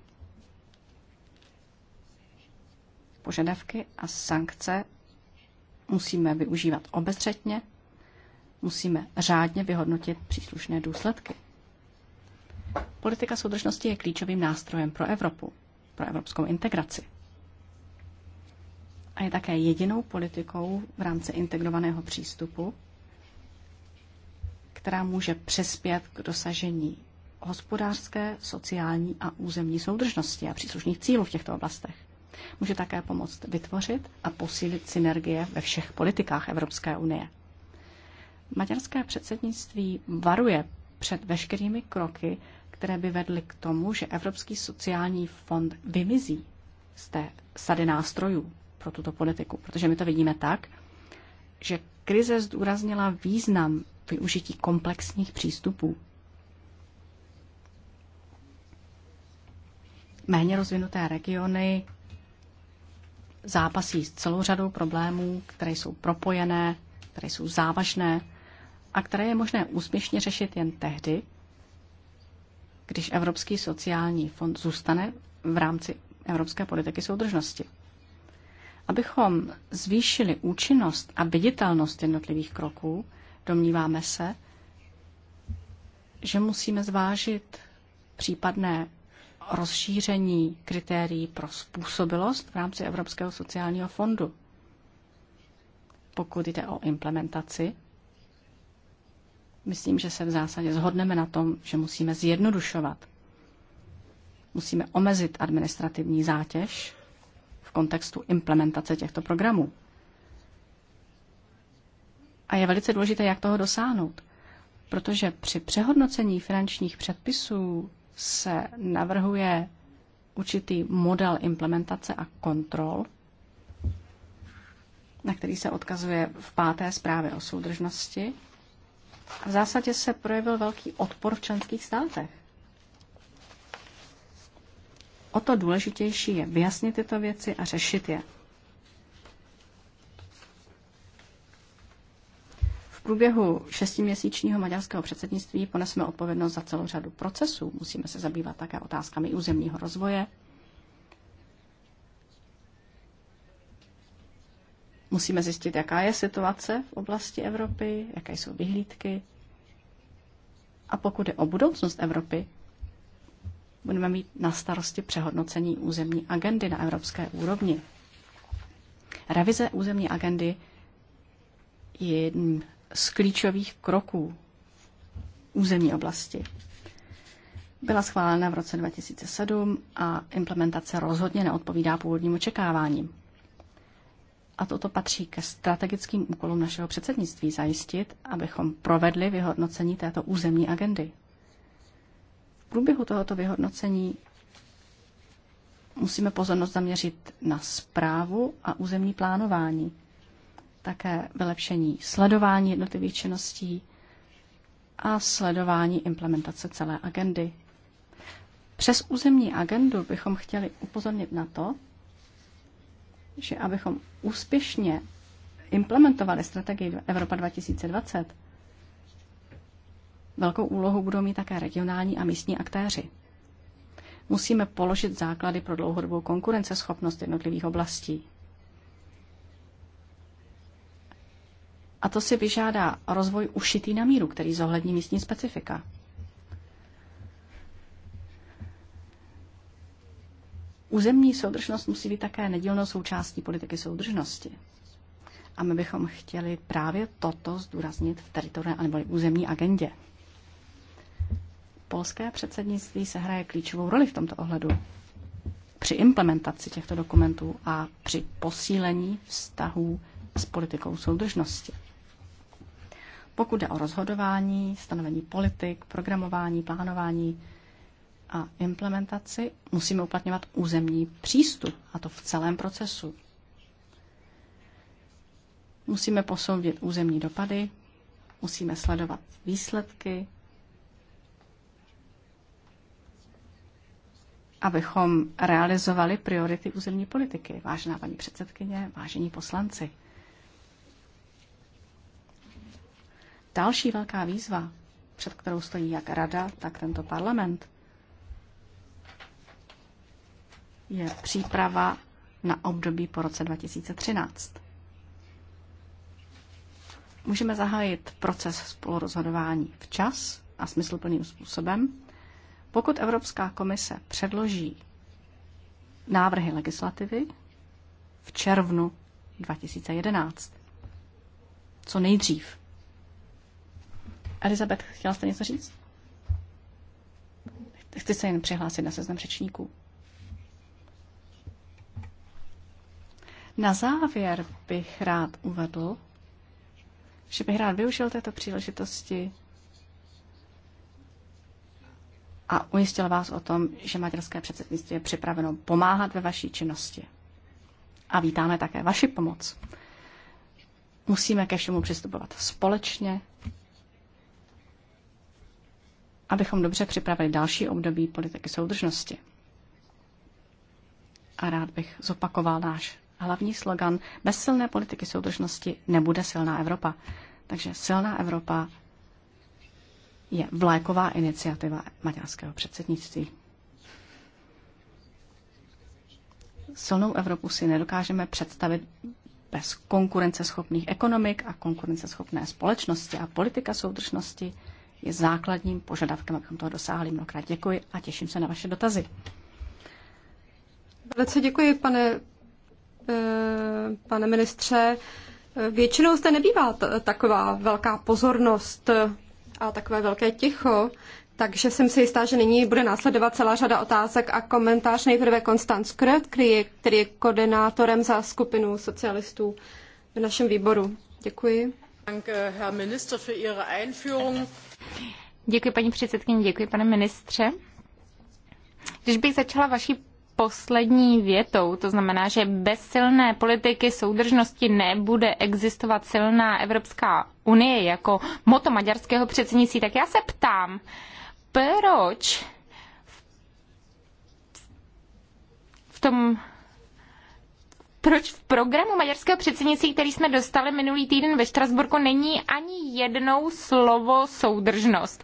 Požadavky a sankce musíme využívat obezřetně, musíme řádně vyhodnotit příslušné důsledky. Politika soudržnosti je klíčovým nástrojem pro Evropu, pro evropskou integraci. A je také jedinou politikou v rámci integrovaného přístupu, která může přespět k dosažení hospodářské, sociální a územní soudržnosti a příslušných cílů v těchto oblastech. Může také pomoct vytvořit a posílit synergie ve všech politikách Evropské unie. Maďarské předsednictví varuje před veškerými kroky, které by vedly k tomu, že Evropský sociální fond vymizí z té sady nástrojů pro tuto politiku, protože my to vidíme tak, že krize zdůraznila význam využití komplexních přístupů. Méně rozvinuté regiony zápasí s celou řadou problémů, které jsou propojené, které jsou závažné a které je možné úspěšně řešit jen tehdy, když Evropský sociální fond zůstane v rámci evropské politiky soudržnosti. Abychom zvýšili účinnost a viditelnost jednotlivých kroků, Domníváme se, že musíme zvážit případné rozšíření kritérií pro způsobilost v rámci Evropského sociálního fondu. Pokud jde o implementaci, myslím, že se v zásadě zhodneme na tom, že musíme zjednodušovat. Musíme omezit administrativní zátěž v kontextu implementace těchto programů. A je velice důležité, jak toho dosáhnout. Protože při přehodnocení finančních předpisů se navrhuje určitý model implementace a kontrol, na který se odkazuje v páté zprávě o soudržnosti. V zásadě se projevil velký odpor v členských státech. O to důležitější je vyjasnit tyto věci a řešit je. průběhu šestiměsíčního maďarského předsednictví poneseme odpovědnost za celou řadu procesů. Musíme se zabývat také otázkami územního rozvoje. Musíme zjistit, jaká je situace v oblasti Evropy, jaké jsou vyhlídky. A pokud je o budoucnost Evropy, budeme mít na starosti přehodnocení územní agendy na evropské úrovni. Revize územní agendy je jedním z klíčových kroků územní oblasti. Byla schválena v roce 2007 a implementace rozhodně neodpovídá původním očekáváním. A toto patří ke strategickým úkolům našeho předsednictví zajistit, abychom provedli vyhodnocení této územní agendy. V průběhu tohoto vyhodnocení musíme pozornost zaměřit na zprávu a územní plánování – také vylepšení sledování jednotlivých činností a sledování implementace celé agendy. Přes územní agendu bychom chtěli upozornit na to, že abychom úspěšně implementovali strategii Evropa 2020, velkou úlohu budou mít také regionální a místní aktéři. Musíme položit základy pro dlouhodobou konkurenceschopnost jednotlivých oblastí. A to si vyžádá rozvoj ušitý na míru, který zohlední místní specifika. Územní soudržnost musí být také nedílnou součástí politiky soudržnosti. A my bychom chtěli právě toto zdůraznit v teritoriální nebo územní agendě. Polské předsednictví se hraje klíčovou roli v tomto ohledu při implementaci těchto dokumentů a při posílení vztahů s politikou soudržnosti pokud jde o rozhodování, stanovení politik, programování, plánování a implementaci, musíme uplatňovat územní přístup, a to v celém procesu. Musíme posoudit územní dopady, musíme sledovat výsledky, abychom realizovali priority územní politiky. Vážená paní předsedkyně, vážení poslanci. Další velká výzva, před kterou stojí jak Rada, tak tento parlament, je příprava na období po roce 2013. Můžeme zahájit proces spolurozhodování včas a smysluplným způsobem, pokud Evropská komise předloží návrhy legislativy v červnu 2011. Co nejdřív. Elizabeth, chtěla jste něco říct? Chci se jen přihlásit na seznam řečníků. Na závěr bych rád uvedl, že bych rád využil této příležitosti a ujistil vás o tom, že maďarské předsednictví je připraveno pomáhat ve vaší činnosti. A vítáme také vaši pomoc. Musíme ke všemu přistupovat společně abychom dobře připravili další období politiky soudržnosti. A rád bych zopakoval náš hlavní slogan Bez silné politiky soudržnosti nebude silná Evropa. Takže silná Evropa je vlajková iniciativa maďarského předsednictví. Silnou Evropu si nedokážeme představit bez konkurenceschopných ekonomik a konkurenceschopné společnosti a politika soudržnosti je základním požadavkem, abychom toho dosáhli. Mnohokrát děkuji a těším se na vaše dotazy. Velice děkuji, pane, eh, pane ministře. Většinou zde nebývá taková velká pozornost a takové velké ticho, takže jsem si jistá, že nyní bude následovat celá řada otázek a komentář. Nejprve Konstanc Kret, který je, který je koordinátorem za skupinu socialistů v našem výboru. Děkuji. Danke, Herr Minister, für Ihre Einführung. Děkuji, paní předsedkyně, děkuji, pane ministře. Když bych začala vaší poslední větou, to znamená, že bez silné politiky soudržnosti nebude existovat silná Evropská unie jako moto maďarského předsednictví, tak já se ptám, proč v tom proč v programu maďarského předsednictví, který jsme dostali minulý týden ve Štrasburku, není ani jednou slovo soudržnost.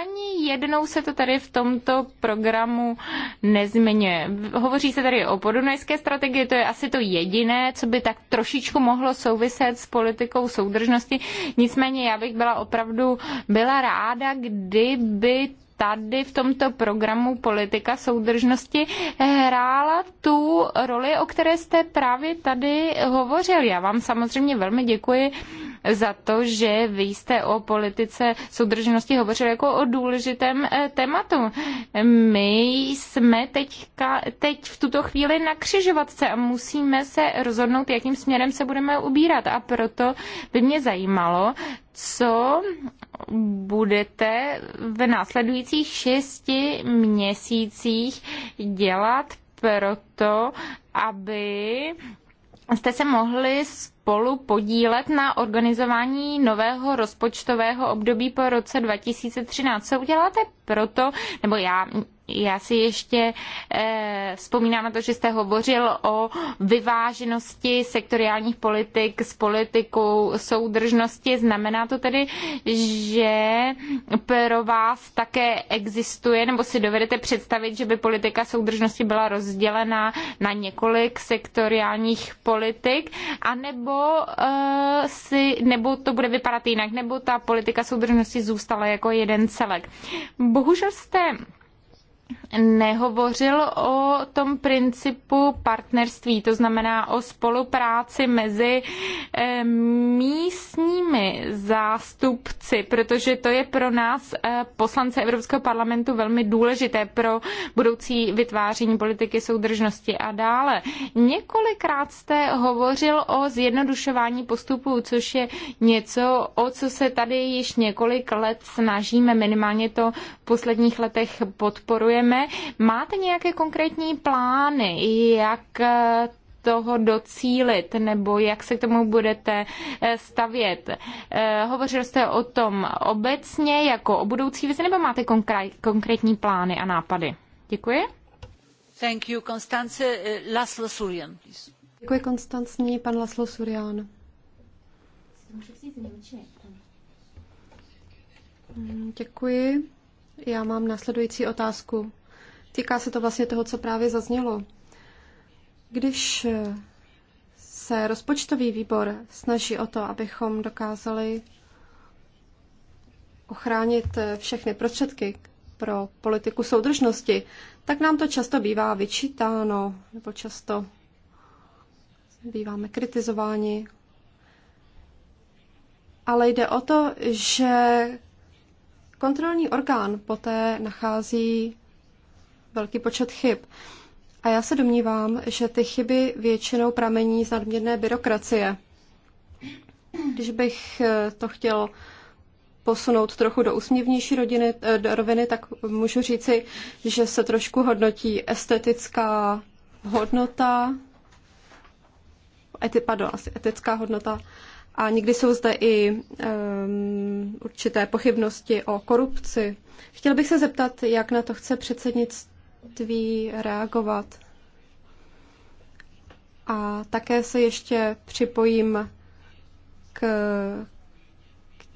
Ani jednou se to tady v tomto programu nezmiňuje. Hovoří se tady o podunajské strategii, to je asi to jediné, co by tak trošičku mohlo souviset s politikou soudržnosti. Nicméně já bych byla opravdu byla ráda, kdyby tady v tomto programu politika soudržnosti hrála tu roli, o které jste právě tady hovořil. Já vám samozřejmě velmi děkuji za to, že vy jste o politice soudržnosti hovořil jako o důležitém eh, tématu. My jsme teďka, teď v tuto chvíli na křižovatce a musíme se rozhodnout, jakým směrem se budeme ubírat. A proto by mě zajímalo, co budete v následujících šesti měsících dělat proto, aby jste se mohli spolu podílet na organizování nového rozpočtového období po roce 2013. Co uděláte proto, nebo já já si ještě eh, vzpomínám na to, že jste hovořil o vyváženosti sektoriálních politik s politikou soudržnosti. Znamená to tedy, že pro vás také existuje, nebo si dovedete představit, že by politika soudržnosti byla rozdělena na několik sektoriálních politik, anebo, eh, si, nebo to bude vypadat jinak, nebo ta politika soudržnosti zůstala jako jeden celek. Bohužel jste nehovořil o tom principu partnerství, to znamená o spolupráci mezi eh, místními zástupci, protože to je pro nás eh, poslance Evropského parlamentu velmi důležité pro budoucí vytváření politiky soudržnosti a dále. Několikrát jste hovořil o zjednodušování postupů, což je něco, o co se tady již několik let snažíme, minimálně to v posledních letech podporuje potřebujeme. Máte nějaké konkrétní plány, jak eh, toho docílit, nebo jak se k tomu budete eh, stavět. Eh, hovořil jste o tom obecně, jako o budoucí vizi, nebo máte konkrétní plány a nápady? Děkuji. Thank you, Constance. Laszlo Surian, please. Děkuji, Konstancní. Pan Laszlo Surian. Mm, děkuji. Já mám následující otázku. Týká se to vlastně toho, co právě zaznělo. Když se rozpočtový výbor snaží o to, abychom dokázali ochránit všechny prostředky pro politiku soudržnosti, tak nám to často bývá vyčítáno, nebo často býváme kritizováni. Ale jde o to, že Kontrolní orgán poté nachází velký počet chyb. A já se domnívám, že ty chyby většinou pramení z nadměrné byrokracie. Když bych eh, to chtěl posunout trochu do usměvnější rodiny, eh, do roviny, tak můžu říci, že se trošku hodnotí estetická hodnota, eti, pardon, asi etická hodnota a někdy jsou zde i um, určité pochybnosti o korupci. Chtěl bych se zeptat, jak na to chce předsednictví reagovat. A také se ještě připojím k,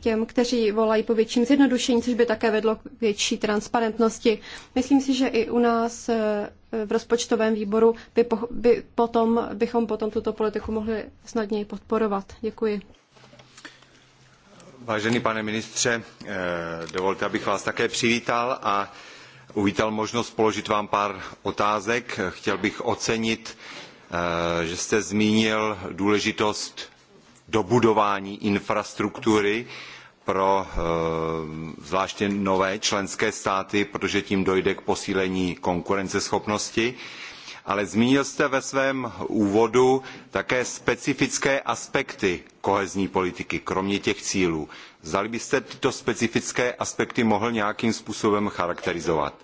těm, kteří volají po větším zjednodušení, což by také vedlo k větší transparentnosti. Myslím si, že i u nás eh, v rozpočtovém výboru by, po, by potom, bychom potom tuto politiku mohli snadněji podporovat. Děkuji. Vážený pane ministře, eh, dovolte, abych vás také přivítal a uvítal možnost položit vám pár otázek. Chtěl bych ocenit, eh, že jste zmínil důležitost dobudování infrastruktury pro eh, zvláště nové členské státy, protože tím dojde k posílení konkurenceschopnosti. Ale zmínil jste ve svém úvodu také specifické aspekty kohezní politiky, kromě těch cílů. Zdali byste tyto specifické aspekty mohl nějakým způsobem charakterizovat.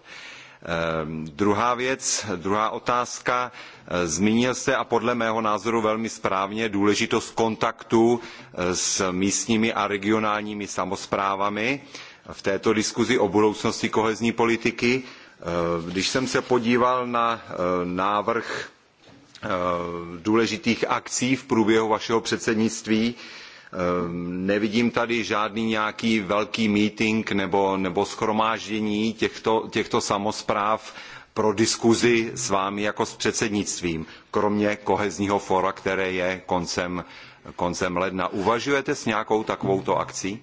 Ehm, druhá věc, druhá otázka. Ehm, zmínil jste a podle mého názoru velmi správně důležitost kontaktu ehm, s místními a regionálními samosprávami v této diskuzi o budoucnosti kohezní politiky. Když jsem se podíval na návrh důležitých akcí v průběhu vašeho předsednictví, Ehm, nevidím tady žádný nějaký velký meeting nebo, nebo schromáždění těchto, těchto samozpráv pro diskuzi s vámi jako s předsednictvím, kromě kohezního fora, které je koncem, koncem ledna. Uvažujete s nějakou takovouto akcí?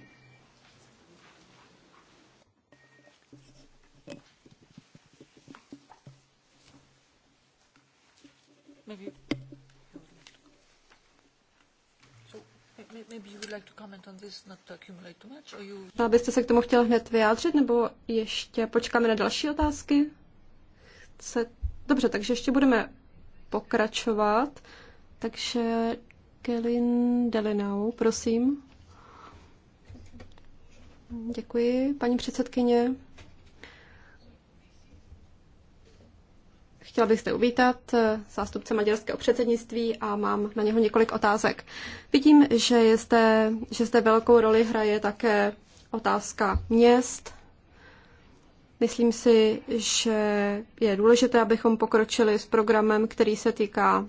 Maybe byste se k tomu chtěl hned vyjádřit, nebo ještě počkáme na další otázky? Chce... Dobře, takže ještě budeme pokračovat. Takže Kelin Delinau, prosím. Děkuji, paní předsedkyně. Chtěla bych zde uvítat eh, zástupce maďarského předsednictví a mám na něho několik otázek. Vidím, že, jste zde, že zde velkou roli hraje také otázka měst. Myslím si, že je důležité, abychom pokročili s programem, který se týká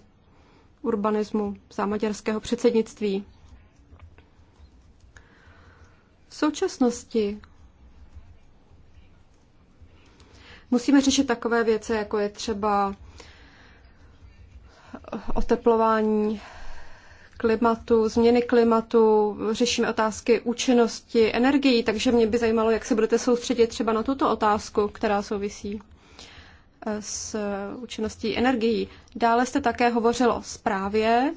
urbanismu za maďarského předsednictví. V současnosti Musíme řešit takové věci, jako je třeba oteplování klimatu, změny klimatu, řešíme otázky účinnosti energií, takže mě by zajímalo, jak se budete soustředit třeba na tuto otázku, která souvisí e, s účinností energií. Dále jste také hovořil o zprávě.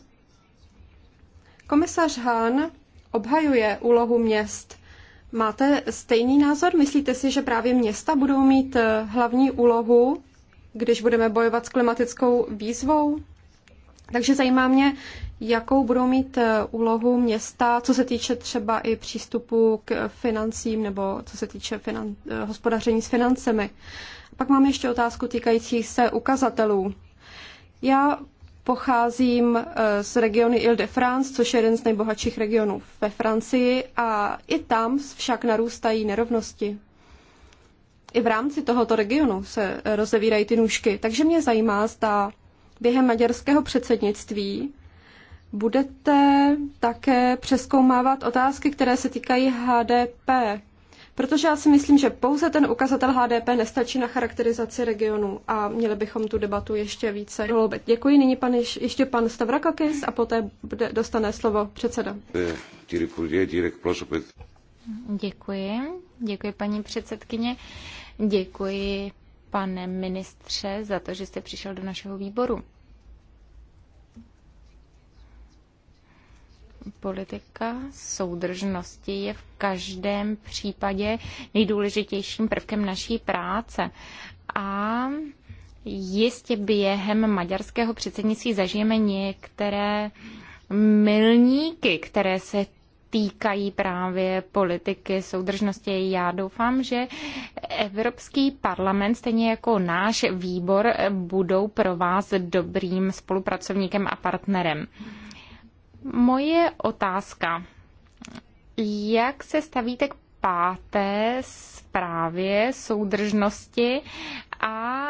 Komisař Hahn obhajuje úlohu měst Máte stejný názor? Myslíte si, že právě města budou mít eh, hlavní úlohu, když budeme bojovat s klimatickou výzvou? Takže zajímá mě, jakou budou mít eh, úlohu města, co se týče třeba i přístupu k financím nebo co se týče finan- eh, hospodaření s financemi. Pak mám ještě otázku týkající se ukazatelů. Já Pocházím eh, z regionu Ile-de-France, což je jeden z nejbohatších regionů ve Francii a i tam však narůstají nerovnosti. I v rámci tohoto regionu se rozevírají ty nůžky, takže mě zajímá, zda během maďarského předsednictví budete také přeskoumávat otázky, které se týkají HDP, Protože já si myslím, že pouze ten ukazatel HDP nestačí na charakterizaci regionu a měli bychom tu debatu ještě více hloubit. Děkuji. Nyní pan, ještě pan Stavrakakis a poté bude, dostane slovo předseda. Děkuji. Děkuji, paní předsedkyně. Děkuji, pane ministře, za to, že jste přišel do našeho výboru. politika soudržnosti je v každém případě nejdůležitějším prvkem naší práce. A jistě během maďarského předsednictví zažijeme některé milníky, které se týkají právě politiky soudržnosti. Já doufám, že Evropský parlament, stejně jako náš výbor, budou pro vás dobrým spolupracovníkem a partnerem. Moje otázka. Jak se stavíte k páté zprávě soudržnosti a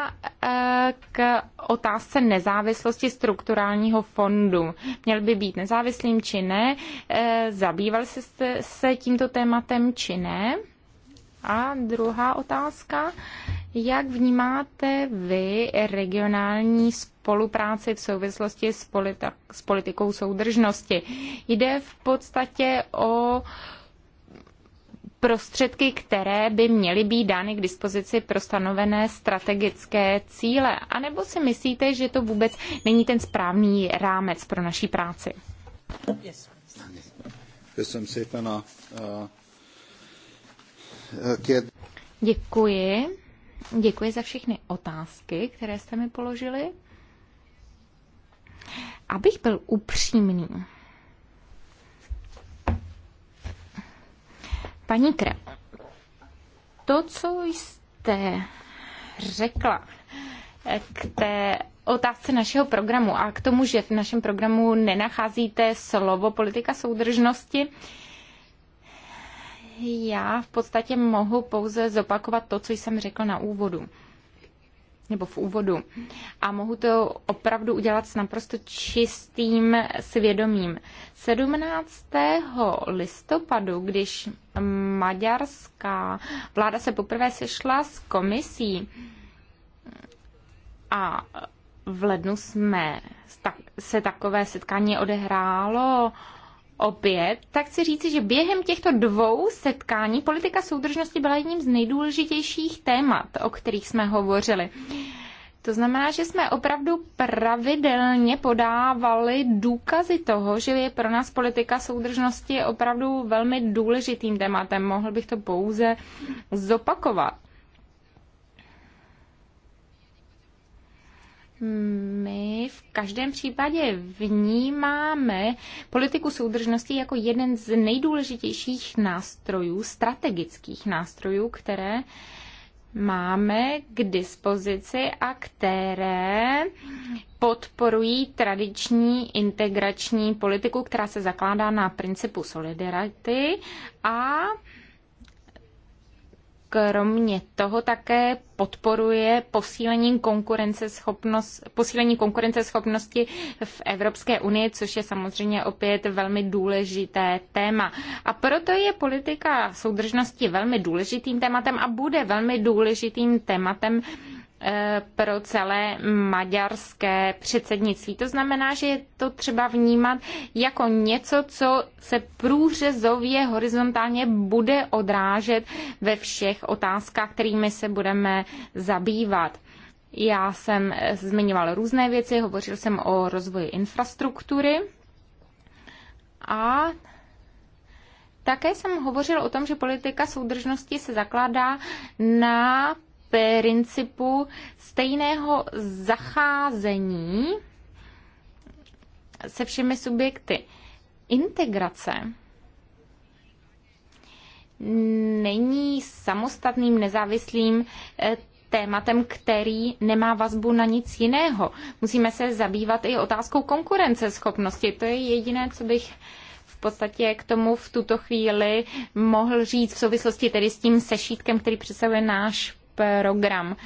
e, k otázce nezávislosti strukturálního fondu. Měl by být nezávislým či ne? E, zabýval jste se tímto tématem či ne? A druhá otázka, jak vnímáte vy regionální spolupráci v souvislosti s, politi- s politikou soudržnosti? Jde v podstatě o prostředky, které by měly být dány k dispozici pro stanovené strategické cíle? A nebo si myslíte, že to vůbec není ten správný rámec pro naší práci? Yes. Yes. Yes. Yes. Yes. Děkuji. Děkuji za všechny otázky, které jste mi položili. Abych byl upřímný. Paní Kre, to, co jste řekla k té otázce našeho programu a k tomu, že v našem programu nenacházíte slovo politika soudržnosti, já v podstatě mohu pouze zopakovat to, co jsem řekl na úvodu nebo v úvodu. A mohu to opravdu udělat s naprosto čistým svědomím. 17. listopadu, když maďarská vláda se poprvé sešla s komisí a v lednu jsme, se takové setkání odehrálo opět, tak chci říci, že během těchto dvou setkání politika soudržnosti byla jedním z nejdůležitějších témat, o kterých jsme hovořili. To znamená, že jsme opravdu pravidelně podávali důkazy toho, že je pro nás politika soudržnosti opravdu velmi důležitým tématem. Mohl bych to pouze zopakovat. my v každém případě vnímáme politiku soudržnosti jako jeden z nejdůležitějších nástrojů, strategických nástrojů, které máme k dispozici a které podporují tradiční integrační politiku, která se zakládá na principu solidarity a kromě toho také podporuje posílení, konkurenceschopnost, posílení konkurenceschopnosti v Evropské unii, což je samozřejmě opět velmi důležité téma. A proto je politika soudržnosti velmi důležitým tématem a bude velmi důležitým tématem E, pro celé maďarské předsednictví. To znamená, že je to třeba vnímat jako něco, co se průřezově horizontálně bude odrážet ve všech otázkách, kterými se budeme zabývat. Já jsem e, zmiňoval různé věci, hovořil jsem o rozvoji infrastruktury a také jsem hovořil o tom, že politika soudržnosti se zakládá na principu stejného zacházení se všemi subjekty. Integrace není samostatným nezávislým eh, tématem, který nemá vazbu na nic jiného. Musíme se zabývat i otázkou konkurenceschopnosti. To je jediné, co bych v podstatě k tomu v tuto chvíli mohl říct v souvislosti tedy s tím sešítkem, který představuje náš program.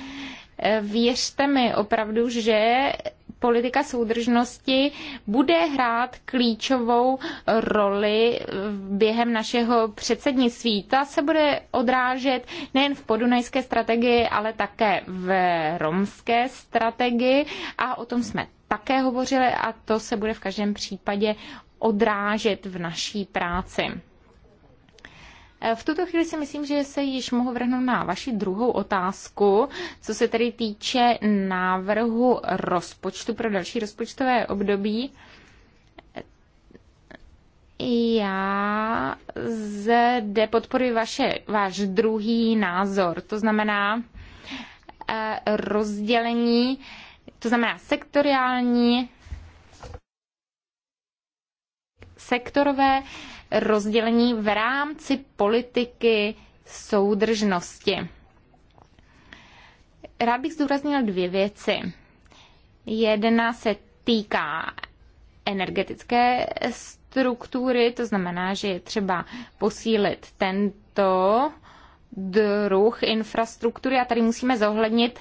Věřte mi opravdu, že politika soudržnosti bude hrát klíčovou roli během našeho předsednictví. Ta se bude odrážet nejen v podunajské strategii, ale také v romské strategii a o tom jsme také hovořili a to se bude v každém případě odrážet v naší práci. V tuto chvíli si myslím, že se již mohu vrhnout na vaši druhou otázku, co se tedy týče návrhu rozpočtu pro další rozpočtové období. Já zde podporuji vaše, váš druhý názor, to znamená eh, rozdělení, to znamená sektoriální sektorové rozdělení v rámci politiky soudržnosti. Rád bych zdůraznil dvě věci. Jedna se týká energetické struktury, to znamená, že je třeba posílit tento druh infrastruktury a tady musíme zohlednit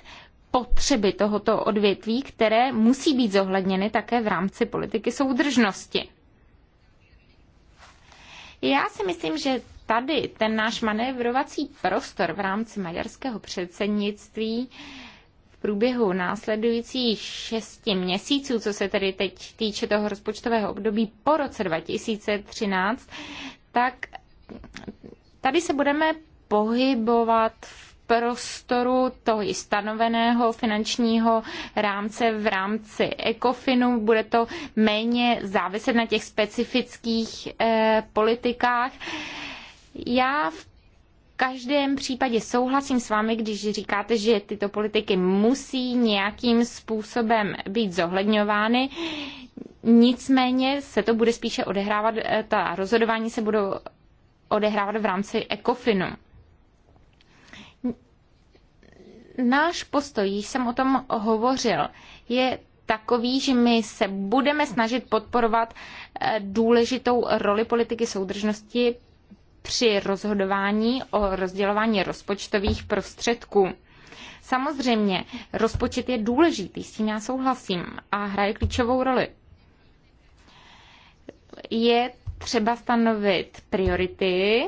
potřeby tohoto odvětví, které musí být zohledněny také v rámci politiky soudržnosti. Já si myslím, že tady ten náš manévrovací prostor v rámci maďarského předsednictví v průběhu následujících šesti měsíců, co se tedy teď týče toho rozpočtového období po roce 2013, tak tady se budeme pohybovat v prostoru toho i stanoveného finančního rámce v rámci ECOFINu. Bude to méně záviset na těch specifických eh, politikách. Já v každém případě souhlasím s vámi, když říkáte, že tyto politiky musí nějakým způsobem být zohledňovány. Nicméně se to bude spíše odehrávat, eh, ta rozhodování se budou odehrávat v rámci ECOFINu. náš postoj, již jsem o tom hovořil, je takový, že my se budeme snažit podporovat eh, důležitou roli politiky soudržnosti při rozhodování o rozdělování rozpočtových prostředků. Samozřejmě, rozpočet je důležitý, s tím já souhlasím a hraje klíčovou roli. Je třeba stanovit priority,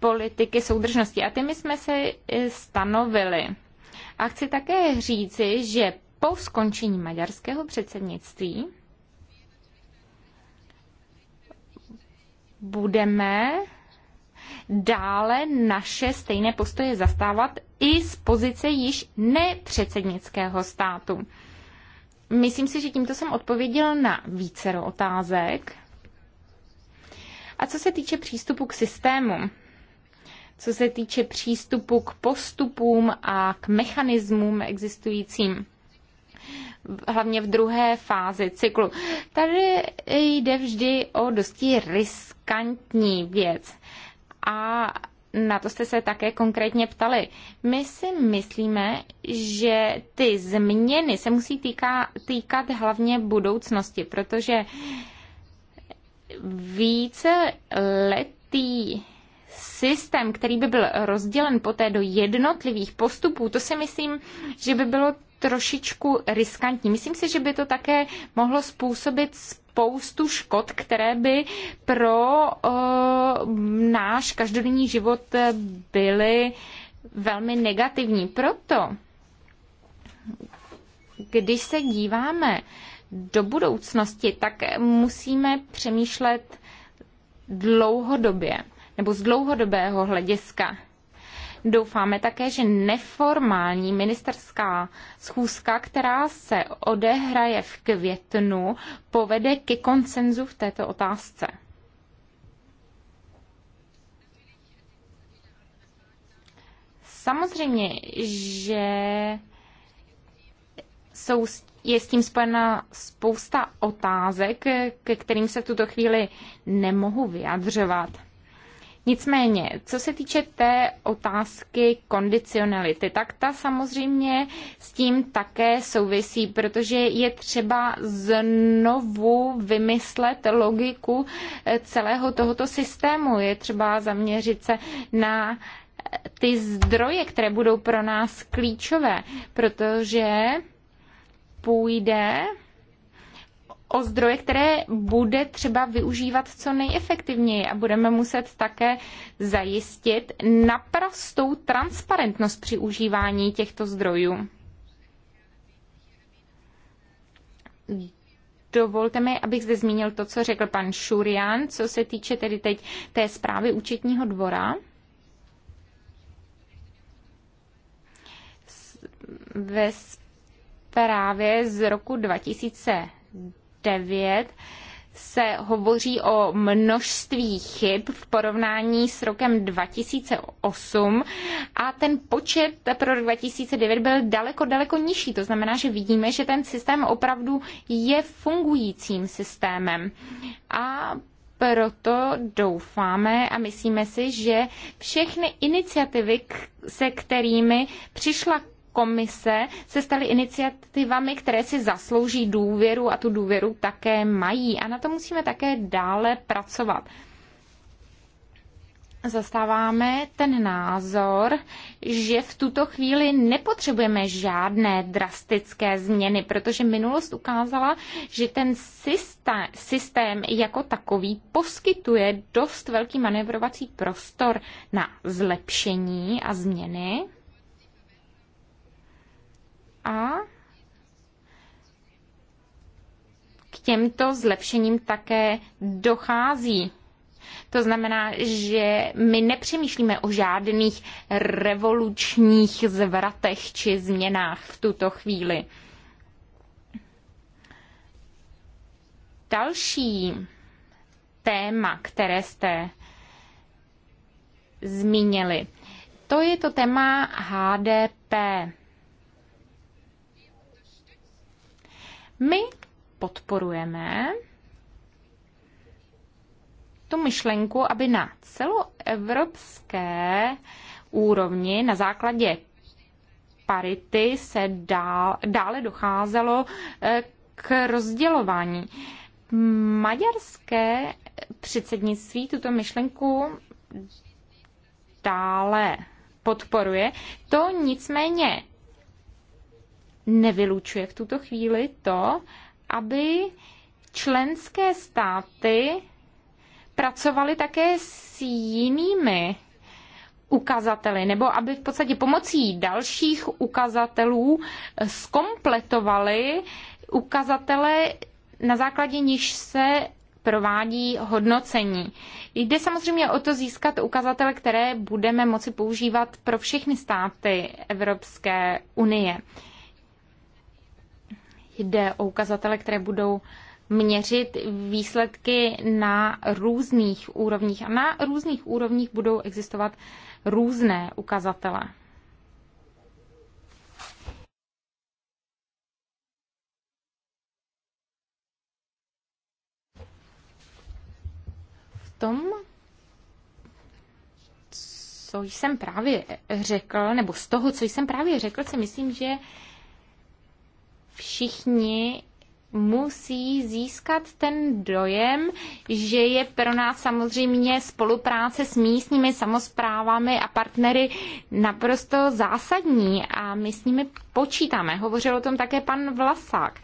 politiky soudržnosti. A ty my jsme se eh, stanovili. A chci také říci, že po skončení maďarského předsednictví budeme dále naše stejné postoje zastávat i z pozice již nepředsednického státu. Myslím si, že tímto jsem odpověděl na vícero otázek. A co se týče přístupu k systému, co se týče přístupu k postupům a k mechanismům existujícím, hlavně v druhé fázi cyklu. Tady jde vždy o dosti riskantní věc. A na to jste se také konkrétně ptali. My si myslíme, že ty změny se musí týká, týkat hlavně budoucnosti, protože více letý systém, který by byl rozdělen poté do jednotlivých postupů, to si myslím, že by bylo trošičku riskantní. Myslím si, že by to také mohlo způsobit spoustu škod, které by pro uh, náš každodenní život byly velmi negativní. Proto, když se díváme uh, do budoucnosti, tak musíme přemýšlet dlouhodobě nebo z dlouhodobého hlediska. Doufáme také, že neformální ministerská schůzka, která se odehraje v květnu, povede ke koncenzu v této otázce. Samozřejmě, že jsou s je s tím spojena spousta otázek, ke kterým se v tuto chvíli nemohu vyjadřovat. Nicméně, co se týče té otázky kondicionality, tak ta samozřejmě s tím také souvisí, protože je třeba znovu vymyslet logiku eh, celého tohoto systému. Je třeba zaměřit se na eh, ty zdroje, které budou pro nás klíčové, protože půjde o zdroje, které bude třeba využívat co nejefektivněji a budeme muset také zajistit naprostou transparentnost při užívání těchto zdrojů. Dovolte mi, abych zde zmínil to, co řekl pan Šurian, co se týče tedy teď té zprávy účetního dvora. Ve zprávě z roku 2009 se hovoří o množství chyb v porovnání s rokem 2008 a ten počet pro rok 2009 byl daleko, daleko nižší. To znamená, že vidíme, že ten systém opravdu je fungujícím systémem. A proto doufáme a myslíme si, že všechny iniciativy, se kterými přišla komise se staly iniciativami, které si zaslouží důvěru a tu důvěru také mají. A na to musíme také dále pracovat. Zastáváme ten názor, že v tuto chvíli nepotřebujeme žádné drastické změny, protože minulost ukázala, že ten systém, systém jako takový poskytuje dost velký manevrovací prostor na zlepšení a změny a k těmto zlepšením také dochází. To znamená, že my nepřemýšlíme o žádných revolučních zvratech či změnách v tuto chvíli. Další téma, které jste zmínili, to je to téma HDP. My podporujeme tu myšlenku, aby na celoevropské úrovni na základě parity se dál, dále docházelo eh, k rozdělování. Maďarské předsednictví tuto myšlenku dále podporuje. To nicméně nevylučuje v tuto chvíli to, aby členské státy pracovaly také s jinými ukazateli, nebo aby v podstatě pomocí dalších ukazatelů skompletovaly ukazatele, na základě níž se provádí hodnocení. Jde samozřejmě o to získat ukazatele, které budeme moci používat pro všechny státy Evropské unie jde o ukazatele, které budou měřit výsledky na různých úrovních. A na různých úrovních budou existovat různé ukazatele. V tom, co jsem právě řekl, nebo z toho, co jsem právě řekl, si myslím, že všichni musí získat ten dojem, že je pro nás samozřejmě spolupráce s místními samozprávami a partnery naprosto zásadní a my s nimi počítáme. Hovořil o tom také pan Vlasák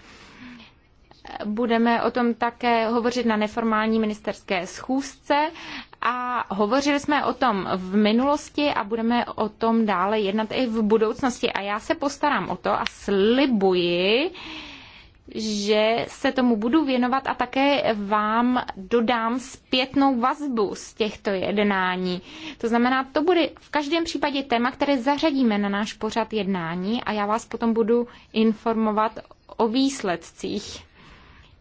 budeme o tom také hovořit na neformální ministerské schůzce a hovořili jsme o tom v minulosti a budeme o tom dále jednat i v budoucnosti. A já se postarám o to a slibuji, že se tomu budu věnovat a také vám dodám zpětnou vazbu z těchto jednání. To znamená, to bude v každém případě téma, které zařadíme na náš pořad jednání a já vás potom budu informovat o výsledcích.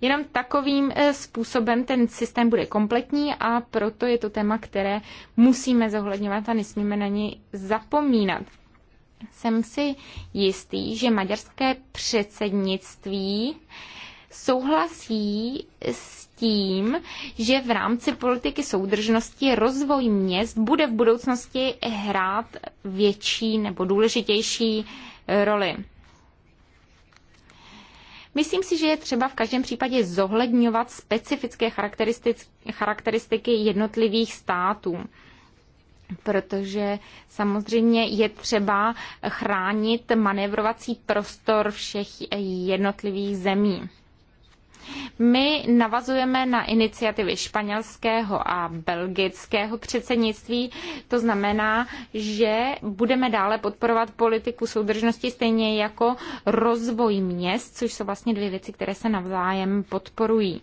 Jenom takovým e, způsobem ten systém bude kompletní a proto je to téma, které musíme zohledňovat a nesmíme na něj zapomínat. Jsem si jistý, že maďarské předsednictví souhlasí s tím, že v rámci politiky soudržnosti rozvoj měst bude v budoucnosti hrát větší nebo důležitější roli. Myslím si, že je třeba v každém případě zohledňovat specifické charakteristiky jednotlivých států protože samozřejmě je třeba chránit manévrovací prostor všech jednotlivých zemí. My navazujeme na iniciativy španělského a belgického předsednictví. To znamená, že budeme dále podporovat politiku soudržnosti stejně jako rozvoj měst, což jsou vlastně dvě věci, které se navzájem podporují.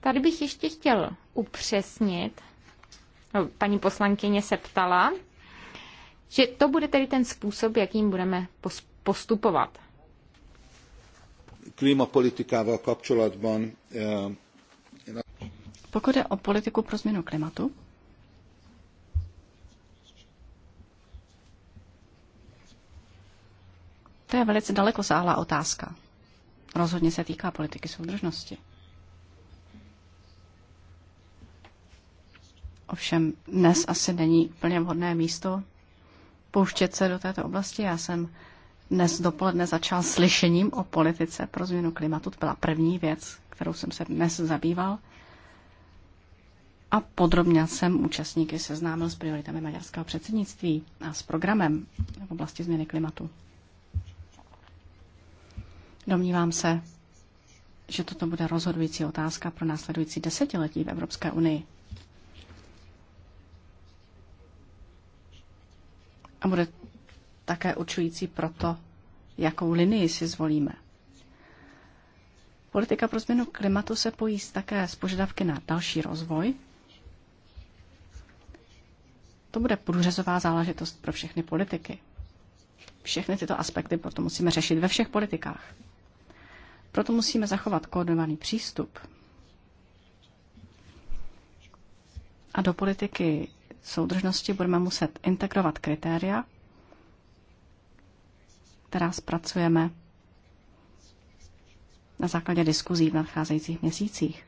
Tady bych ještě chtěl upřesnit, no, paní poslankyně se ptala, že to bude tedy ten způsob, jakým budeme postupovat kapcsolatban. Eh, Pokud je o politiku pro změnu klimatu, to je velice dalekosáhlá otázka. Rozhodně se týká politiky soudržnosti. Ovšem dnes asi není plně vhodné místo pouštět se do této oblasti. Já jsem dnes dopoledne začal slyšením o politice pro změnu klimatu. To byla první věc, kterou jsem se dnes zabýval. A podrobně jsem účastníky seznámil s prioritami maďarského předsednictví a s programem v oblasti změny klimatu. Domnívám se, že toto bude rozhodující otázka pro následující desetiletí v Evropské unii. A bude také určující pro to, jakou linii si zvolíme. Politika pro změnu klimatu se pojí také s požadavky na další rozvoj. To bude průřezová záležitost pro všechny politiky. Všechny tyto aspekty proto musíme řešit ve všech politikách. Proto musíme zachovat koordinovaný přístup. A do politiky soudržnosti budeme muset integrovat kritéria, která zpracujeme na základě diskuzí v nadcházejících měsících.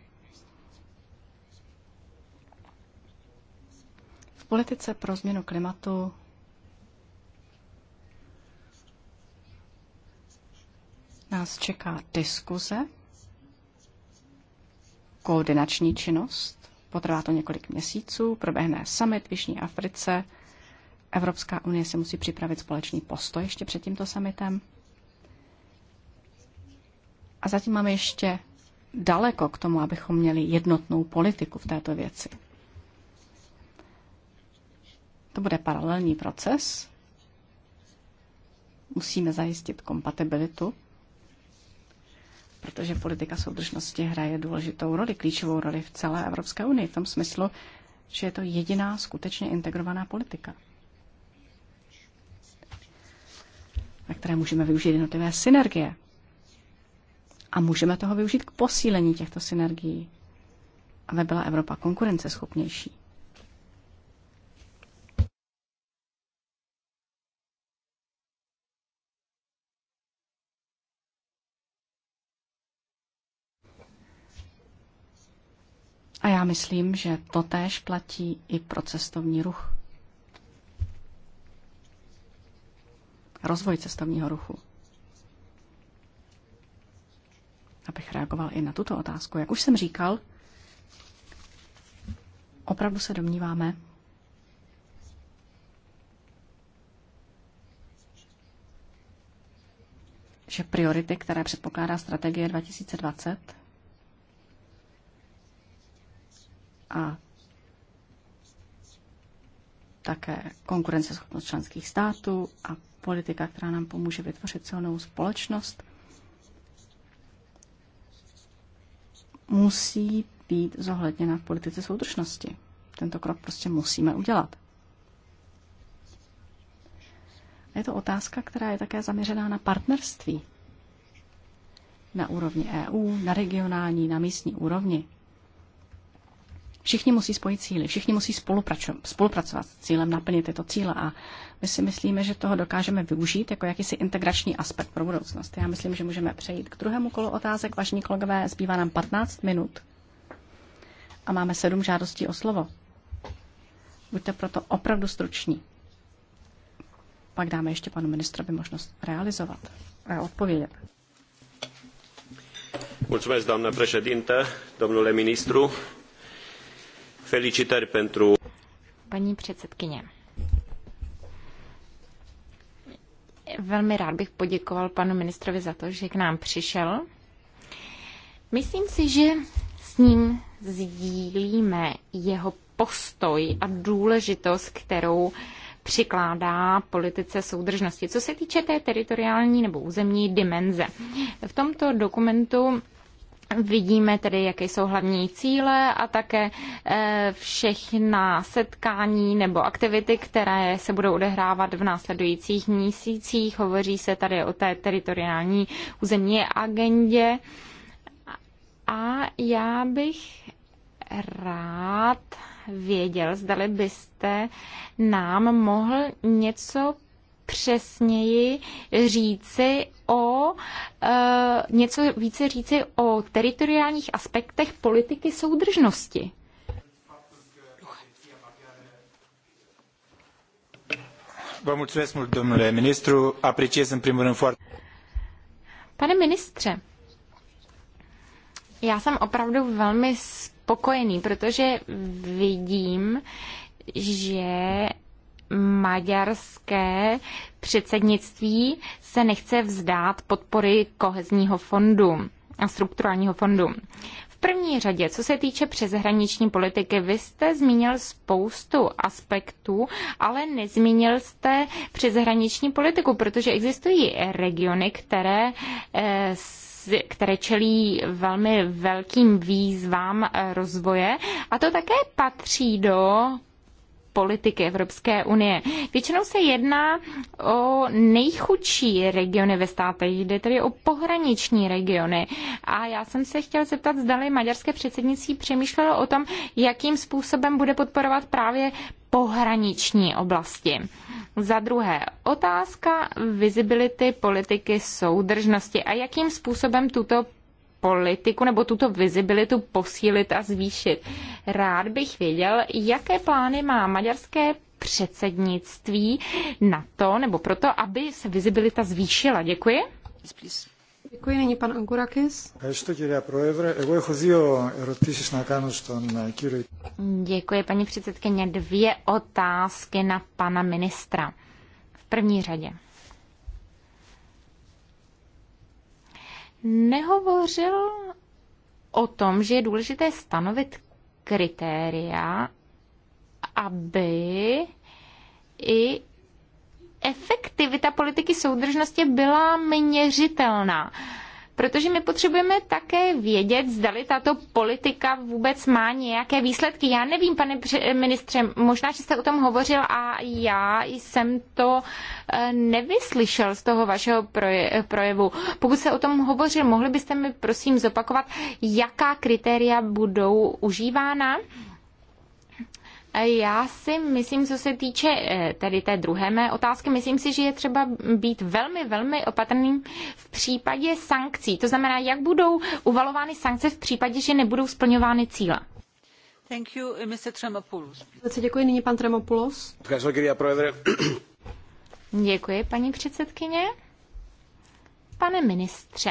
V politice pro změnu klimatu nás čeká diskuze, koordinační činnost, potrvá to několik měsíců, proběhne summit v Jižní Africe – Evropská unie se musí připravit společný postoj ještě před tímto summitem. A zatím máme ještě daleko k tomu, abychom měli jednotnou politiku v této věci. To bude paralelní proces. Musíme zajistit kompatibilitu, protože politika soudržnosti hraje důležitou roli, klíčovou roli v celé Evropské unii, v tom smyslu, že je to jediná skutečně integrovaná politika. na které můžeme využít jednotlivé synergie. A můžeme toho využít k posílení těchto synergií, aby byla Evropa konkurenceschopnější. A já myslím, že to též platí i pro cestovní ruch. rozvoj cestovního ruchu. Abych reagoval i na tuto otázku. Jak už jsem říkal, opravdu se domníváme, že priority, které předpokládá strategie 2020 a také konkurenceschopnost členských států a politika, která nám pomůže vytvořit silnou společnost, musí být zohledněna v politice soudržnosti. Tento krok prostě musíme udělat. Je to otázka, která je také zaměřená na partnerství na úrovni EU, na regionální, na místní úrovni. Všichni musí spojit cíly, všichni musí spolupracovat s cílem naplnit tyto cíle a my si myslíme, že toho dokážeme využít jako jakýsi integrační aspekt pro budoucnost. Já myslím, že můžeme přejít k druhému kolu otázek. Vážení kolegové, zbývá nám 15 minut a máme sedm žádostí o slovo. Buďte proto opravdu struční. Pak dáme ještě panu ministrovi možnost realizovat a odpovědět. Mulțumesc, doamnă președintă, domnule ministru felicitări pentru... Paní předsedkyně. Velmi rád bych poděkoval panu ministrovi za to, že k nám přišel. Myslím si, že s ním sdílíme jeho postoj a důležitost, kterou přikládá politice soudržnosti. Co se týče té teritoriální nebo územní dimenze, v tomto dokumentu Vidíme tedy, jaké jsou hlavní cíle a také eh, všechna setkání nebo aktivity, které se budou odehrávat v následujících měsících. Hovoří se tady o té teritoriální územní agendě. A já bych rád věděl, zdali byste nám mohl něco přesněji říci o e, něco více říci o teritoriálních aspektech politiky soudržnosti. Vă mult, domnule ministru. Apreciez Pane ministře, já jsem opravdu velmi spokojený, protože vidím, že maďarské předsednictví se nechce vzdát podpory kohezního fondu a strukturálního fondu. V první řadě, co se týče přeshraniční politiky, vy jste zmínil spoustu aspektů, ale nezmínil jste přeshraniční politiku, protože existují regiony, které eh, které čelí velmi velkým výzvám rozvoje a to také patří do politiky Evropské unie. Většinou se jedná o nejchudší regiony ve státech, jde tedy o pohraniční regiony. A já jsem se chtěla zeptat, zdali maďarské předsednictví přemýšlelo o tom, jakým způsobem bude podporovat právě pohraniční oblasti. Za druhé, otázka vizibility politiky soudržnosti a jakým způsobem tuto politiku nebo tuto vizibilitu posílit a zvýšit. Rád bych věděl, jaké plány má maďarské předsednictví na to, nebo proto, aby se vizibilita zvýšila. Děkuji. Děkuji, není pan Angurakis. Eh, eh, eh, Děkuji, paní předsedkyně. Dvě otázky na pana ministra. V první řadě. nehovořil o tom, že je důležité stanovit kritéria, aby i efektivita politiky soudržnosti byla měřitelná protože my potřebujeme také vědět, zdali tato politika vůbec má nějaké výsledky. Já nevím, pane ministře, možná, že jste o tom hovořil a já jsem to eh, nevyslyšel z toho vašeho projevu. Pokud se o tom hovořil, mohli byste mi prosím zopakovat, jaká kritéria budou užívána? Já si myslím, co se týče eh, tedy té druhé mé otázky, myslím si, že je třeba být velmi, velmi opatrný v případě sankcí. To znamená, jak budou uvalovány sankce v případě, že nebudou splňovány cíle. Thank you, eh, Mr. Tremopoulos. Děkuji, nyní pan Tremopoulos. Děkuji, paní předsedkyně. Pane ministře,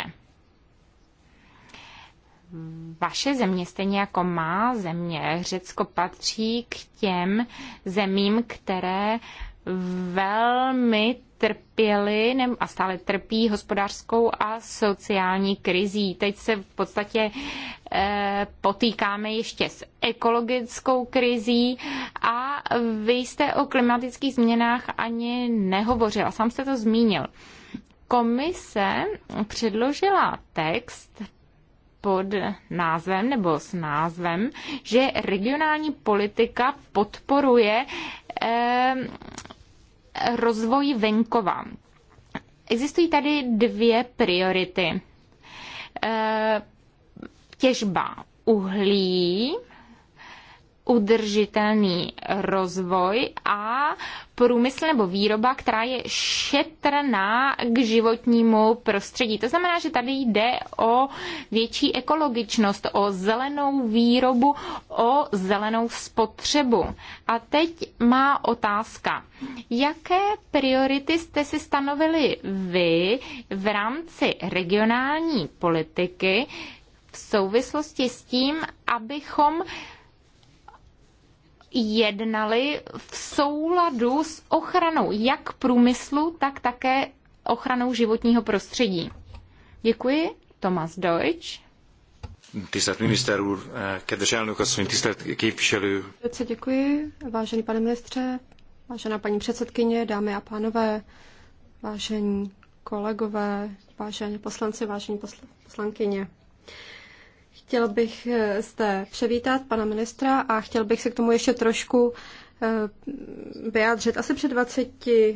vaše země, stejně jako má země, Řecko patří k těm zemím, které velmi trpěli a stále trpí hospodářskou a sociální krizí. Teď se v podstatě eh, potýkáme ještě s ekologickou krizí a vy jste o klimatických změnách ani nehovořil. A sám jste to zmínil. Komise předložila text pod názvem nebo s názvem, že regionální politika podporuje eh, rozvoj venkova. Existují tady dvě priority. Eh, těžba uhlí udržitelný rozvoj a průmysl nebo výroba, která je šetrná k životnímu prostředí. To znamená, že tady jde o větší ekologičnost, o zelenou výrobu, o zelenou spotřebu. A teď má otázka. Jaké priority jste si stanovili vy v rámci regionální politiky v souvislosti s tím, abychom jednali v souladu s ochranou jak průmyslu, tak také ochranou životního prostředí. Děkuji. Thomas Deutsch. Tisztelt miniszter úr, kedves elnök asszony, tisztelt képviselő. Velice děkuji, vážený pane ministře, vážená paní předsedkyně, dámy a pánové, vážení kolegové, vážení poslanci, vážení posl- poslankyně. Chtěl bych eh, zde převítat pana ministra a chtěl bych se k tomu ještě trošku eh, vyjádřit. Asi před 20 eh,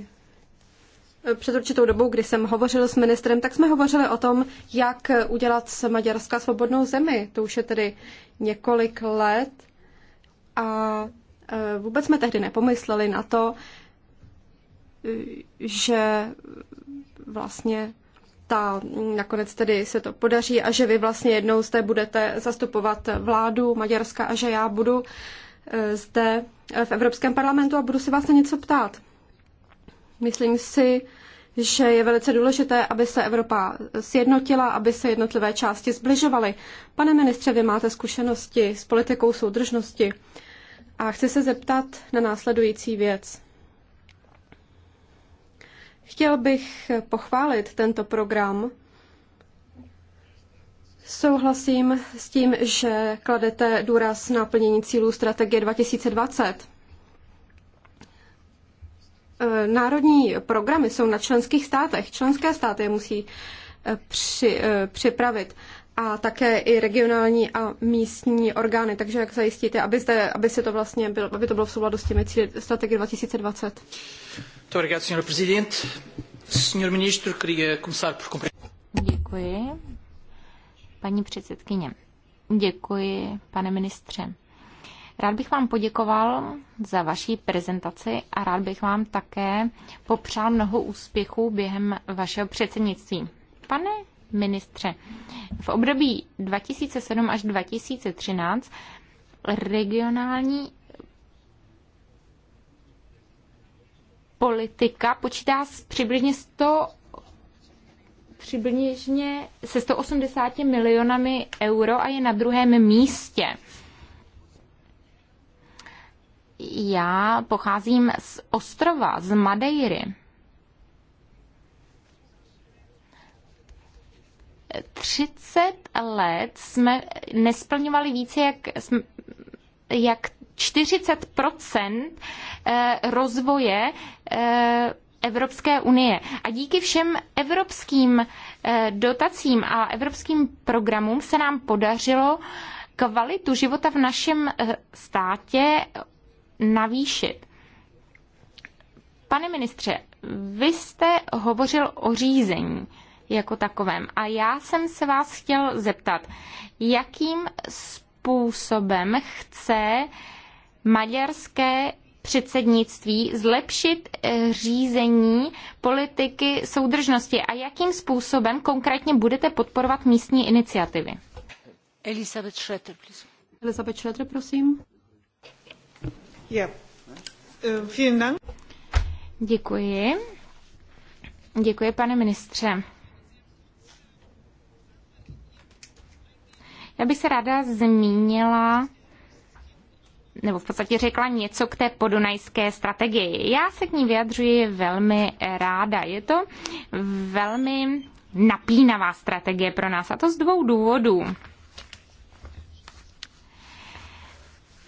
před určitou dobou, kdy jsem hovořil s ministrem, tak jsme hovořili o tom, jak udělat s Maďarska svobodnou zemi. To už je tedy několik let a vůbec jsme tehdy nepomysleli na to, že vlastně ta, nakonec tedy se to podaří a že vy vlastně jednou zde budete zastupovat vládu Maďarska a že já budu e, zde e, v Evropském parlamentu a budu se vás na něco ptát. Myslím si, že je velice důležité, aby se Evropa sjednotila, aby se jednotlivé části zbližovaly. Pane ministře, vy máte zkušenosti s politikou soudržnosti a chci se zeptat na následující věc. Chtěl bych pochválit tento program. Souhlasím s tím, že kladete důraz na plnění cílů strategie 2020. E, národní programy jsou na členských státech. Členské státy je musí e, při, e, připravit a také i regionální a místní orgány. Takže jak zajistíte, aby, zde, aby, se to, vlastně bylo, aby to bylo v souladu s těmi cíli strategie 2020? Děkuji. Paní předsedkyně, děkuji, pane ministře. Rád bych vám poděkoval za vaší prezentaci a rád bych vám také popřál mnoho úspěchů během vašeho předsednictví. Pane ministře. V období 2007 až 2013 regionální politika počítá s přibližně 100 přibližně se 180 milionami euro a je na druhém místě. Já pocházím z ostrova, z Madejry. 30 let jsme nesplňovali více, jak, jak 40 eh, rozvoje eh, Evropské unie. A díky všem evropským eh, dotacím a evropským programům se nám podařilo kvalitu života v našem státě navýšit. Pane ministře, vy jste hovořil o řízení jako takovém. A já jsem se vás chtěl zeptat, jakým způsobem chce maďarské předsednictví zlepšit eh, řízení politiky soudržnosti a jakým způsobem konkrétně budete podporovat místní iniciativy? Elisabeth Schroeder, please. Elisabeth Schroeder, prosím. Yeah. Uh, Děkuji. Děkuji, pane ministře. Já bych se ráda zmínila nebo v podstatě řekla něco k té podunajské strategii. Já se k ní vyjadřuji velmi ráda. Je to velmi napínavá strategie pro nás a to z dvou důvodů.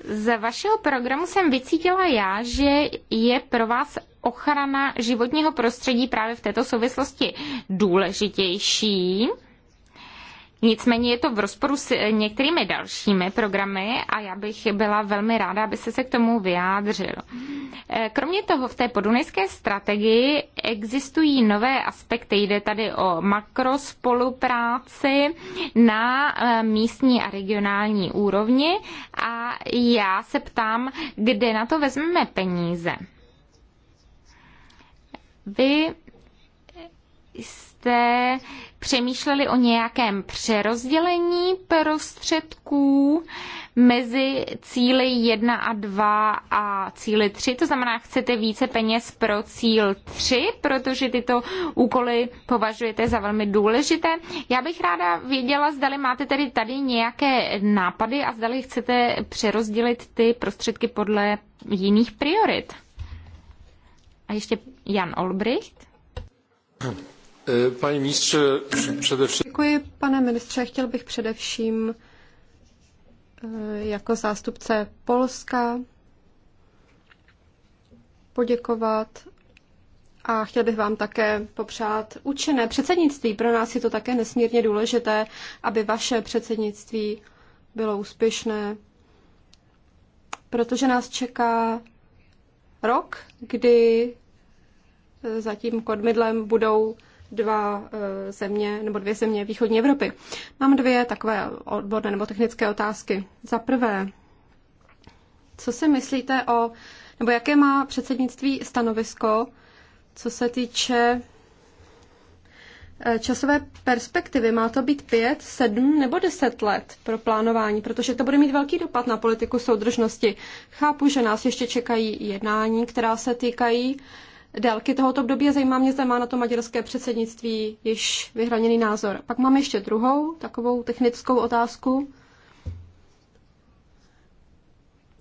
Z vašeho programu jsem vycítila já, že je pro vás ochrana životního prostředí právě v této souvislosti důležitější Nicméně je to v rozporu s eh, některými dalšími programy a já bych byla velmi ráda, aby se se k tomu vyjádřil. Eh, kromě toho v té podunajské strategii existují nové aspekty. Jde tady o makrospolupráci na eh, místní a regionální úrovni a já se ptám, kde na to vezmeme peníze. Vy jste přemýšleli o nějakém přerozdělení prostředků mezi cíly 1 a 2 a cíly 3, to znamená, chcete více peněz pro cíl 3, protože tyto úkoly považujete za velmi důležité. Já bych ráda věděla, zdali máte tedy tady nějaké nápady a zdali chcete přerozdělit ty prostředky podle jiných priorit. A ještě Jan Olbricht. E, Děkuji, pane ministře. Chtěl bych především e, jako zástupce Polska poděkovat a chtěl bych vám také popřát účinné předsednictví. Pro nás je to také nesmírně důležité, aby vaše předsednictví bylo úspěšné, protože nás čeká rok, kdy za tím kormidlem budou dva eh, země, nebo dvě země východní Evropy. Mám dvě takové odborné nebo technické otázky. Za prvé, co si myslíte o, nebo jaké má předsednictví stanovisko, co se týče eh, časové perspektivy? Má to být pět, sedm nebo deset let pro plánování, protože to bude mít velký dopad na politiku soudržnosti. Chápu, že nás ještě čekají jednání, která se týkají délky tohoto období a zajímá mě, zda má na to maďarské předsednictví již vyhraněný názor. Pak mám ještě druhou takovou technickou otázku.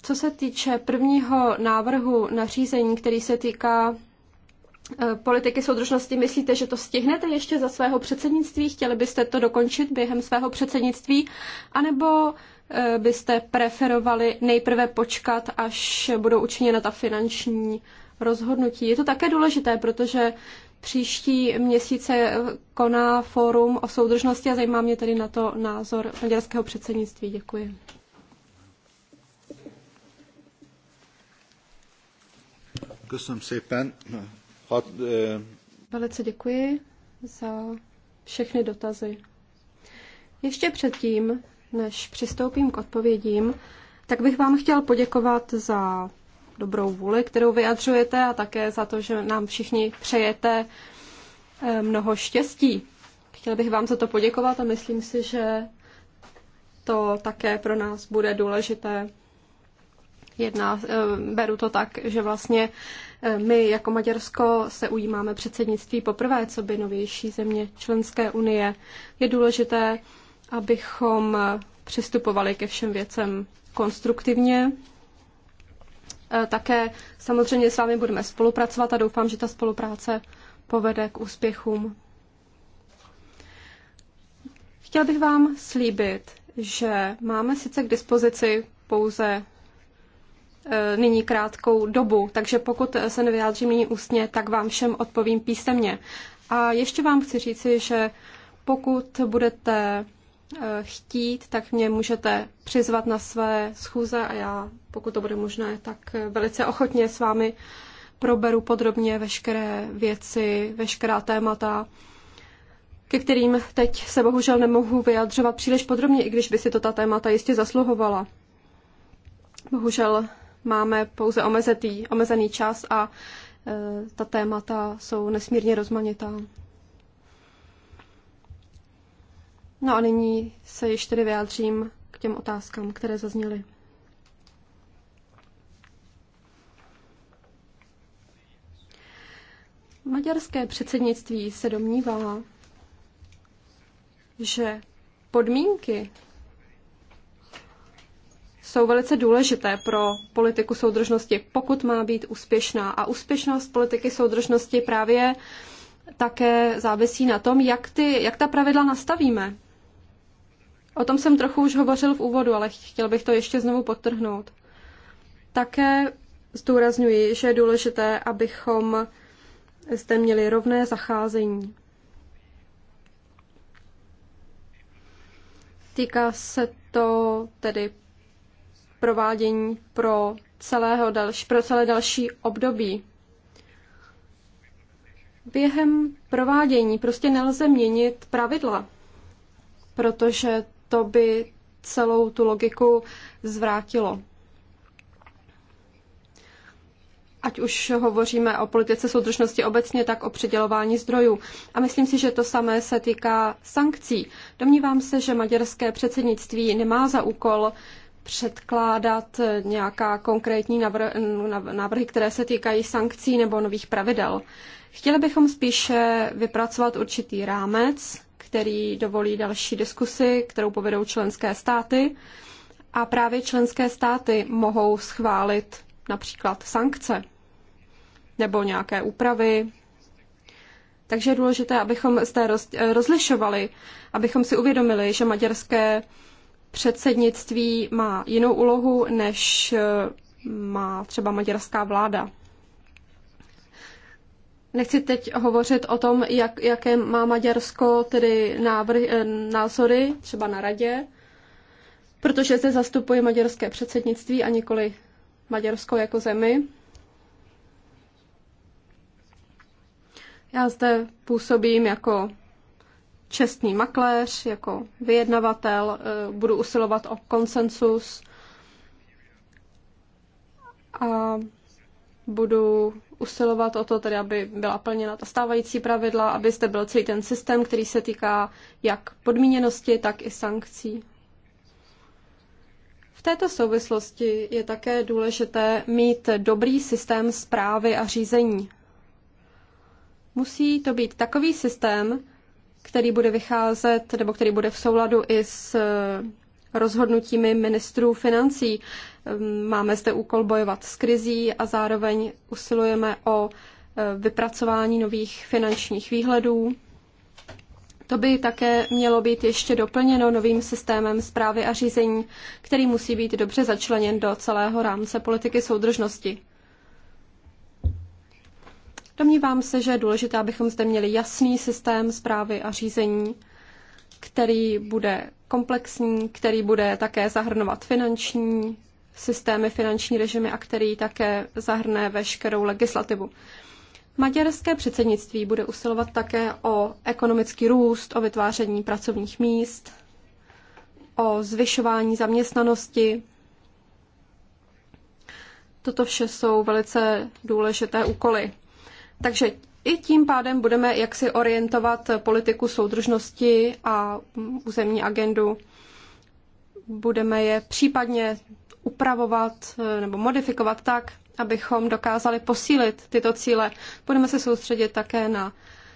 Co se týče prvního návrhu nařízení, který se týká eh, politiky soudržnosti, myslíte, že to stihnete ještě za svého předsednictví? Chtěli byste to dokončit během svého předsednictví? A nebo eh, byste preferovali nejprve počkat, až budou učiněna ta finanční rozhodnutí. Je to také důležité, protože příští měsíce koná fórum o soudržnosti a zajímá mě tedy na to názor maďarského předsednictví. Děkuji. Eh, Velice děkuji za všechny dotazy. Ještě předtím, než přistoupím k odpovědím, tak bych vám chtěl poděkovat za dobrou vůli, kterou vyjadřujete a také za to, že nám všichni přejete eh, mnoho štěstí. Chtěla bych vám za to poděkovat a myslím si, že to také pro nás bude důležité. Jedná, eh, beru to tak, že vlastně eh, my jako Maďarsko se ujímáme předsednictví poprvé, co by novější země členské unie. Je důležité, abychom přistupovali ke všem věcem konstruktivně, Eh, také samozřejmě s vámi budeme spolupracovat a doufám, že ta spolupráce povede k úspěchům. Chtěla bych vám slíbit, že máme sice k dispozici pouze eh, nyní krátkou dobu, takže pokud se nevyjádřím nyní ústně, tak vám všem odpovím písemně. A ještě vám chci říci, že pokud budete Eh, chtít, tak mě můžete přizvat na své schůze a já, pokud to bude možné, tak eh, velice ochotně s vámi proberu podrobně veškeré věci, veškerá témata, ke kterým teď se bohužel nemohu vyjadřovat příliš podrobně, i když by si to ta témata jistě zasluhovala. Bohužel máme pouze omezený, omezený čas a e, ta témata jsou nesmírně rozmanitá. No a nyní se již tedy vyjádřím k těm otázkám, které zazněly. Maďarské předsednictví se domnívá, že podmínky jsou velice důležité pro politiku soudržnosti, pokud má být úspěšná. A úspěšnost politiky soudržnosti právě také závisí na tom, jak, ty, jak ta pravidla nastavíme. O tom jsem trochu už hovořil v úvodu, ale chtěl bych to ještě znovu podtrhnout. Také zdůrazňuji, že je důležité, abychom zde měli rovné zacházení. Týká se to tedy provádění pro, celého další, pro celé další období. Během provádění prostě nelze měnit pravidla, protože to by celou tu logiku zvrátilo. Ať už hovoříme o politice soudržnosti obecně, tak o předělování zdrojů. A myslím si, že to samé se týká sankcí. Domnívám se, že maďarské předsednictví nemá za úkol předkládat nějaká konkrétní návr- návrhy, které se týkají sankcí nebo nových pravidel. Chtěli bychom spíše vypracovat určitý rámec, který dovolí další diskusy, kterou povedou členské státy. A právě členské státy mohou schválit například sankce nebo nějaké úpravy. Takže je důležité, abychom zde rozlišovali, abychom si uvědomili, že maďarské předsednictví má jinou úlohu, než eh, má třeba maďarská vláda. Nechci teď hovořit o tom, jak, jaké má Maďarsko tedy návrh, eh, názory, třeba na radě, protože se zastupuje maďarské předsednictví a nikoli Maďarsko jako zemi. Já zde působím jako čestný makléř, jako vyjednavatel, eh, budu usilovat o konsensus a budu usilovat o to, tedy aby byla plněna ta stávající pravidla, aby zde byl celý ten systém, který se týká jak podmíněnosti, tak i sankcí. V této souvislosti je také důležité mít dobrý systém zprávy a řízení. Musí to být takový systém, který bude vycházet, nebo který bude v souladu i s eh, rozhodnutími ministrů financí. Máme zde úkol bojovat s krizí a zároveň usilujeme o e, vypracování nových finančních výhledů. To by také mělo být ještě doplněno novým systémem zprávy a řízení, který musí být dobře začleněn do celého rámce politiky soudržnosti. Domnívám se, že je důležité, abychom zde měli jasný systém zprávy a řízení, který bude komplexní, který bude také zahrnovat finanční systémy, finanční režimy a který také zahrne veškerou legislativu. Maďarské předsednictví bude usilovat také o ekonomický růst, o vytváření pracovních míst, o zvyšování zaměstnanosti. Toto vše jsou velice důležité úkoly. Takže i tím pádem budeme jaksi orientovat politiku soudržnosti a územní agendu. Budeme je případně upravovat eh, nebo modifikovat tak, abychom dokázali posílit tyto cíle. Budeme se soustředit také na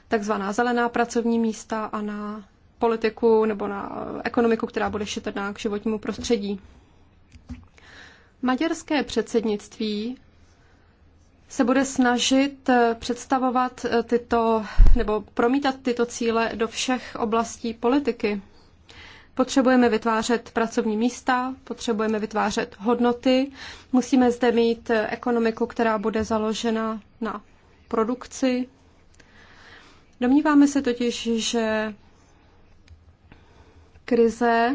takzvaná zelená pracovní místa a na politiku nebo na ekonomiku, která bude šetrná k životnímu prostředí. Maďarské předsednictví se bude snažit eh, představovat eh, tyto nebo promítat tyto cíle do všech oblastí politiky. Potřebujeme vytvářet pracovní místa, potřebujeme vytvářet hodnoty, musíme zde mít ekonomiku, která bude založena na produkci. Domníváme se totiž, že krize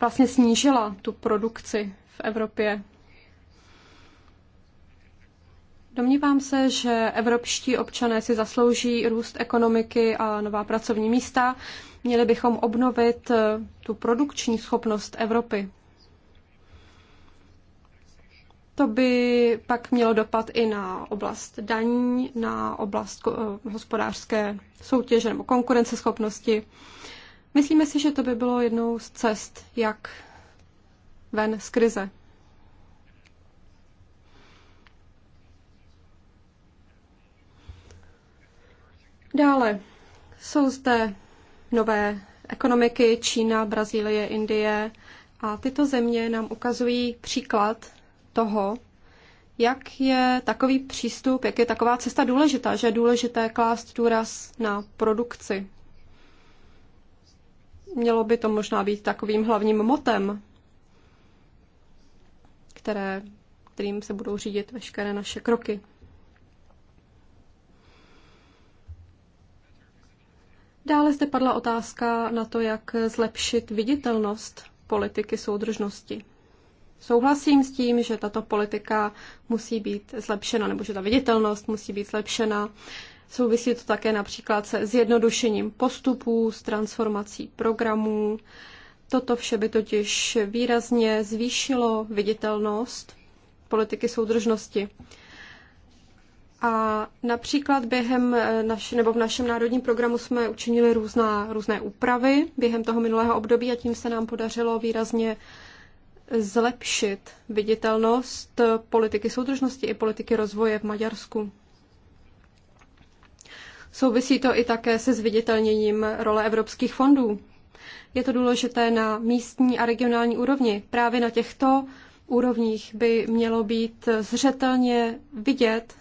vlastně snížila tu produkci v Evropě. Domnívám se, že evropští občané si zaslouží růst ekonomiky a nová pracovní místa. Měli bychom obnovit eh, tu produkční schopnost Evropy. To by pak mělo dopad i na oblast daní, na oblast eh, hospodářské soutěže nebo konkurenceschopnosti. Myslíme si, že to by bylo jednou z cest, jak ven z krize. Dále jsou zde nové ekonomiky Čína, Brazílie, Indie. A tyto země nám ukazují příklad toho, jak je takový přístup, jak je taková cesta důležitá, že je důležité klást důraz na produkci. Mělo by to možná být takovým hlavním motem, které, kterým se budou řídit veškeré naše kroky. Dále zde padla otázka na to, jak zlepšit viditelnost politiky soudržnosti. Souhlasím s tím, že tato politika musí být zlepšena, nebo že ta viditelnost musí být zlepšena. Souvisí to také například se zjednodušením postupů, s transformací programů. Toto vše by totiž výrazně zvýšilo viditelnost politiky soudržnosti. A například během eh, naš, nebo v našem národním programu jsme učinili různá, různé úpravy během toho minulého období a tím se nám podařilo výrazně zlepšit viditelnost politiky soudržnosti i politiky rozvoje v Maďarsku. Souvisí to i také se zviditelněním role evropských fondů. Je to důležité na místní a regionální úrovni. Právě na těchto úrovních by mělo být zřetelně vidět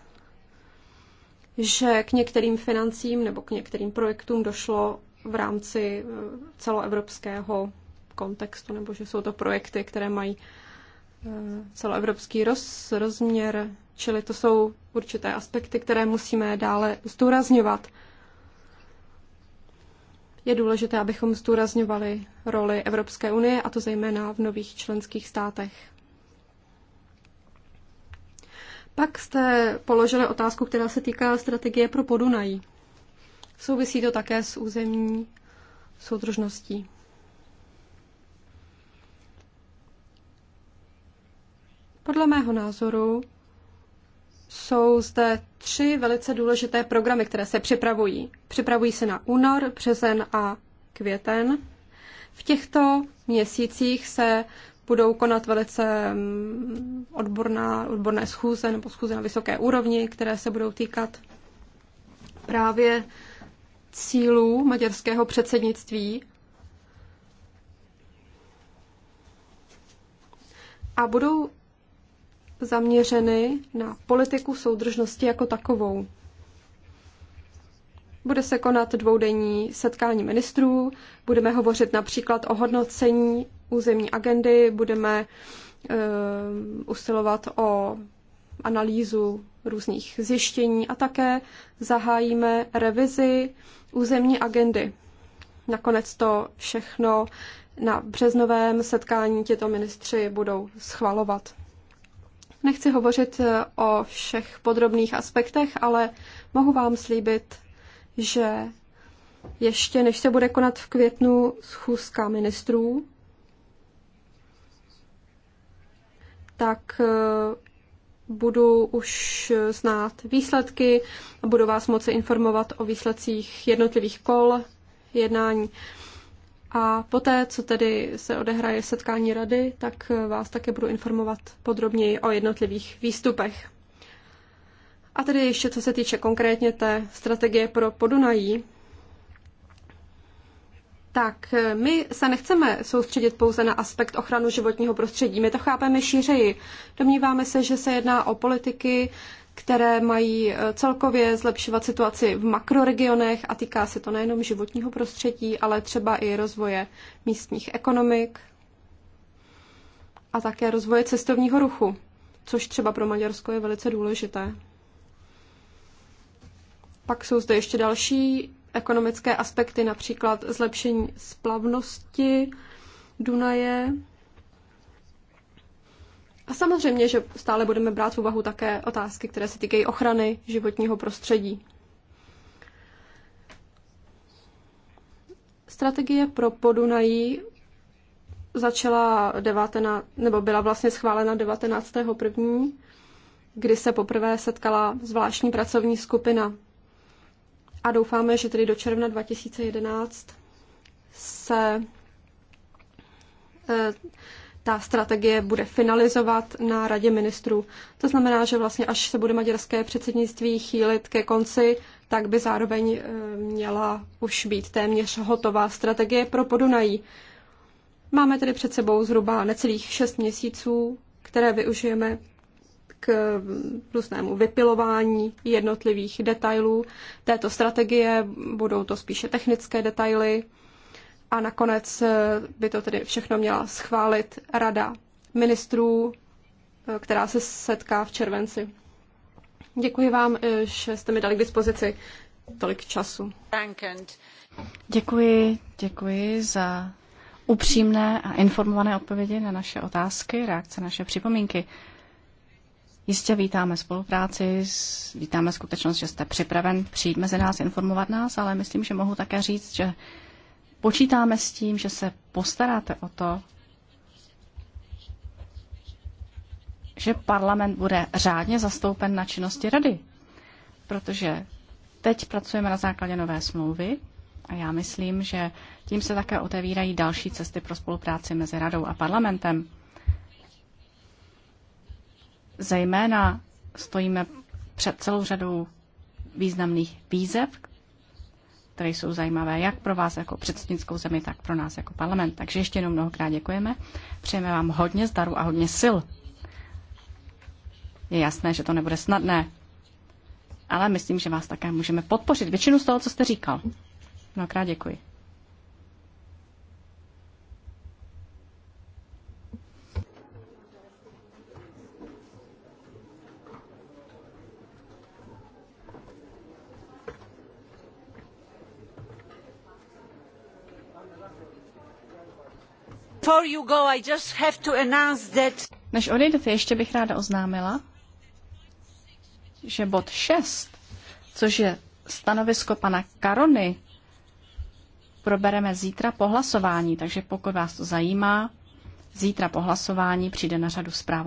že k některým financím nebo k některým projektům došlo v rámci eh, celoevropského kontextu, nebo že jsou to projekty, které mají eh, celoevropský roz, rozměr, čili to jsou určité aspekty, které musíme dále zdůrazňovat. Je důležité, abychom zdůrazňovali roli Evropské unie, a to zejména v nových členských státech. Pak jste položili otázku, která se týká strategie pro Podunají. Souvisí to také s územní soudržností. Podle mého názoru jsou zde tři velice důležité programy, které se připravují. Připravují se na únor, březen a květen. V těchto měsících se budou konat velice mm, odborná, odborné schůze nebo schůze na vysoké úrovni, které se budou týkat právě cílů maďarského předsednictví a budou zaměřeny na politiku soudržnosti jako takovou. Bude se konat dvoudenní setkání ministrů, budeme hovořit například o hodnocení územní agendy, budeme eh, usilovat o analýzu různých zjištění a také zahájíme revizi územní agendy. Nakonec to všechno na březnovém setkání těto ministři budou schvalovat. Nechci hovořit eh, o všech podrobných aspektech, ale mohu vám slíbit, že ještě než se bude konat v květnu schůzka ministrů, tak eh, budu už znát výsledky a budu vás moci informovat o výsledcích jednotlivých kol jednání. A poté, co tedy se odehraje setkání rady, tak eh, vás také budu informovat podrobněji o jednotlivých výstupech. A tedy ještě co se týče konkrétně té strategie pro Podunají, tak eh, my se nechceme soustředit pouze na aspekt ochranu životního prostředí. My to chápeme šířeji. Domníváme se, že se jedná o politiky, které mají eh, celkově zlepšovat situaci v makroregionech a týká se to nejenom životního prostředí, ale třeba i rozvoje místních ekonomik a také rozvoje cestovního ruchu, což třeba pro Maďarsko je velice důležité. Pak jsou zde ještě další ekonomické aspekty, například zlepšení splavnosti Dunaje. A samozřejmě, že stále budeme brát v úvahu také otázky, které se týkají ochrany životního prostředí. Strategie pro Podunají začala 19, nebo byla vlastně schválena první, kdy se poprvé setkala zvláštní pracovní skupina a doufáme, že tedy do června 2011 se eh, ta strategie bude finalizovat na radě ministrů. To znamená, že vlastně až se bude maďarské předsednictví chýlit ke konci, tak by zároveň eh, měla už být téměř hotová strategie pro Podunají. Máme tedy před sebou zhruba necelých šest měsíců, které využijeme k mm, různému vypilování jednotlivých detailů této strategie, budou to spíše technické detaily a nakonec eh, by to tedy všechno měla schválit Rada ministrů, eh, která se setká v červenci. Děkuji vám, eh, že jste mi dali k dispozici tolik času. Děkuji, děkuji za upřímné a informované odpovědi na naše otázky, reakce, naše připomínky. Jistě vítáme spolupráci, vítáme skutečnost, že jste připraven přijít mezi nás, informovat nás, ale myslím, že mohu také říct, že počítáme s tím, že se postaráte o to, že parlament bude řádně zastoupen na činnosti rady. Protože teď pracujeme na základě nové smlouvy a já myslím, že tím se také otevírají další cesty pro spolupráci mezi radou a parlamentem. Zejména stojíme před celou řadou významných výzev, které jsou zajímavé jak pro vás jako předsednickou zemi, tak pro nás jako parlament. Takže ještě jednou mnohokrát děkujeme. Přejeme vám hodně zdaru a hodně sil. Je jasné, že to nebude snadné, ale myslím, že vás také můžeme podpořit. Většinu z toho, co jste říkal. Mnohokrát děkuji. Než odejdete, ještě bych ráda oznámila, že bod 6, což je stanovisko pana Karony, probereme zítra po hlasování, takže pokud vás to zajímá, zítra po hlasování přijde na řadu zpráva.